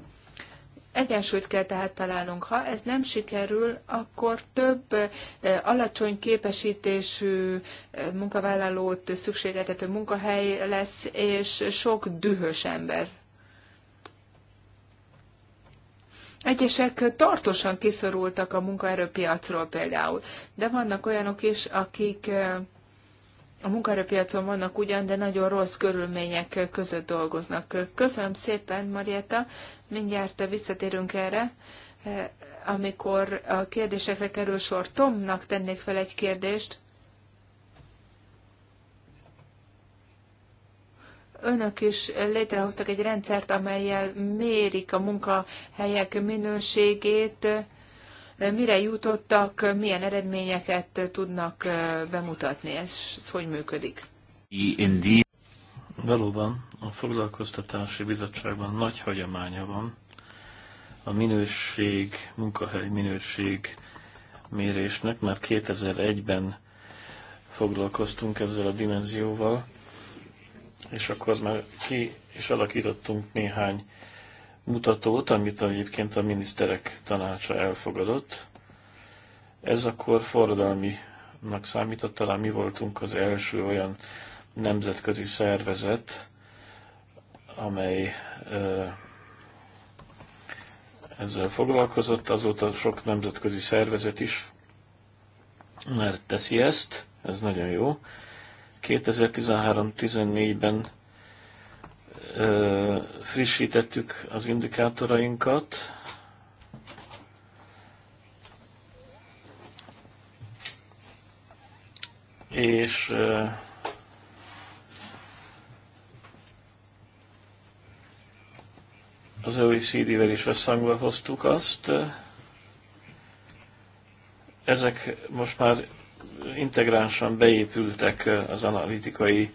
Egyensúlyt kell tehát találnunk. Ha ez nem sikerül, akkor több eh, alacsony képesítésű eh, munkavállalót szükségeltető munkahely lesz, és sok dühös ember. Egyesek tartósan kiszorultak a munkaerőpiacról például, de vannak olyanok is, akik eh, a munkaerőpiacon vannak ugyan, de nagyon rossz körülmények között dolgoznak. Köszönöm szépen, Marietta, mindjárt visszatérünk erre. Amikor a kérdésekre kerül sor, Tomnak tennék fel egy kérdést. önök is létrehoztak egy rendszert, amelyel mérik a munkahelyek minőségét, mire jutottak, milyen eredményeket tudnak bemutatni, ez, ez hogy működik? Valóban a foglalkoztatási bizottságban nagy hagyománya van. A minőség, munkahely minőség mérésnek már 2001-ben foglalkoztunk ezzel a dimenzióval, és akkor már ki is alakítottunk néhány mutatót, amit egyébként a miniszterek tanácsa elfogadott. Ez akkor forradalminak számított, talán mi voltunk az első olyan nemzetközi szervezet, amely ezzel foglalkozott, azóta sok nemzetközi szervezet is mert teszi ezt, ez nagyon jó. 2013-14-ben ö, frissítettük az indikátorainkat. És ö, az OECD-vel is összhangba hoztuk azt. Ezek most már integránsan beépültek az analitikai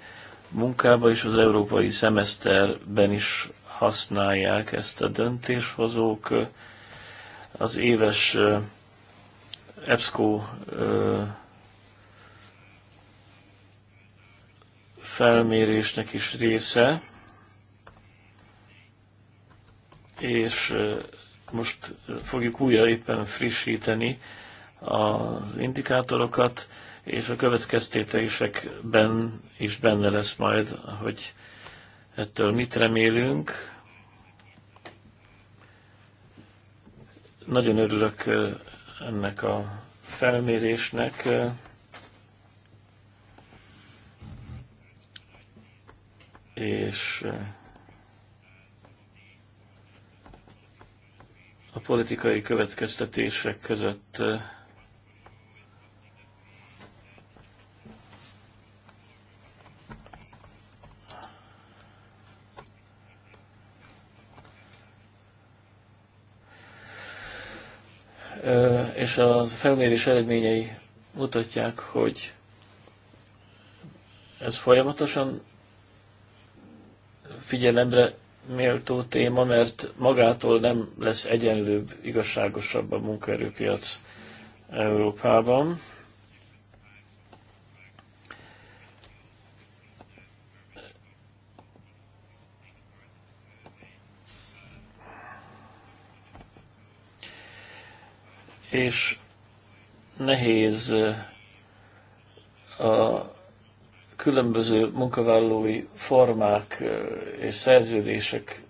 munkába és az európai szemeszterben is használják ezt a döntéshozók. Az éves EBSCO felmérésnek is része, és most fogjuk újra éppen frissíteni az indikátorokat, és a következtételésekben is benne lesz majd, hogy ettől mit remélünk. Nagyon örülök ennek a felmérésnek. És a politikai következtetések között és a felmérés eredményei mutatják, hogy ez folyamatosan figyelemre méltó téma, mert magától nem lesz egyenlőbb, igazságosabb a munkaerőpiac Európában. és nehéz eh, a különböző munkavállalói formák eh, és szerződések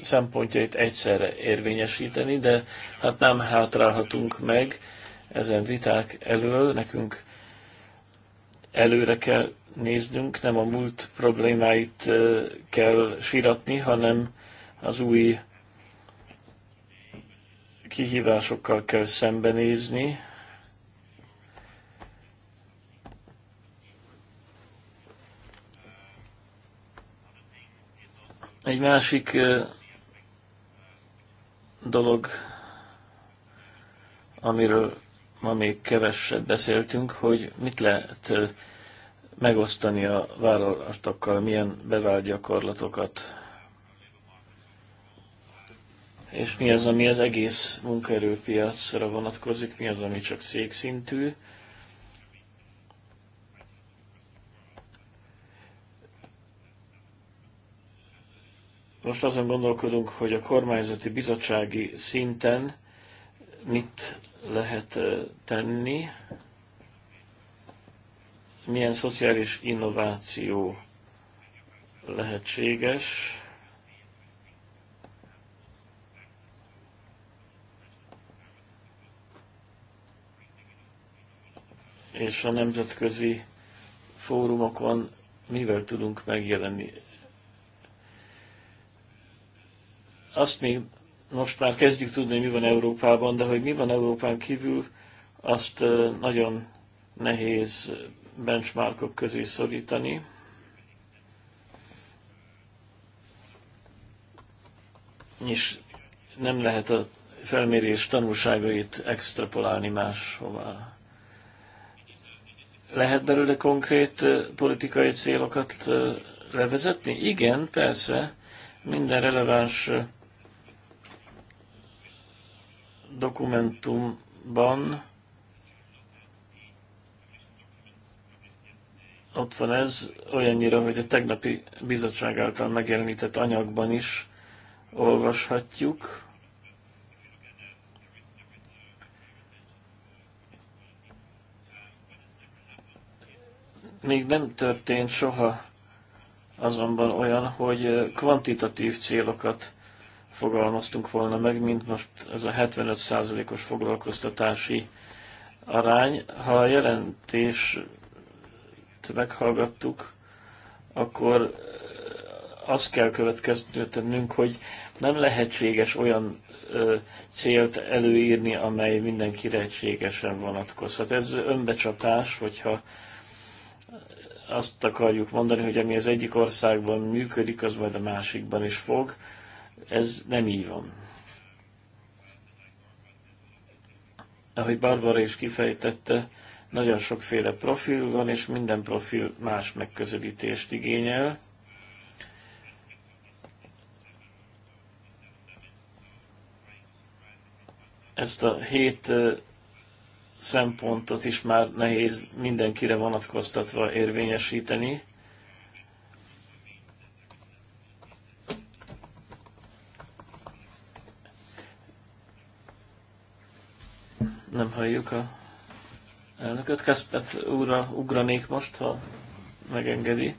szempontjait egyszerre érvényesíteni, de hát nem hátrálhatunk meg ezen viták elől, nekünk előre kell néznünk, nem a múlt problémáit eh, kell síratni, hanem az új kihívásokkal kell szembenézni, Egy másik dolog, amiről ma még keveset beszéltünk, hogy mit lehet megosztani a vállalatokkal, milyen bevált gyakorlatokat és mi az, ami az egész munkaerőpiacra vonatkozik, mi az, ami csak székszintű. Most azon gondolkodunk, hogy a kormányzati bizottsági szinten mit lehet tenni, milyen szociális innováció lehetséges. és a nemzetközi fórumokon mivel tudunk megjelenni. Azt még most már kezdjük tudni, mi van Európában, de hogy mi van Európán kívül, azt nagyon nehéz benchmarkok közé szorítani. És nem lehet a felmérés tanulságait extrapolálni máshová. Lehet belőle konkrét politikai célokat levezetni? Igen, persze. Minden releváns dokumentumban ott van ez, olyannyira, hogy a tegnapi bizottság által megjelenített anyagban is olvashatjuk. Még nem történt soha azonban olyan, hogy kvantitatív célokat fogalmaztunk volna meg, mint most ez a 75%-os foglalkoztatási arány. Ha a jelentést meghallgattuk, akkor azt kell következtetnünk, hogy nem lehetséges olyan ö, célt előírni, amely mindenkire egységesen vonatkozhat. Ez önbecsapás, hogyha azt akarjuk mondani, hogy ami az egyik országban működik, az majd a másikban is fog. Ez nem így van. Ahogy Barbara is kifejtette, nagyon sokféle profil van, és minden profil más megközelítést igényel. Ezt a hét szempontot is már nehéz mindenkire vonatkoztatva érvényesíteni. Nem halljuk a elnököt. Keszpet úrra ugranék most, ha megengedi.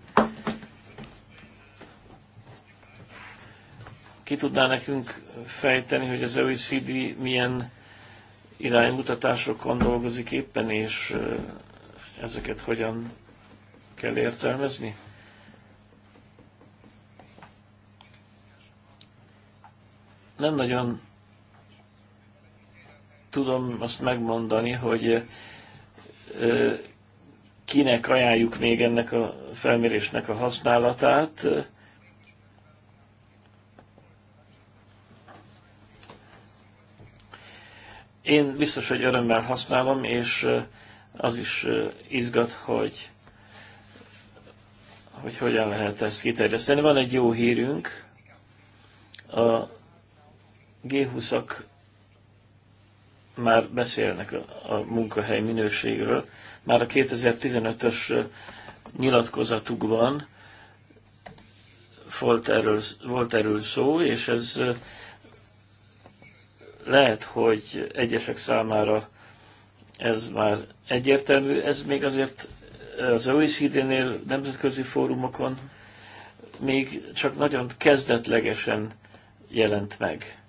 Ki tudná nekünk fejteni, hogy az OECD milyen iránymutatásokon dolgozik éppen, és ezeket hogyan kell értelmezni? Nem nagyon tudom azt megmondani, hogy kinek ajánljuk még ennek a felmérésnek a használatát. Én biztos, hogy örömmel használom, és az is izgat, hogy, hogy hogyan lehet ezt kiterjeszteni. Van egy jó hírünk, a G20-ak már beszélnek a munkahely minőségről, már a 2015-ös nyilatkozatukban volt erről, volt erről szó, és ez lehet, hogy egyesek számára ez már egyértelmű, ez még azért az OECD-nél, nemzetközi fórumokon még csak nagyon kezdetlegesen jelent meg.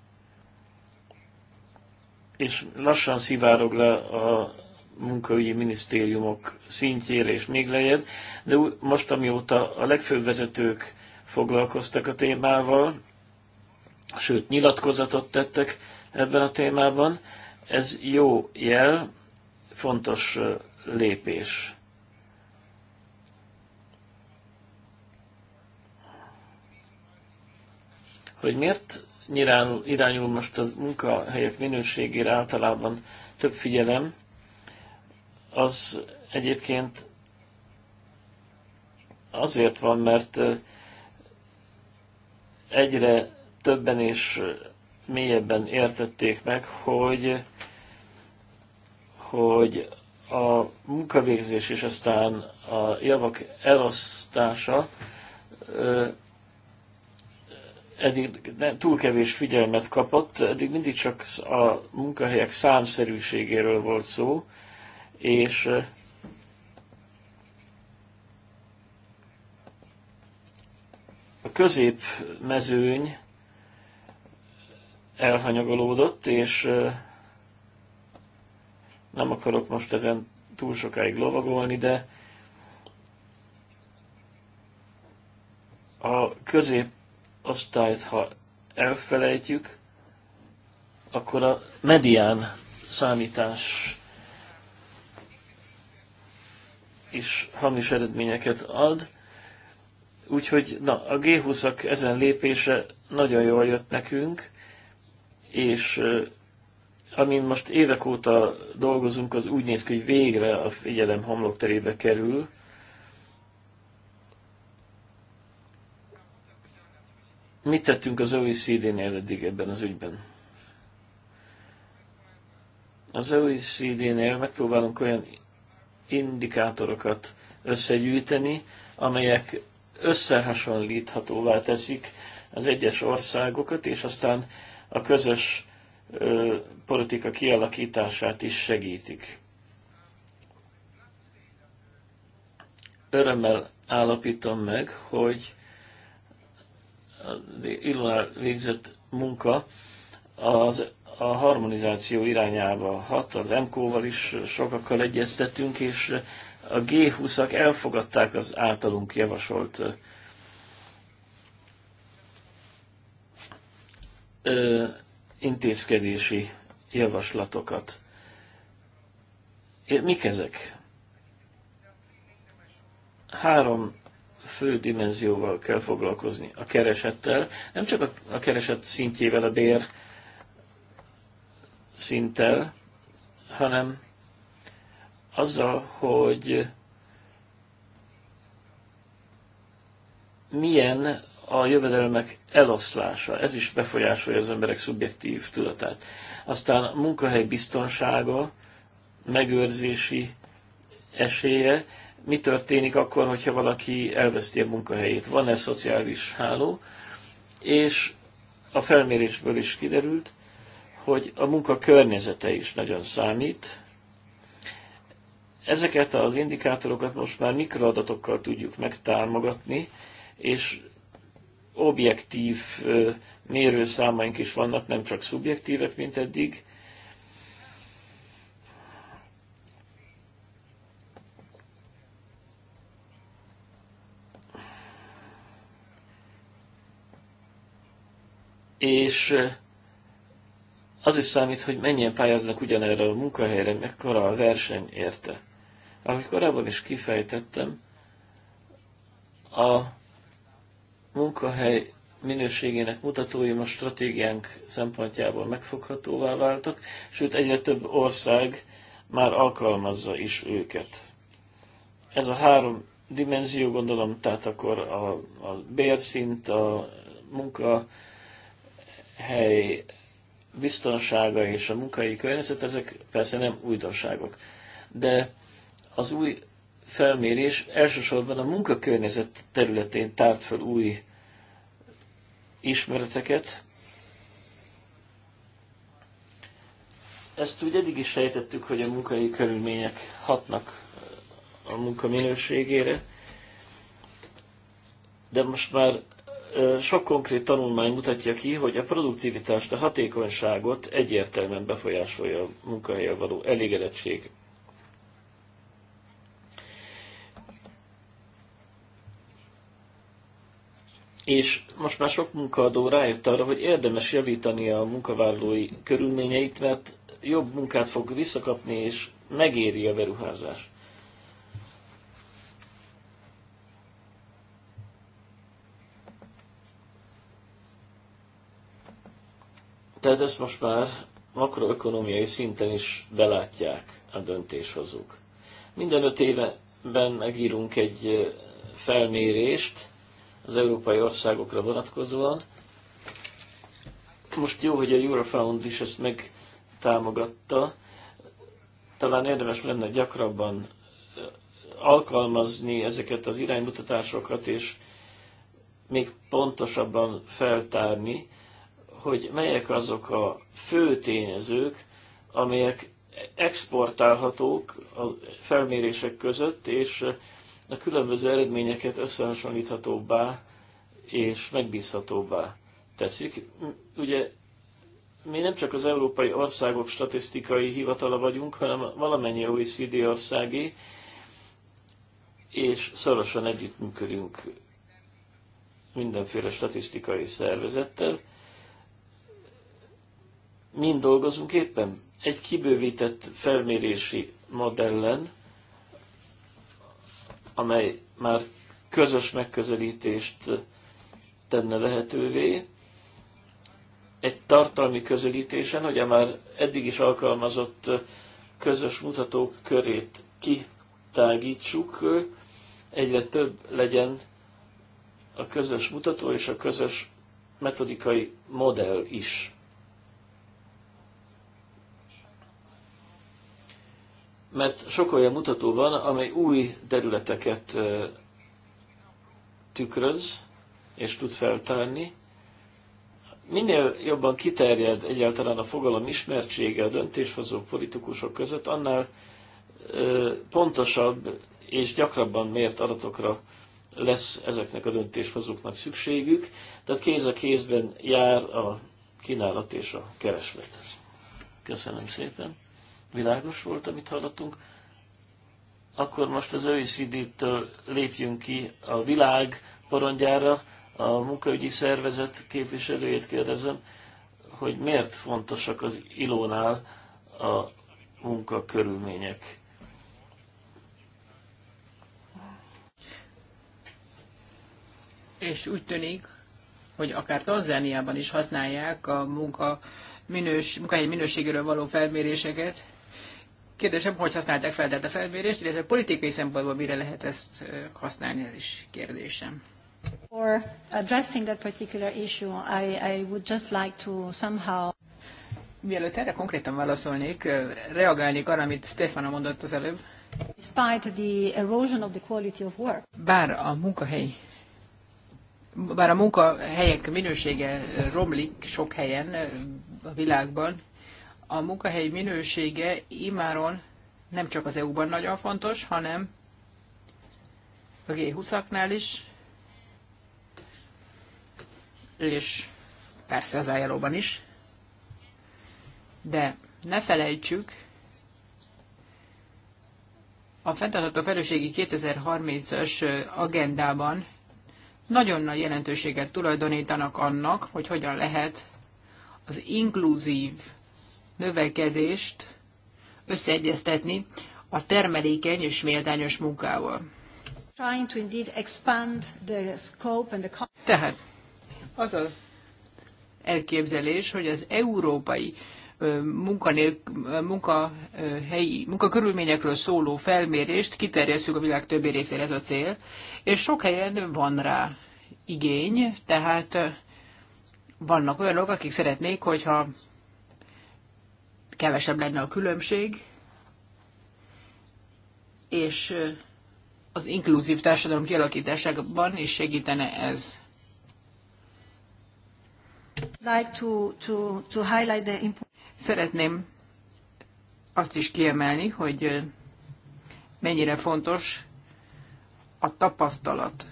És lassan szivárog le a munkaügyi minisztériumok szintjére és még lejjebb, de most amióta a legfőbb vezetők foglalkoztak a témával, sőt nyilatkozatot tettek, ebben a témában. Ez jó jel, fontos lépés. Hogy miért irányul, irányul most a munkahelyek minőségére általában több figyelem, az egyébként azért van, mert egyre többen és mélyebben értették meg, hogy, hogy a munkavégzés és aztán a javak elosztása eddig túl kevés figyelmet kapott, eddig mindig csak a munkahelyek számszerűségéről volt szó, és a középmezőny elhanyagolódott, és nem akarok most ezen túl sokáig lovagolni, de a középosztályt, ha elfelejtjük, akkor a medián számítás is hamis eredményeket ad. Úgyhogy na, a G20-ak ezen lépése nagyon jól jött nekünk, és amin most évek óta dolgozunk, az úgy néz ki, hogy végre a figyelem homlokterébe kerül. Mit tettünk az OECD-nél eddig ebben az ügyben? Az OECD-nél megpróbálunk olyan indikátorokat összegyűjteni, amelyek összehasonlíthatóvá teszik az egyes országokat, és aztán a közös politika kialakítását is segítik. Örömmel állapítom meg, hogy Illonál végzett munka az a harmonizáció irányába hat, az MK-val is sokakkal egyeztetünk, és a G20-ak elfogadták az általunk javasolt ö, intézkedési javaslatokat. Mik ezek? Három fő dimenzióval kell foglalkozni. A keresettel, nem csak a, a kereset szintjével, a bér szinttel, hanem azzal, hogy milyen a jövedelmek eloszlása, ez is befolyásolja az emberek szubjektív tudatát. Aztán a munkahely biztonsága, megőrzési esélye, mi történik akkor, hogyha valaki elveszti a munkahelyét, van-e szociális háló, és a felmérésből is kiderült, hogy a munka környezete is nagyon számít. Ezeket az indikátorokat most már mikroadatokkal tudjuk megtámogatni, és objektív mérőszámaink is vannak, nem csak szubjektívek, mint eddig. És az is számít, hogy mennyien pályáznak ugyanerre a munkahelyre, mekkora a verseny érte. Ahogy korábban is kifejtettem, a munkahely minőségének mutatói a stratégiánk szempontjából megfoghatóvá váltak, sőt egyre több ország már alkalmazza is őket. Ez a három dimenzió, gondolom, tehát akkor a, a bérszint, a munkahely biztonsága és a munkai környezet, ezek persze nem újdonságok. De az új felmérés elsősorban a munkakörnyezet területén tárt fel új ismereteket. Ezt úgy eddig is sejtettük, hogy a munkai körülmények hatnak a munka minőségére, de most már sok konkrét tanulmány mutatja ki, hogy a produktivitást, a hatékonyságot egyértelműen befolyásolja a munkahelyen való elégedettség és most már sok munkaadó rájött arra, hogy érdemes javítani a munkavállalói körülményeit, mert jobb munkát fog visszakapni, és megéri a beruházás. Tehát ezt most már makroökonomiai szinten is belátják a döntéshozók. Minden öt éveben megírunk egy felmérést, az európai országokra vonatkozóan. Most jó, hogy a Eurofound is ezt megtámogatta. Talán érdemes lenne gyakrabban alkalmazni ezeket az iránymutatásokat, és még pontosabban feltárni, hogy melyek azok a fő tényezők, amelyek exportálhatók a felmérések között, és a különböző eredményeket összehasonlíthatóbbá és megbízhatóbbá teszik. Ugye mi nem csak az európai országok statisztikai hivatala vagyunk, hanem valamennyi OECD országé, és szorosan együttműködünk mindenféle statisztikai szervezettel. Mind dolgozunk éppen egy kibővített felmérési modellen, amely már közös megközelítést tenne lehetővé, egy tartalmi közelítésen, hogy már eddig is alkalmazott közös mutatók körét kitágítsuk, egyre több legyen a közös mutató és a közös metodikai modell is. mert sok olyan mutató van, amely új területeket tükröz és tud feltárni. Minél jobban kiterjed egyáltalán a fogalom ismertsége a döntéshozó politikusok között, annál pontosabb és gyakrabban mért adatokra lesz ezeknek a döntéshozóknak szükségük, tehát kéz a kézben jár a kínálat és a kereslet. Köszönöm szépen! világos volt, amit hallottunk, akkor most az OECD-től lépjünk ki a világ porondjára, a munkaügyi szervezet képviselőjét kérdezem, hogy miért fontosak az ilónál a munkakörülmények. És úgy tűnik, hogy akár Tanzániában is használják a munka minős, munkahely minőségéről való felméréseket. Kérdésem, hogy használták fel a felmérést, illetve politikai szempontból mire lehet ezt használni, ez is kérdésem. For addressing that particular issue, I, I would just like to somehow Mielőtt erre konkrétan válaszolnék, reagálnék arra, amit Stefana mondott az előbb. Despite the erosion of the quality of work. Bár a munkahely bár a munkahelyek minősége romlik sok helyen a világban, a munkahely minősége imáron nem csak az EU-ban nagyon fontos, hanem a G20-aknál is, és persze az ilo is. De ne felejtsük, a fenntartható felelősségi 2030-as agendában nagyon nagy jelentőséget tulajdonítanak annak, hogy hogyan lehet az inkluzív növekedést összeegyeztetni a termelékeny és méltányos munkával. Tehát az az elképzelés, hogy az európai munkanél, munkahelyi, munkakörülményekről szóló felmérést kiterjesszük a világ többi részére ez a cél, és sok helyen van rá igény, tehát vannak olyanok, akik szeretnék, hogyha kevesebb lenne a különbség, és az inkluzív társadalom kialakításában is segítene ez. Like to, to, to highlight the Szeretném azt is kiemelni, hogy mennyire fontos a tapasztalat,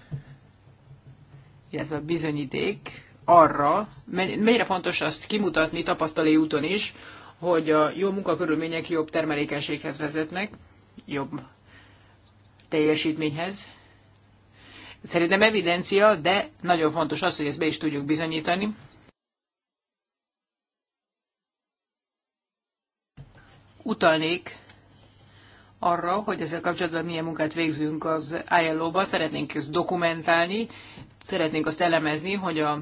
illetve a bizonyíték arra, mennyire fontos azt kimutatni tapasztali úton is, hogy a jó munkakörülmények jobb termelékenységhez vezetnek, jobb teljesítményhez. Szerintem evidencia, de nagyon fontos az, hogy ezt be is tudjuk bizonyítani. Utalnék arra, hogy ezzel kapcsolatban milyen munkát végzünk az ilo ba szeretnénk ezt dokumentálni, szeretnénk azt elemezni, hogy a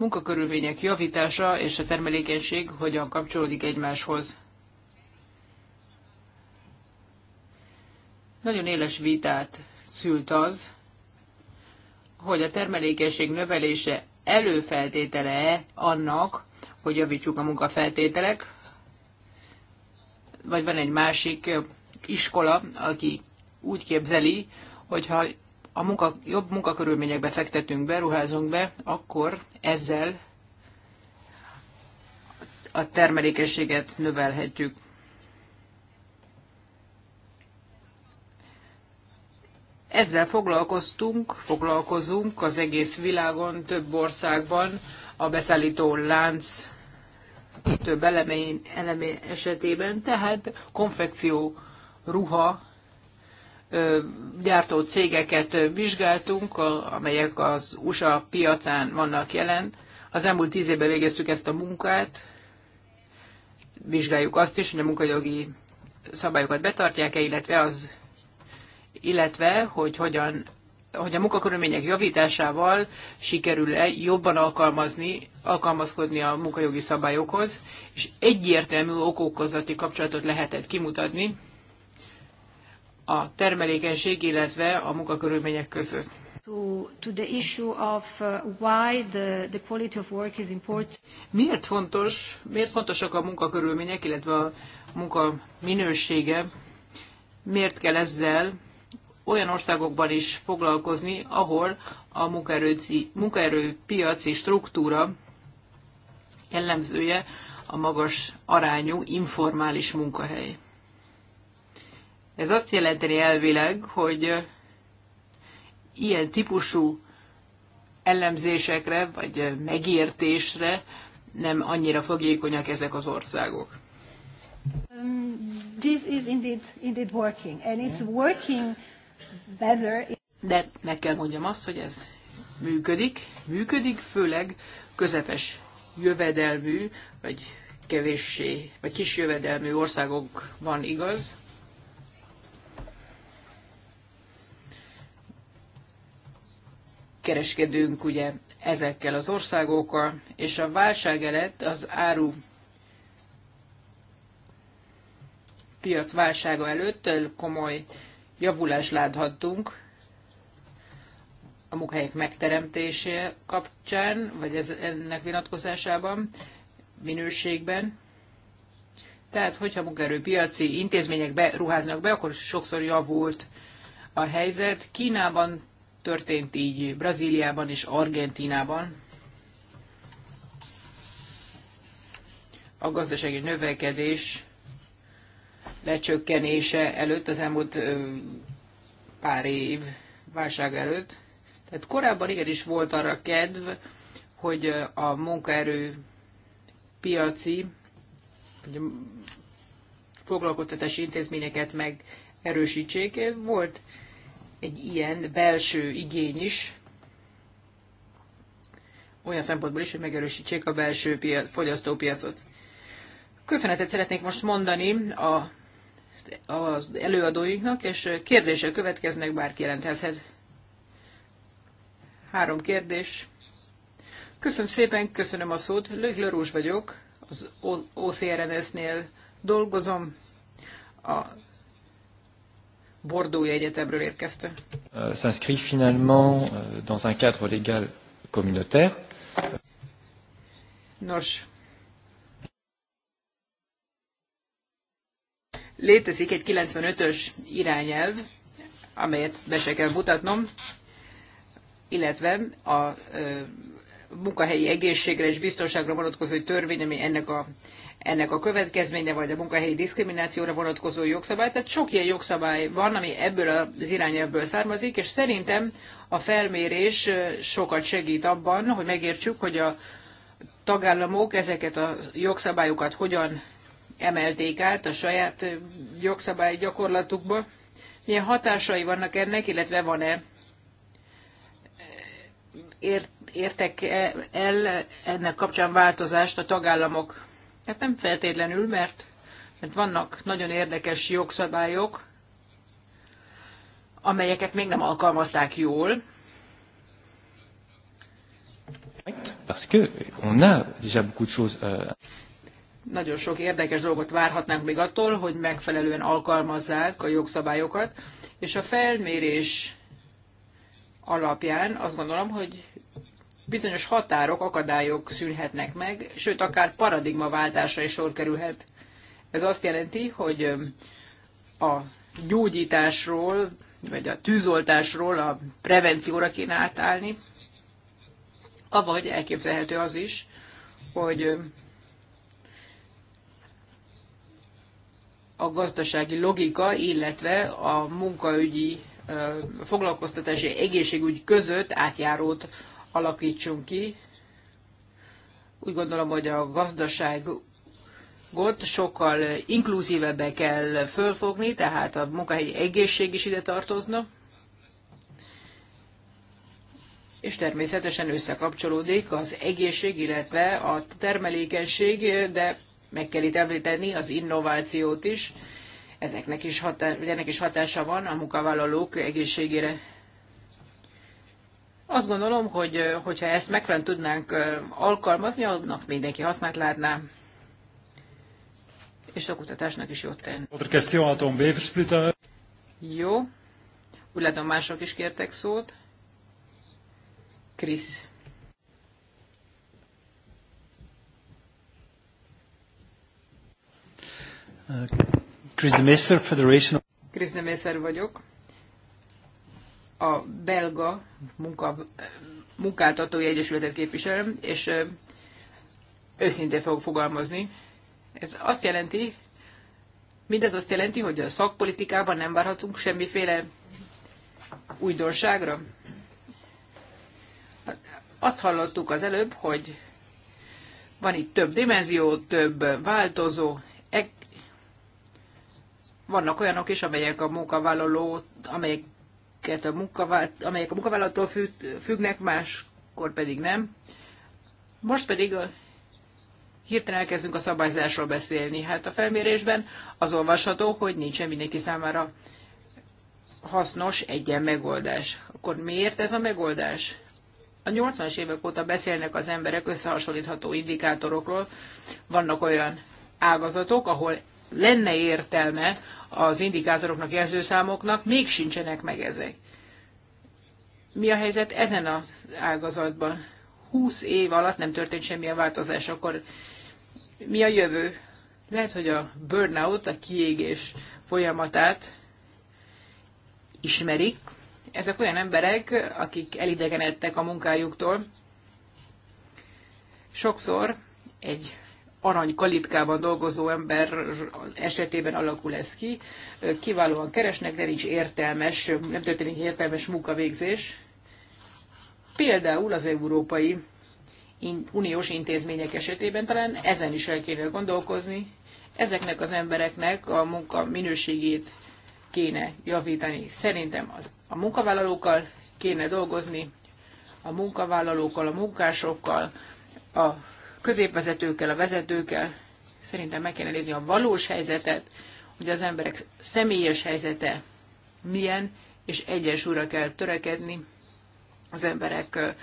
munkakörülmények javítása és a termelékenység hogyan kapcsolódik egymáshoz. Nagyon éles vitát szült az, hogy a termelékenység növelése előfeltétele annak, hogy javítsuk a munkafeltételek, vagy van egy másik iskola, aki úgy képzeli, hogyha a munka, jobb munkakörülményekbe fektetünk beruházunk be, akkor ezzel a termelékenységet növelhetjük. Ezzel foglalkoztunk, foglalkozunk az egész világon, több országban, a beszállító lánc több elemény, elemény esetében, tehát konfekció, ruha gyártó cégeket vizsgáltunk, amelyek az USA piacán vannak jelen. Az elmúlt tíz évben végeztük ezt a munkát. Vizsgáljuk azt is, hogy a munkajogi szabályokat betartják-e, illetve az, illetve, hogy hogyan hogy a munkakörülmények javításával sikerül-e jobban alkalmazni, alkalmazkodni a munkajogi szabályokhoz, és egyértelmű okokozati kapcsolatot lehetett kimutatni a termelékenység, illetve a munkakörülmények között. Miért fontos, miért fontosak a munkakörülmények, illetve a munka minősége? Miért kell ezzel olyan országokban is foglalkozni, ahol a munkaerőpiaci struktúra jellemzője a magas arányú informális munkahely. Ez azt jelenteni elvileg, hogy ilyen típusú ellenzésekre vagy megértésre nem annyira fogékonyak ezek az országok. Um, this is indeed, indeed working, and it's working better. De meg kell mondjam azt, hogy ez működik, működik főleg közepes jövedelmű, vagy kevéssé, vagy kis jövedelmű országokban igaz. kereskedünk ugye ezekkel az országokkal, és a válság előtt az áru piac válsága előtt komoly javulást láthattunk a munkahelyek megteremtése kapcsán, vagy ez, ennek vonatkozásában, minőségben. Tehát, hogyha munkaerőpiaci intézmények beruháznak be, akkor sokszor javult a helyzet. Kínában történt így Brazíliában és Argentinában. A gazdasági növekedés lecsökkenése előtt, az elmúlt pár év válság előtt. Tehát korábban igenis volt arra kedv, hogy a munkaerő piaci hogy foglalkoztatási intézményeket meg erősítsék Volt egy ilyen belső igény is, olyan szempontból is, hogy megerősítsék a belső piac, fogyasztópiacot. Köszönetet szeretnék most mondani a, az előadóinknak, és kérdések következnek, bárki jelentkezhet. Három kérdés. Köszönöm szépen, köszönöm a szót. Lögler vagyok, az OCRNS-nél dolgozom, a Bordeaux Egyetemről érkezte. Euh, s'inscrit finalement euh, dans un cadre légal communautaire. Nos, létezik egy 95-ös irányelv, amelyet be se kell mutatnom, illetve a munkahelyi egészségre és biztonságra vonatkozó törvény, ami ennek a, ennek a következménye, vagy a munkahelyi diszkriminációra vonatkozó jogszabály. Tehát sok ilyen jogszabály van, ami ebből az irányelvből származik, és szerintem a felmérés sokat segít abban, hogy megértsük, hogy a tagállamok ezeket a jogszabályokat hogyan emelték át a saját jogszabály gyakorlatukba, milyen hatásai vannak ennek, illetve van-e ért értek el ennek kapcsán változást a tagállamok? Hát nem feltétlenül, mert, mert vannak nagyon érdekes jogszabályok, amelyeket még nem alkalmazták jól. Parce que on a déjà beaucoup de choses, euh... Nagyon sok érdekes dolgot várhatnánk még attól, hogy megfelelően alkalmazzák a jogszabályokat, és a felmérés alapján azt gondolom, hogy bizonyos határok, akadályok szűnhetnek meg, sőt, akár paradigmaváltásra is sor kerülhet. Ez azt jelenti, hogy a gyógyításról, vagy a tűzoltásról a prevencióra kéne átállni, avagy elképzelhető az is, hogy a gazdasági logika, illetve a munkaügyi a foglalkoztatási egészségügy között átjárót alakítsunk ki. Úgy gondolom, hogy a gazdaság ott sokkal inkluzívebbe kell fölfogni, tehát a munkahelyi egészség is ide tartozna, és természetesen összekapcsolódik az egészség, illetve a termelékenység, de meg kell itt említeni az innovációt is, ezeknek is, hatá- ennek is hatása van a munkavállalók egészségére. Azt gondolom, hogy hogyha ezt megfelelően tudnánk alkalmazni, annak mindenki hasznát látná, és a kutatásnak is jót tenni. Jó. Úgy látom, mások is kértek szót. Krisz. Krisz de Federation Federation. Krisz de vagyok a belga munka, munkáltatói egyesületet képviselem, és őszintén fogok fogalmazni. Ez azt jelenti, mindez azt jelenti, hogy a szakpolitikában nem várhatunk semmiféle újdonságra. Azt hallottuk az előbb, hogy van itt több dimenzió, több változó, vannak olyanok is, amelyek a munkavállaló, amelyek amelyeket a munkavállalat, amelyek a munkavállalattól függnek, máskor pedig nem. Most pedig a, hirtelen elkezdünk a szabályzásról beszélni. Hát a felmérésben az olvasható, hogy nincsen mindenki számára hasznos egyen megoldás. Akkor miért ez a megoldás? A 80-as évek óta beszélnek az emberek összehasonlítható indikátorokról. Vannak olyan ágazatok, ahol lenne értelme az indikátoroknak, jelzőszámoknak, még sincsenek meg ezek. Mi a helyzet ezen az ágazatban? 20 év alatt nem történt semmilyen változás, akkor mi a jövő? Lehet, hogy a burnout, a kiégés folyamatát ismerik. Ezek olyan emberek, akik elidegenedtek a munkájuktól. Sokszor egy arany kalitkában dolgozó ember esetében alakul ez ki. Kiválóan keresnek, de nincs értelmes, nem történik értelmes munkavégzés. Például az Európai Uniós intézmények esetében talán ezen is el kéne gondolkozni. Ezeknek az embereknek a munka minőségét kéne javítani. Szerintem az, a munkavállalókkal kéne dolgozni, a munkavállalókkal, a munkásokkal, a középvezetőkkel, a vezetőkkel. Szerintem meg kéne nézni a valós helyzetet, hogy az emberek személyes helyzete milyen, és egyensúlyra kell törekedni az emberek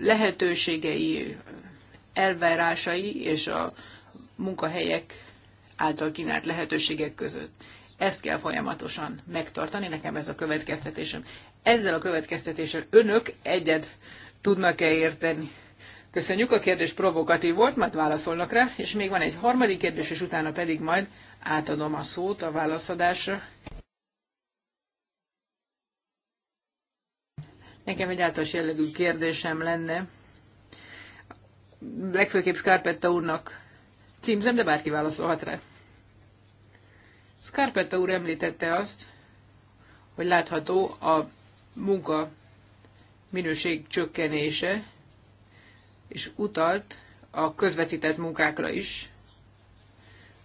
lehetőségei, elvárásai és a munkahelyek által kínált lehetőségek között. Ezt kell folyamatosan megtartani, nekem ez a következtetésem. Ezzel a következtetéssel önök egyet tudnak-e érteni? Köszönjük, a kérdés provokatív volt, majd válaszolnak rá, és még van egy harmadik kérdés, és utána pedig majd átadom a szót a válaszadásra. Nekem egy általános jellegű kérdésem lenne. Legfőképp Scarpetta úrnak címzem, de bárki válaszolhat rá. Scarpetta úr említette azt, hogy látható a munka minőség csökkenése, és utalt a közvetített munkákra is,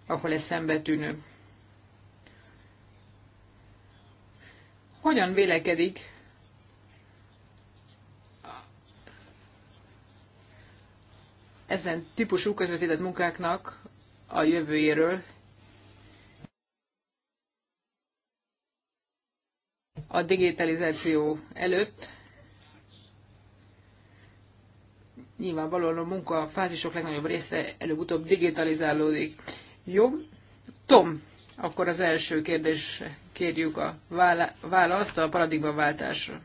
ahol ez szembetűnő. Hogyan vélekedik ezen típusú közvetített munkáknak a jövőjéről, a digitalizáció előtt Nyilvánvalóan a munka fázisok legnagyobb része előbb-utóbb digitalizálódik. Jó? Tom, akkor az első kérdés kérjük a választ a paradigmaváltásra.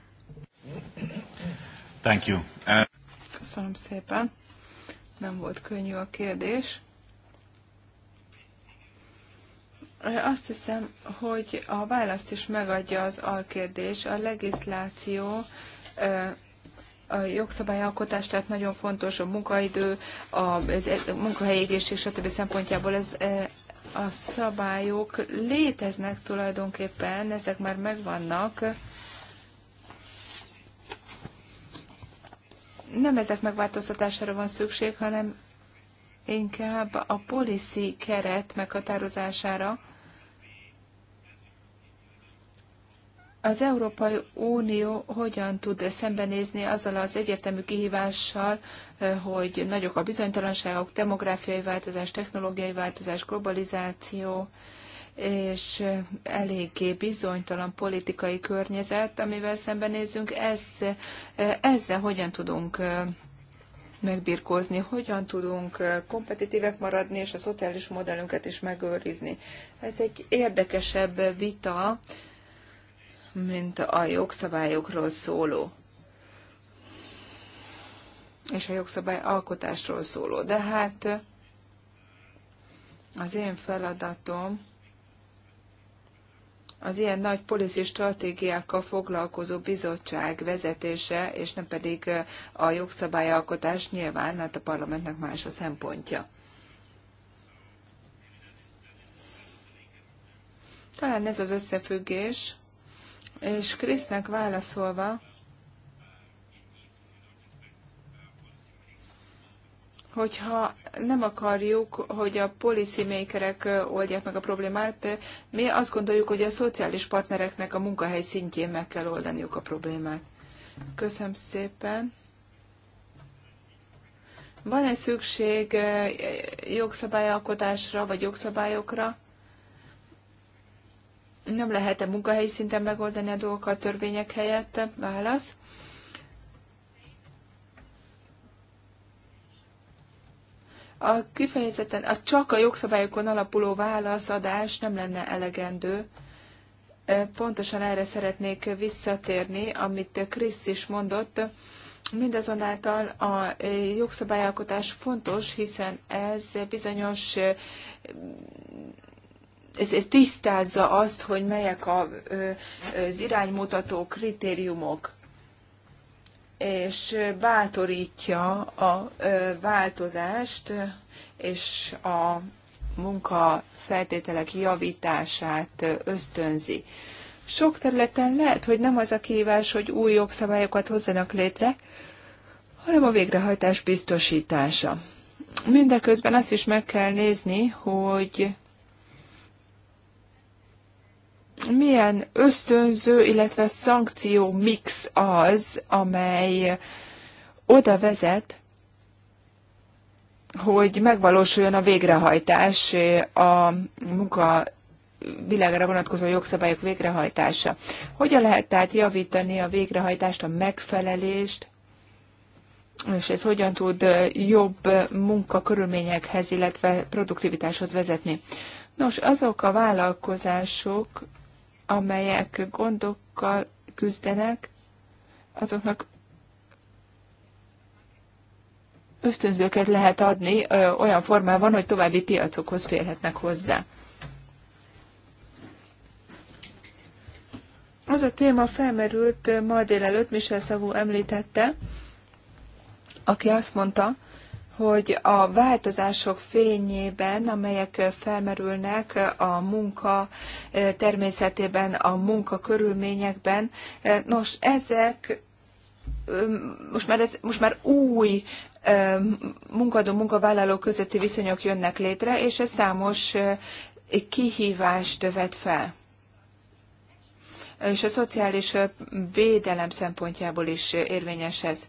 Thank you. Uh... Köszönöm szépen. Nem volt könnyű a kérdés. Azt hiszem, hogy a választ is megadja az alkérdés. A legisláció a jogszabályalkotás, tehát nagyon fontos a munkaidő, a, a e- munkahelyégészség, stb. szempontjából ez, e, a szabályok léteznek tulajdonképpen, ezek már megvannak. Nem ezek megváltoztatására van szükség, hanem inkább a policy keret meghatározására, Az Európai Unió hogyan tud szembenézni azzal az egyértelmű kihívással, eh, hogy nagyok a bizonytalanságok, demográfiai változás, technológiai változás, globalizáció, és eh, eléggé bizonytalan politikai környezet, amivel szembenézünk, ez, eh, ezzel hogyan tudunk megbirkózni, hogyan tudunk kompetitívek maradni, és a szociális modellünket is megőrizni. Ez egy érdekesebb vita, mint a jogszabályokról szóló és a jogszabály alkotásról szóló. De hát az én feladatom az ilyen nagy poliszi stratégiákkal foglalkozó bizottság vezetése, és nem pedig a jogszabályalkotás nyilván, hát a parlamentnek más a szempontja. Talán ez az összefüggés, és Krisznek válaszolva, hogyha nem akarjuk, hogy a makerek oldják meg a problémát, mi azt gondoljuk, hogy a szociális partnereknek a munkahely szintjén meg kell oldaniuk a problémát. Köszönöm szépen. Van-e szükség jogszabályalkotásra vagy jogszabályokra? nem lehet-e munkahelyi szinten megoldani a dolgokat törvények helyett? Válasz. A kifejezetten a csak a jogszabályokon alapuló válaszadás nem lenne elegendő. E, pontosan erre szeretnék visszatérni, amit Krisz is mondott. Mindazonáltal a e, jogszabályalkotás fontos, hiszen ez bizonyos e, ez, ez tisztázza azt, hogy melyek a, az iránymutató kritériumok, és bátorítja a változást és a munka feltételek javítását ösztönzi. Sok területen lehet, hogy nem az a kívás, hogy új jogszabályokat hozzanak létre, hanem a végrehajtás biztosítása. Mindeközben azt is meg kell nézni, hogy milyen ösztönző, illetve szankció mix az, amely oda vezet, hogy megvalósuljon a végrehajtás, eh, a munka világra vonatkozó jogszabályok végrehajtása. Hogyan lehet tehát javítani a végrehajtást, a megfelelést, és ez hogyan tud eh, jobb munkakörülményekhez, illetve produktivitáshoz vezetni? Nos, azok a vállalkozások, amelyek gondokkal küzdenek, azoknak ösztönzőket lehet adni ö, olyan formában, hogy további piacokhoz férhetnek hozzá. Az a téma felmerült ma délelőtt, Michel Szavú említette, aki azt mondta, hogy a változások fényében, amelyek felmerülnek a munka eh, természetében, a munka körülményekben, eh, nos, ezek most már, ez, most már új munkadó munkavállaló közötti viszonyok jönnek létre, és ez számos eh, kihívást vet fel és a szociális védelem szempontjából is érvényes ez.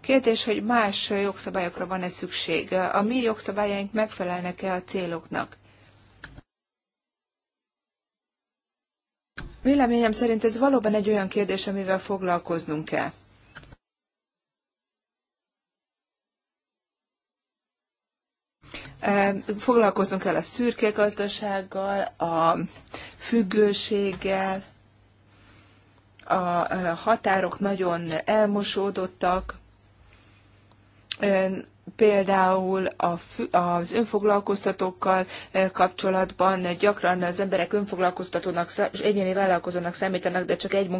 Kérdés, hogy más jogszabályokra van-e szükség? A mi jogszabályaink megfelelnek-e a céloknak? Véleményem szerint ez valóban egy olyan kérdés, amivel foglalkoznunk kell. Foglalkoznunk kell a szürke gazdasággal, a függőséggel, a határok nagyon elmosódottak, például az önfoglalkoztatókkal kapcsolatban gyakran az emberek önfoglalkoztatónak és egyéni vállalkozónak számítanak, de csak egy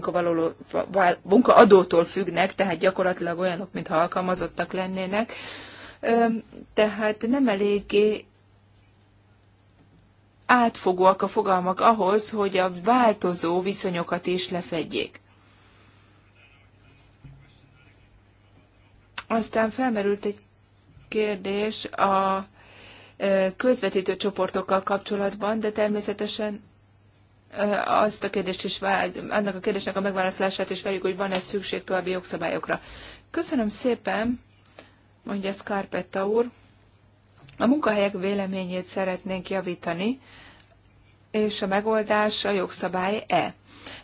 munkaadótól függnek, tehát gyakorlatilag olyanok, mintha alkalmazottak lennének. Tehát nem eléggé átfogóak a fogalmak ahhoz, hogy a változó viszonyokat is lefedjék. Aztán felmerült egy kérdés a közvetítő csoportokkal kapcsolatban, de természetesen azt a kérdést is vár, annak a kérdésnek a megválaszolását is várjuk, hogy van-e szükség további jogszabályokra. Köszönöm szépen, mondja Scarpetta úr. A munkahelyek véleményét szeretnénk javítani, és a megoldás a jogszabály-e.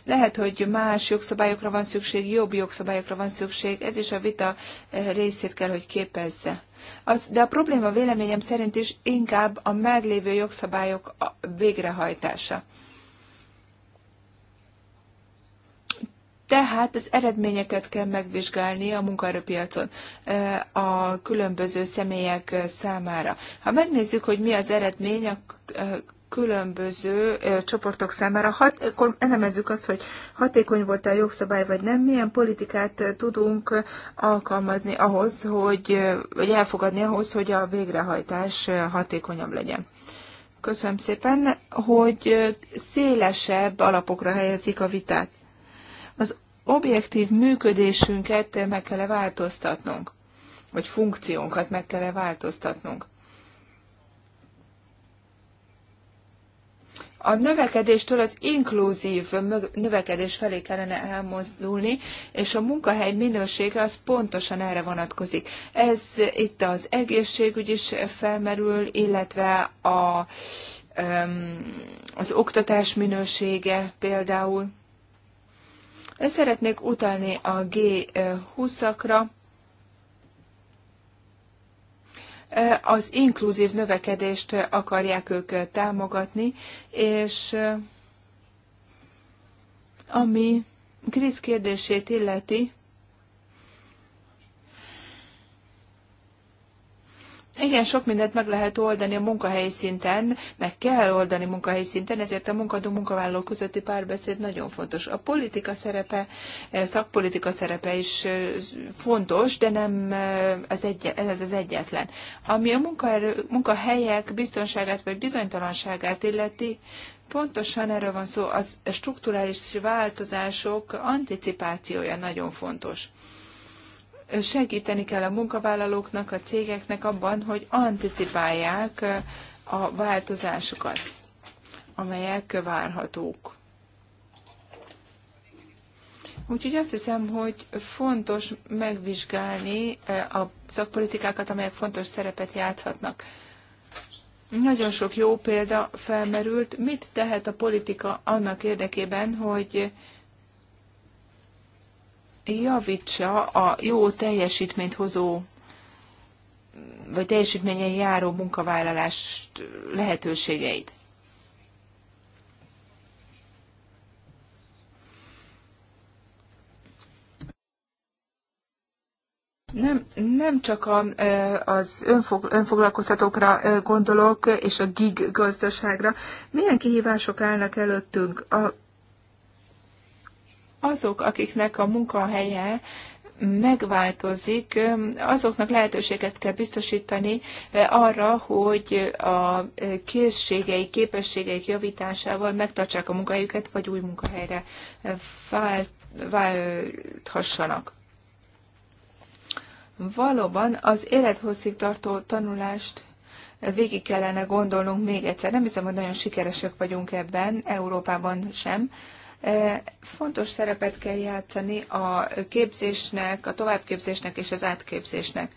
Lehet, hogy más jogszabályokra van szükség, jobb jogszabályokra van szükség, ez is a vita eh, részét kell, hogy képezze. Az, de a probléma véleményem szerint is inkább a meglévő jogszabályok végrehajtása. tehát az eredményeket kell megvizsgálni a munkaerőpiacon a különböző személyek számára. Ha megnézzük, hogy mi az eredmény a különböző csoportok számára, hat, akkor elemezzük azt, hogy hatékony volt a jogszabály, vagy nem, milyen politikát tudunk alkalmazni ahhoz, hogy, vagy elfogadni ahhoz, hogy a végrehajtás hatékonyabb legyen. Köszönöm szépen, hogy szélesebb alapokra helyezik a vitát az objektív működésünket meg kell -e változtatnunk, vagy funkciónkat meg kell -e változtatnunk. a növekedéstől az inkluzív növekedés felé kellene elmozdulni, és a munkahely minősége az pontosan erre vonatkozik. Ez itt az egészségügy is felmerül, illetve a, az oktatás minősége például. Szeretnék utalni a G20-akra, az inkluzív növekedést akarják ők támogatni, és ami Krisz kérdését illeti, Igen, sok mindent meg lehet oldani a munkahelyi szinten, meg kell oldani munkahelyi szinten, ezért a munkadó munkavállaló közötti párbeszéd nagyon fontos. A politika szerepe, e, szakpolitika szerepe is e, fontos, de nem e, az egy, ez az egyetlen. Ami a munkaerő, munkahelyek biztonságát vagy bizonytalanságát illeti, Pontosan erről van szó, az strukturális változások anticipációja nagyon fontos. Segíteni kell a munkavállalóknak, a cégeknek abban, hogy anticipálják eh, a változásokat, amelyek várhatók. Úgyhogy azt hiszem, hogy fontos megvizsgálni eh, a szakpolitikákat, amelyek fontos szerepet játszhatnak. Nagyon sok jó példa felmerült, mit tehet a politika annak érdekében, hogy javítsa a jó teljesítményt hozó vagy teljesítményen járó munkavállalás lehetőségeit. Nem, nem csak a, az önfog, önfoglalkoztatókra gondolok, és a gig gazdaságra. Milyen kihívások állnak előttünk? A azok, akiknek a munkahelye megváltozik, azoknak lehetőséget kell biztosítani arra, hogy a készségei, képességeik javításával megtartsák a munkahelyüket, vagy új munkahelyre válthassanak. Valóban az élethosszig tartó tanulást végig kellene gondolnunk még egyszer. Nem hiszem, hogy nagyon sikeresek vagyunk ebben, Európában sem E, fontos szerepet kell játszani a képzésnek, a továbbképzésnek és az átképzésnek,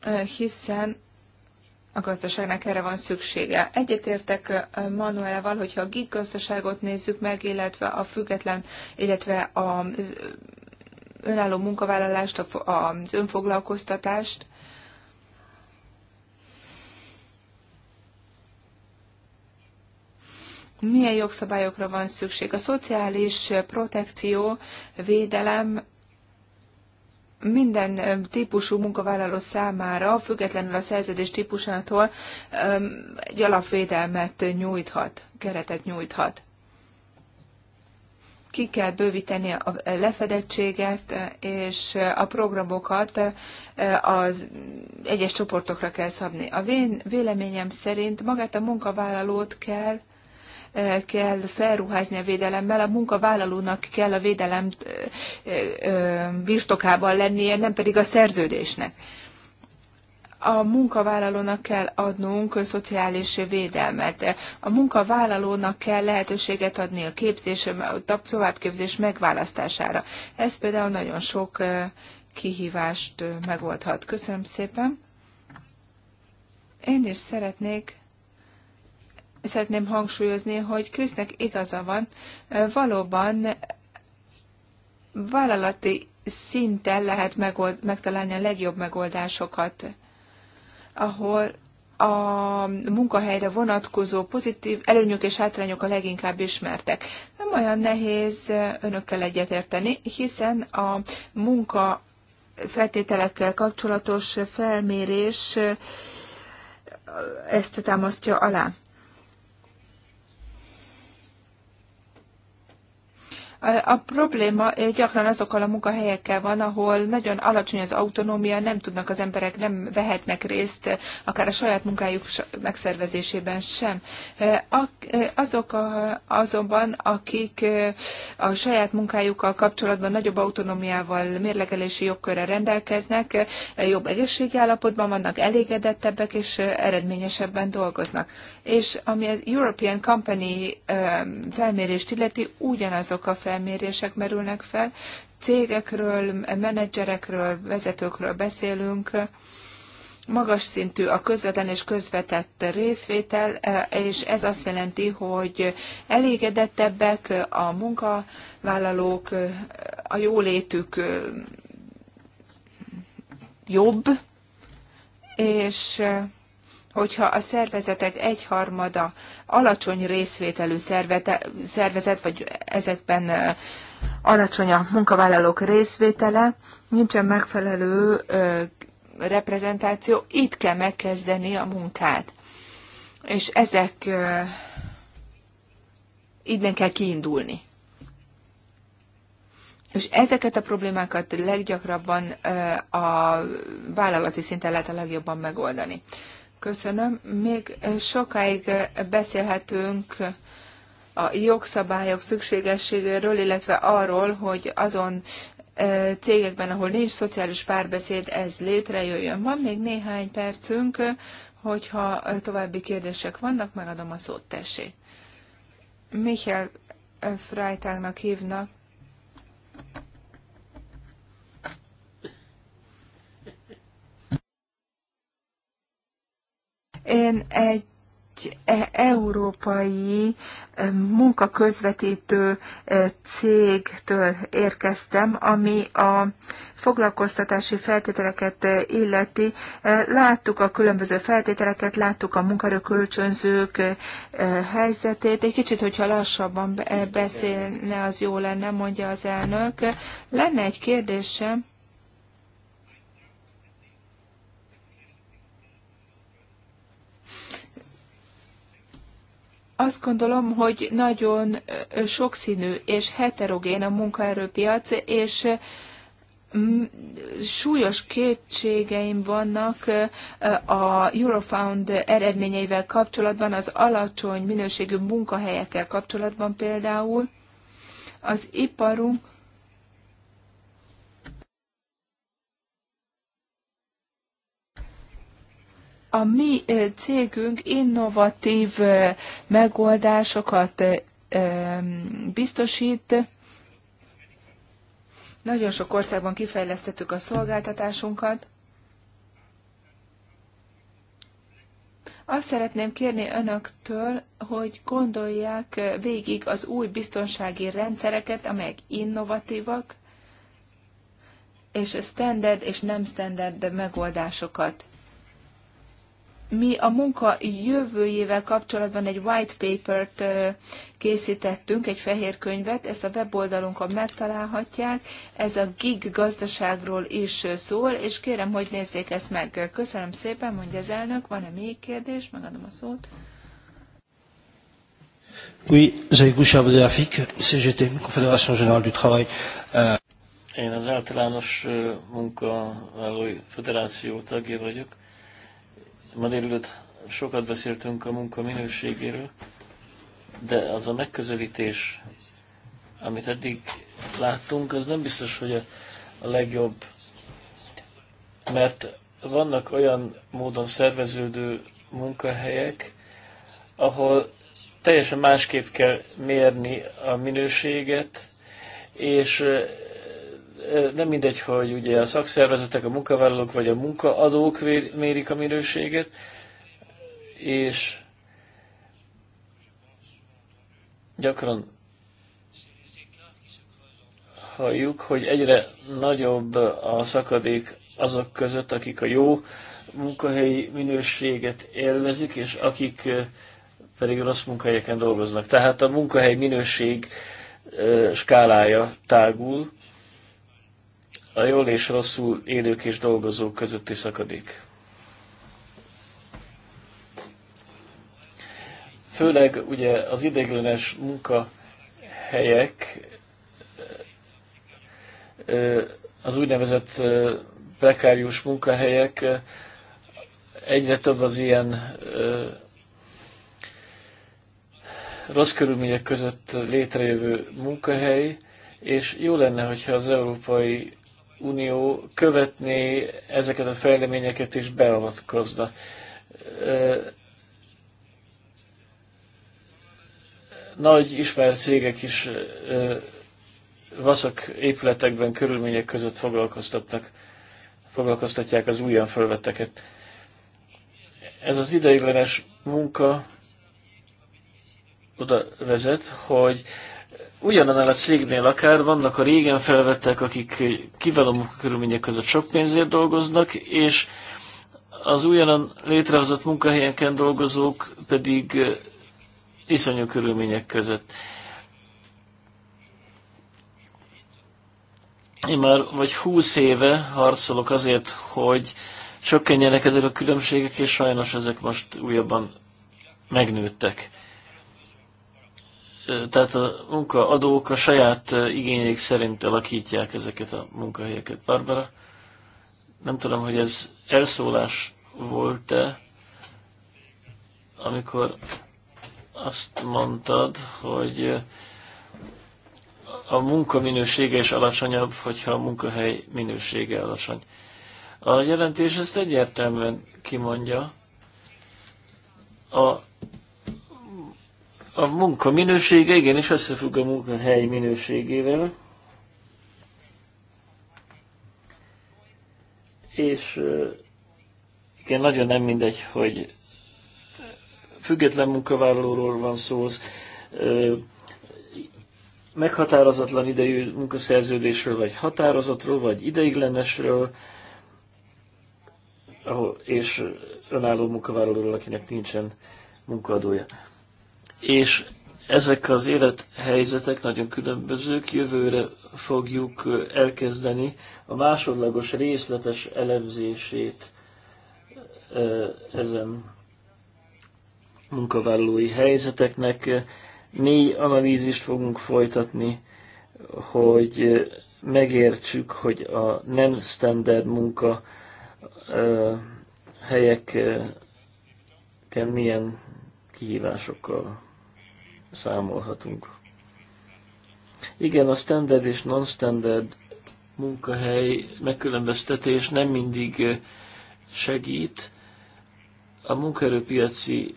e, hiszen a gazdaságnak erre van szüksége. Egyetértek e, Manuelával, hogyha a gig gazdaságot nézzük meg, illetve a független, illetve a önálló munkavállalást, az önfoglalkoztatást, milyen jogszabályokra van szükség. A szociális protekció, védelem minden típusú munkavállaló számára, függetlenül a szerződés típusától egy alapvédelmet nyújthat, keretet nyújthat. Ki kell bővíteni a lefedettséget, és a programokat az egyes csoportokra kell szabni. A véleményem szerint magát a munkavállalót kell kell felruházni a védelemmel, a munkavállalónak kell a védelem birtokában lennie, nem pedig a szerződésnek. A munkavállalónak kell adnunk szociális védelmet. A munkavállalónak kell lehetőséget adni a képzés, a továbbképzés megválasztására. Ez például nagyon sok kihívást megoldhat. Köszönöm szépen! Én is szeretnék szeretném hangsúlyozni, hogy Krisznek igaza van, valóban vállalati szinten lehet megold, megtalálni a legjobb megoldásokat, ahol a munkahelyre vonatkozó pozitív előnyök és hátrányok a leginkább ismertek. Nem olyan nehéz önökkel egyetérteni, hiszen a munka feltételekkel kapcsolatos felmérés ezt támasztja alá. A probléma eh, gyakran azokkal a munkahelyekkel van, ahol nagyon alacsony az autonómia, nem tudnak az emberek, nem vehetnek részt eh, akár a saját munkájuk megszervezésében sem. Eh, azok a, azonban, akik a saját munkájukkal kapcsolatban nagyobb autonómiával, mérlegelési jogkörrel rendelkeznek, jobb egészségi állapotban vannak, elégedettebbek és eredményesebben dolgoznak. És ami az European Company felmérést illeti, ugyanazok a fel felmérések merülnek fel. Cégekről, menedzserekről, vezetőkről beszélünk. Magas szintű a közvetlen és közvetett részvétel, e, és ez azt jelenti, hogy elégedettebbek a munkavállalók, a jólétük e, jobb, és hogyha a szervezetek egyharmada alacsony részvételű szervete, szervezet, vagy ezekben alacsony a munkavállalók részvétele, nincsen megfelelő reprezentáció, itt kell megkezdeni a munkát. És ezek innen kell kiindulni. És ezeket a problémákat leggyakrabban a vállalati szinten lehet a legjobban megoldani. Köszönöm. Még eh, sokáig eh, beszélhetünk a jogszabályok szükségességéről, illetve arról, hogy azon eh, cégekben, ahol nincs szociális párbeszéd, ez létrejöjjön. Van még néhány percünk, hogyha további kérdések vannak, megadom a szót, tessék. Michael Freitagnak hívnak. Én egy e, európai e, munkaközvetítő e, cégtől érkeztem, ami a foglalkoztatási feltételeket illeti. Láttuk a különböző feltételeket, láttuk a munkarőkölcsönzők helyzetét. Egy kicsit, hogyha lassabban beszélne, az jó lenne, mondja az elnök. Lenne egy kérdésem Azt gondolom, hogy nagyon sokszínű és heterogén a munkaerőpiac, és mm, súlyos kétségeim vannak a Eurofound eredményeivel kapcsolatban, az alacsony minőségű munkahelyekkel kapcsolatban például. Az iparunk a mi cégünk innovatív megoldásokat biztosít. Nagyon sok országban kifejlesztettük a szolgáltatásunkat. Azt szeretném kérni önöktől, hogy gondolják végig az új biztonsági rendszereket, amelyek innovatívak, és standard és nem standard megoldásokat mi a munka jövőjével kapcsolatban egy white paper-t készítettünk, egy fehér könyvet, ezt a weboldalunkon megtalálhatják, ez a gig gazdaságról is szól, és kérem, hogy nézzék ezt meg. Köszönöm szépen, mondja az elnök, van-e még kérdés? Megadom a szót. Oui, Zay Gouchard Grafik, CGT, Confédération Générale du Travail. Én az általános munkavállalói federáció tagja vagyok Ma délülött sokat beszéltünk a munka minőségéről, de az a megközelítés, amit eddig láttunk, az nem biztos, hogy a, a legjobb, mert vannak olyan módon szerveződő munkahelyek, ahol teljesen másképp kell mérni a minőséget, és nem mindegy, hogy ugye a szakszervezetek, a munkavállalók vagy a munkaadók mérik a minőséget, és gyakran halljuk, hogy egyre nagyobb a szakadék azok között, akik a jó munkahelyi minőséget élvezik, és akik pedig rossz munkahelyeken dolgoznak. Tehát a munkahely minőség skálája tágul, a jól és rosszul élők és dolgozók közötti szakadék. Főleg ugye az ideiglenes munkahelyek az úgynevezett prekárius munkahelyek, egyre több az ilyen rossz körülmények között létrejövő munkahely, és jó lenne, hogyha az Európai Unió követné ezeket a fejleményeket és beavatkozna. Nagy ismert cégek is vaszak épületekben, körülmények között foglalkoztatnak, foglalkoztatják az újan fölvetteket. Ez az ideiglenes munka oda vezet, hogy ugyanannál a cégnél akár vannak a régen felvettek, akik kiváló munkakörülmények között sok pénzért dolgoznak, és az újonnan létrehozott munkahelyeken dolgozók pedig iszonyú körülmények között. Én már vagy húsz éve harcolok azért, hogy csökkenjenek ezek a különbségek, és sajnos ezek most újabban megnőttek tehát a munkaadók a saját igényeik szerint alakítják ezeket a munkahelyeket. Barbara, nem tudom, hogy ez elszólás volt-e, amikor azt mondtad, hogy a munka minősége is alacsonyabb, hogyha a munkahely minősége alacsony. A jelentés ezt egyértelműen kimondja. A a munka minősége igen és összefügg a munkahely minőségével. És igen, nagyon nem mindegy, hogy független munkavállalóról van szó, az, meghatározatlan idejű munkaszerződésről, vagy határozatról, vagy ideiglenesről, és önálló munkavállalóról, akinek nincsen munkaadója és ezek az élethelyzetek nagyon különbözők, jövőre fogjuk elkezdeni a másodlagos részletes elemzését ezen munkavállalói helyzeteknek. mi analízist fogunk folytatni, hogy megértsük, hogy a nem standard munka helyeken milyen kihívásokkal számolhatunk. Igen, a standard és non-standard munkahely megkülönböztetés nem mindig segít. A munkaerőpiaci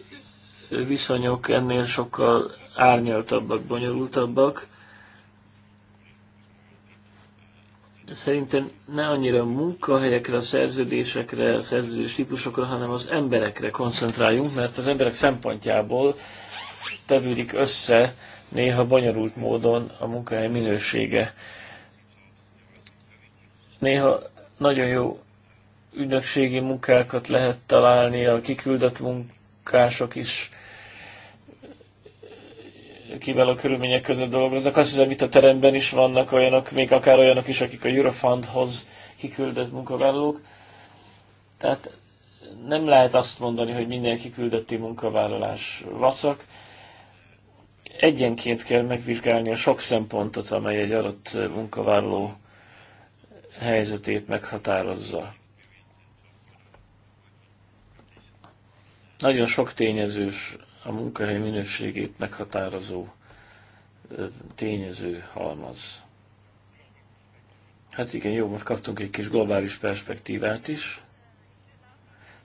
viszonyok ennél sokkal árnyaltabbak, bonyolultabbak. Szerintem ne annyira a munkahelyekre, a szerződésekre, a szerződés típusokra, hanem az emberekre koncentráljunk, mert az emberek szempontjából tevődik össze néha bonyolult módon a munkahely minősége. Néha nagyon jó ügynökségi munkákat lehet találni, a kiküldött munkások is kivel a körülmények között dolgoznak. Azt hiszem, itt a teremben is vannak olyanok, még akár olyanok is, akik a Eurofundhoz kiküldött munkavállalók. Tehát nem lehet azt mondani, hogy minden kiküldötti munkavállalás vacak egyenként kell megvizsgálni a sok szempontot, amely egy adott munkavállaló helyzetét meghatározza. Nagyon sok tényezős a munkahely minőségét meghatározó tényező halmaz. Hát igen, jó, most kaptunk egy kis globális perspektívát is.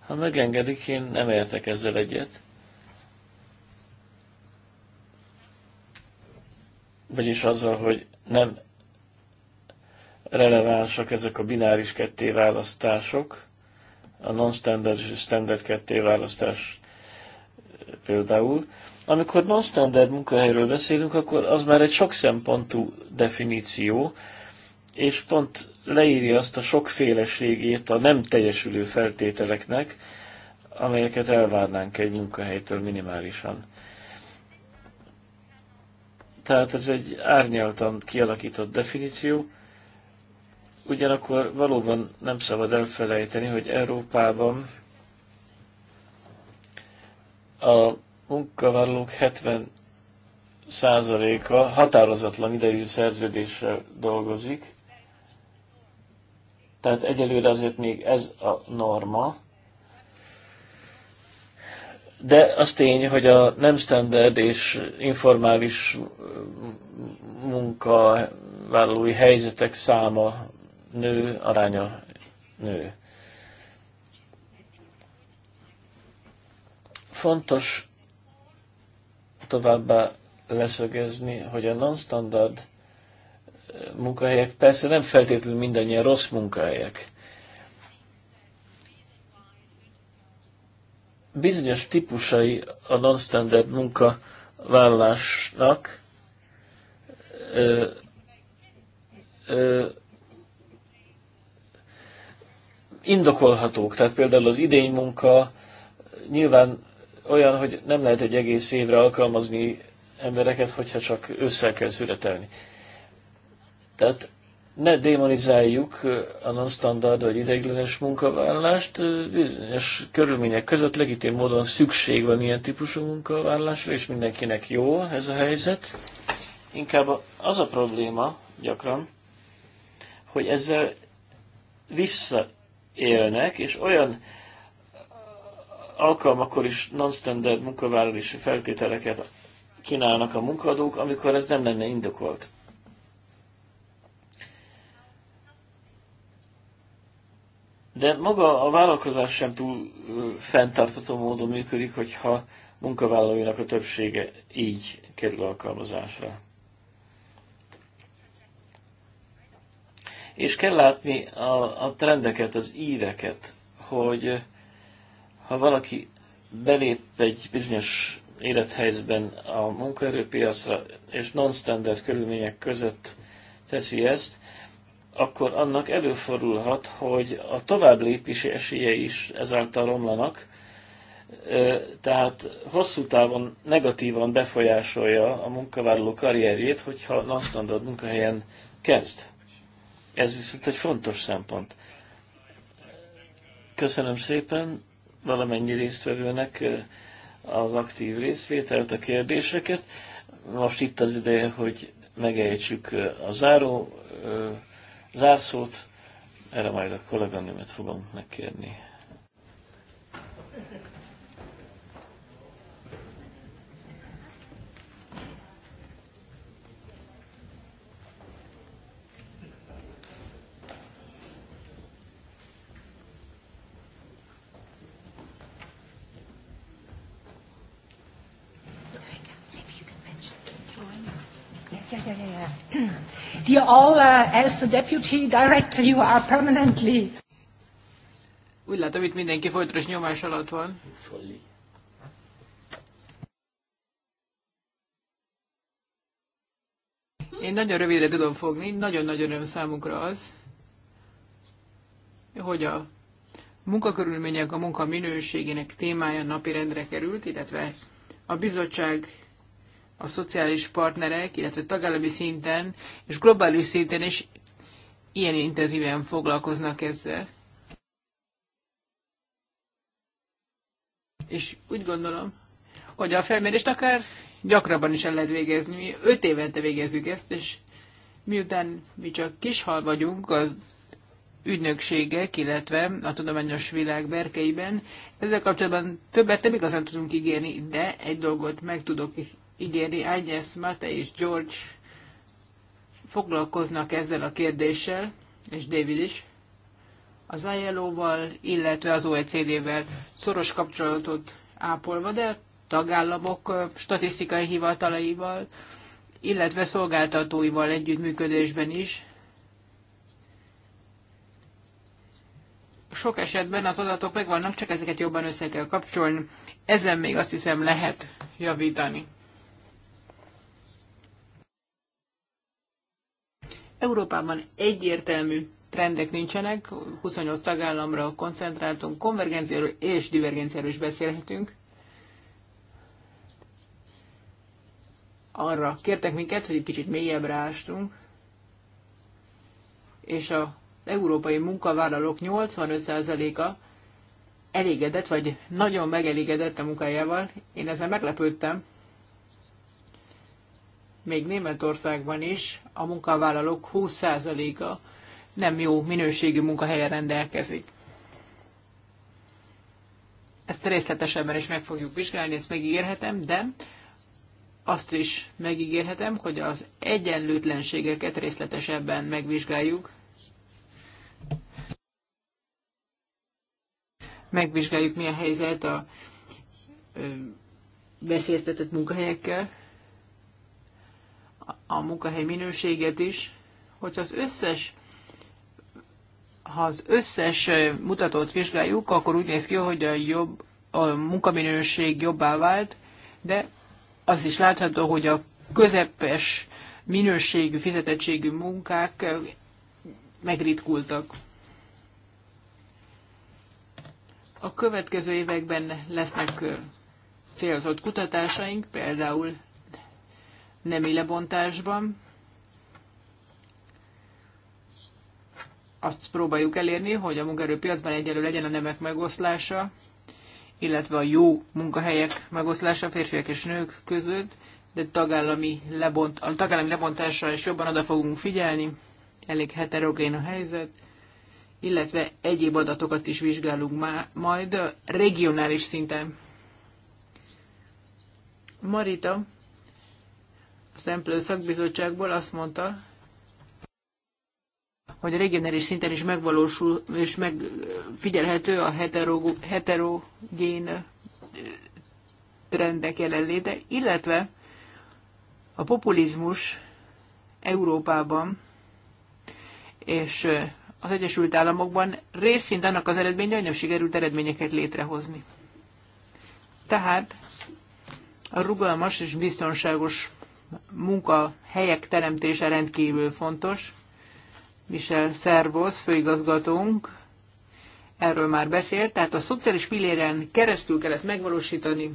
Ha megengedik, én nem értek ezzel egyet. vagyis azzal, hogy nem relevánsak ezek a bináris kettéválasztások, a non-standard és a standard kettéválasztás eh, például. Amikor non-standard munkahelyről beszélünk, akkor az már egy sok szempontú definíció, és pont leírja azt a sokféleségét a nem teljesülő feltételeknek, amelyeket elvárnánk egy munkahelytől minimálisan. Tehát ez egy árnyaltan kialakított definíció. Ugyanakkor valóban nem szabad elfelejteni, hogy Európában a munkavállalók 70%-a határozatlan idejű szerződéssel dolgozik, tehát egyelőre azért még ez a norma, de az tény, hogy a nem standard és informális mm, munkavállalói helyzetek száma nő, aránya nő. Fontos továbbá leszögezni, hogy a non-standard eh, munkahelyek persze nem feltétlenül mindannyian rossz munkahelyek, bizonyos típusai a non-standard munkavállalásnak indokolhatók. Tehát például az idény munka nyilván olyan, hogy nem lehet egy egész évre alkalmazni embereket, hogyha csak ősszel kell születelni. Tehát ne démonizáljuk a non-standard vagy ideiglenes munkavállalást. Bizonyos körülmények között legitim módon szükség van ilyen típusú munkavállalásra, és mindenkinek jó ez a helyzet. Inkább az a probléma gyakran, hogy ezzel visszaélnek, és olyan alkalmakor is non-standard munkavállalási feltételeket kínálnak a munkadók, amikor ez nem lenne indokolt De maga a vállalkozás sem túl fenntartató módon működik, hogyha munkavállalóinak a többsége így kerül alkalmazásra. És kell látni a, a trendeket, az íveket, hogy ha valaki belép egy bizonyos élethelyzben a munkaerőpiacra, és non-standard körülmények között teszi ezt, akkor annak előfordulhat, hogy a tovább lépési esélye is ezáltal romlanak, tehát hosszú távon negatívan befolyásolja a munkavállaló karrierjét, hogyha non-standard munkahelyen kezd. Ez viszont egy fontos szempont. Köszönöm szépen valamennyi résztvevőnek az aktív részvételt, a kérdéseket. Most itt az ideje, hogy megejtsük a záró zárszót, erre majd a kolléganőmet fogom megkérni dear all, uh, as the deputy director, you are permanently. Úgy látom, itt mindenki folytonos nyomás alatt van. Én nagyon rövidre tudom fogni, nagyon nagy öröm számunkra az, hogy a munkakörülmények a munka minőségének témája napirendre került, illetve a bizottság a szociális partnerek, illetve tagállami szinten és globális szinten is ilyen intenzíven foglalkoznak ezzel. És úgy gondolom, hogy a felmérést akár gyakrabban is el lehet végezni. Mi öt évente végezzük ezt, és miután mi csak kishal vagyunk az ügynökségek, illetve a tudományos világ berkeiben, ezzel kapcsolatban többet nem igazán tudunk ígérni, de egy dolgot meg tudok ígéri Ágyes Mate és George foglalkoznak ezzel a kérdéssel, és David is, az ilo illetve az OECD-vel szoros kapcsolatot ápolva, de tagállamok statisztikai hivatalaival, illetve szolgáltatóival együttműködésben is. Sok esetben az adatok megvannak, csak ezeket jobban össze kell kapcsolni. Ezen még azt hiszem lehet javítani. Európában egyértelmű trendek nincsenek, 28 tagállamra koncentráltunk, konvergenciáról és divergenciáról is beszélhetünk. Arra kértek minket, hogy egy kicsit mélyebbre ástunk, és az európai munkavállalók 85%-a elégedett, vagy nagyon megelégedett a munkájával. Én ezzel meglepődtem, még Németországban is a munkavállalók 20%-a nem jó minőségű munkahelyen rendelkezik. Ezt részletesebben is meg fogjuk vizsgálni, ezt megígérhetem, de azt is megígérhetem, hogy az egyenlőtlenségeket részletesebben megvizsgáljuk. Megvizsgáljuk, mi a helyzet a veszélyeztetett munkahelyekkel a munkahely minőséget is, hogy az összes ha az összes mutatót vizsgáljuk, akkor úgy néz ki, hogy a, jobb, a munkaminőség jobbá vált, de az is látható, hogy a közepes minőségű, fizetettségű munkák megritkultak. A következő években lesznek célzott kutatásaink, például nemi lebontásban. Azt próbáljuk elérni, hogy a munkaerőpiacban egyelő legyen a nemek megoszlása, illetve a jó munkahelyek megoszlása férfiak és nők között, de tagállami, lebont, a tagállami lebontásra is jobban oda fogunk figyelni, elég heterogén a helyzet, illetve egyéb adatokat is vizsgálunk má, majd regionális szinten. Marita szemplő szakbizottságból azt mondta, hogy a regionális szinten is megvalósul és megfigyelhető a heterogén trendek jelenléte, illetve a populizmus Európában és az Egyesült Államokban részint annak az eredménye, hogy nem sikerült eredményeket létrehozni. Tehát a rugalmas és biztonságos munkahelyek teremtése rendkívül fontos. Michel szervos főigazgatónk, erről már beszélt, tehát a szociális filéren keresztül kell ezt megvalósítani.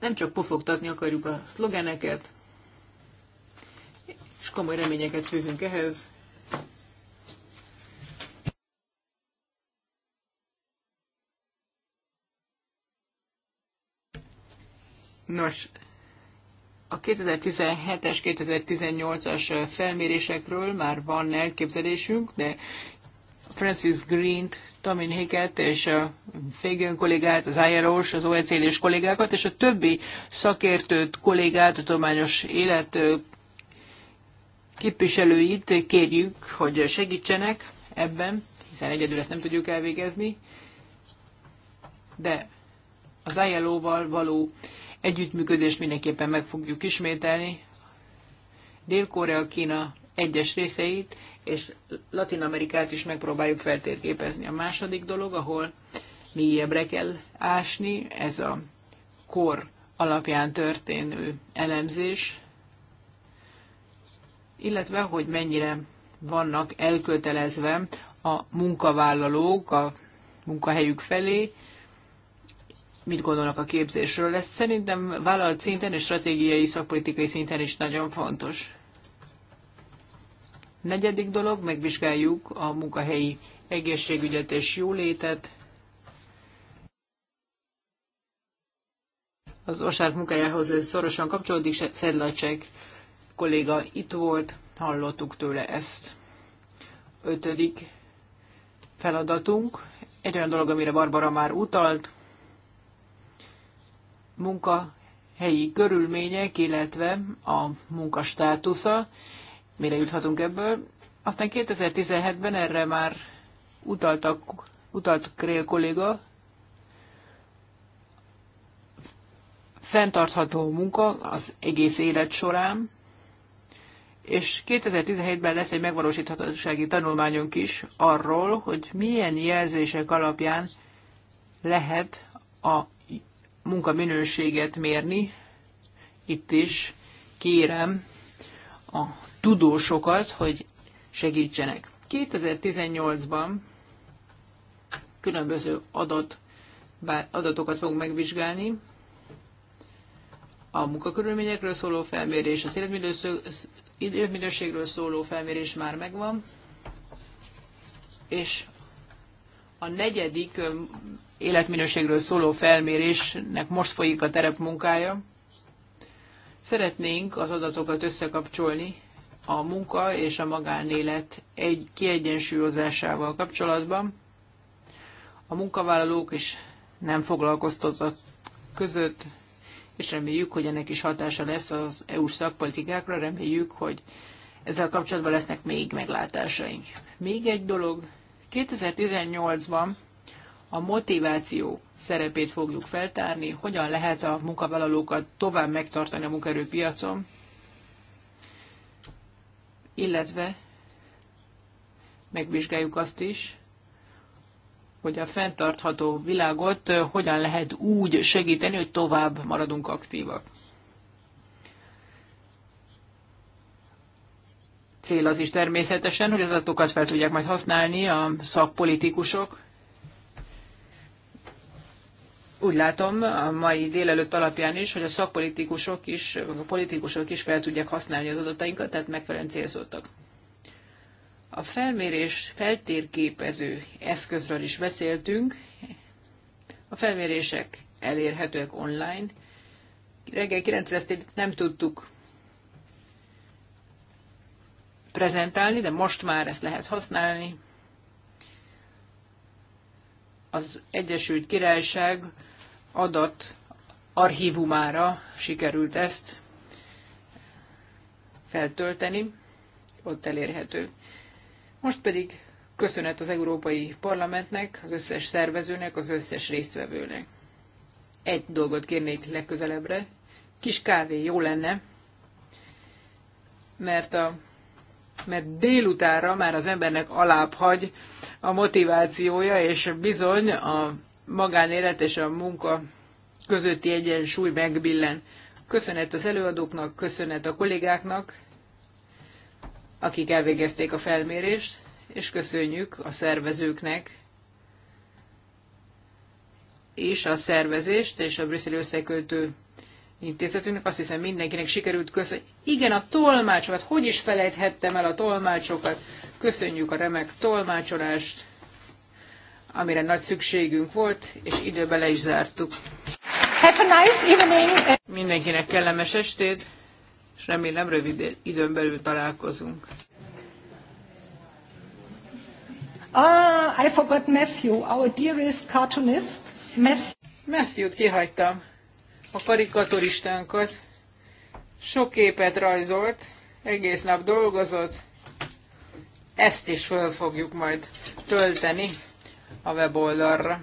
Nem csak pofogtatni akarjuk a szlogeneket, és komoly reményeket fűzünk ehhez, Nos, a 2017-es, 2018-as felmérésekről már van elképzelésünk, de Francis Green-t, Tamin Hickett és a Fagan kollégát, az ilo az oecd és kollégákat, és a többi szakértőt, kollégát, a tudományos élet képviselőit kérjük, hogy segítsenek ebben, hiszen egyedül ezt nem tudjuk elvégezni, de az ILO-val való együttműködést mindenképpen meg fogjuk ismételni. Dél-Korea, Kína egyes részeit, és Latin Amerikát is megpróbáljuk feltérképezni. A második dolog, ahol mélyebbre kell ásni, ez a kor alapján történő elemzés, illetve hogy mennyire vannak elkötelezve a munkavállalók a munkahelyük felé, mit gondolnak a képzésről. Ez szerintem vállalat szinten és stratégiai, szakpolitikai szinten is nagyon fontos. Negyedik dolog, megvizsgáljuk a munkahelyi egészségügyet és jólétet. Az osárk munkájához ez szorosan kapcsolódik, Szedlacsek kolléga itt volt, hallottuk tőle ezt. Ötödik feladatunk, egy olyan dolog, amire Barbara már utalt, munkahelyi körülmények, illetve a munkastátusza, mire juthatunk ebből. Aztán 2017-ben erre már utaltak, utalt Krél kolléga, fenntartható munka az egész élet során, és 2017-ben lesz egy megvalósíthatósági tanulmányunk is arról, hogy milyen jelzések alapján lehet a munkaminőséget mérni. Itt is kérem a tudósokat, hogy segítsenek. 2018-ban különböző adat, adatokat fogunk megvizsgálni. A munkakörülményekről szóló felmérés, az életminőségről szóló felmérés már megvan, és a negyedik életminőségről szóló felmérésnek most folyik a terepmunkája. Szeretnénk az adatokat összekapcsolni a munka és a magánélet egy kiegyensúlyozásával kapcsolatban. A munkavállalók és nem foglalkoztatott között, és reméljük, hogy ennek is hatása lesz az EU-s szakpolitikákra, reméljük, hogy ezzel kapcsolatban lesznek még meglátásaink. Még egy dolog, 2018-ban a motiváció szerepét fogjuk feltárni, hogyan lehet a munkavállalókat tovább megtartani a munkaerőpiacon, illetve megvizsgáljuk azt is, hogy a fenntartható világot hogyan lehet úgy segíteni, hogy tovább maradunk aktívak. Cél az is természetesen, hogy az adatokat fel tudják majd használni a szakpolitikusok, úgy látom a mai délelőtt alapján is, hogy a szakpolitikusok is, a politikusok is fel tudják használni az adatainkat, tehát megfelelően célzottak. A felmérés feltérképező eszközről is beszéltünk. A felmérések elérhetőek online. Reggel 9 nem tudtuk prezentálni, de most már ezt lehet használni. Az Egyesült Királyság adat archívumára sikerült ezt feltölteni, ott elérhető. Most pedig köszönet az Európai Parlamentnek, az összes szervezőnek, az összes résztvevőnek. Egy dolgot kérnék legközelebbre, kis kávé jó lenne, mert, a, mert délutára már az embernek alább hagy a motivációja, és bizony a magánélet és a munka közötti egyensúly megbillen. Köszönet az előadóknak, köszönet a kollégáknak, akik elvégezték a felmérést, és köszönjük a szervezőknek és a szervezést, és a brüsszeli összekötő intézetünknek. Azt hiszem mindenkinek sikerült köszönni. Igen, a tolmácsokat, hogy is felejthettem el a tolmácsokat. Köszönjük a remek tolmácsolást amire nagy szükségünk volt, és időbe le is zártuk. Have a nice evening. Mindenkinek kellemes estét, és remélem rövid időn belül találkozunk. Ah, I forgot Matthew, our dearest cartoonist. Matthew. Matthew-t kihagytam, a karikaturistánkat. Sok képet rajzolt, egész nap dolgozott, ezt is föl fogjuk majd tölteni a weboldalra.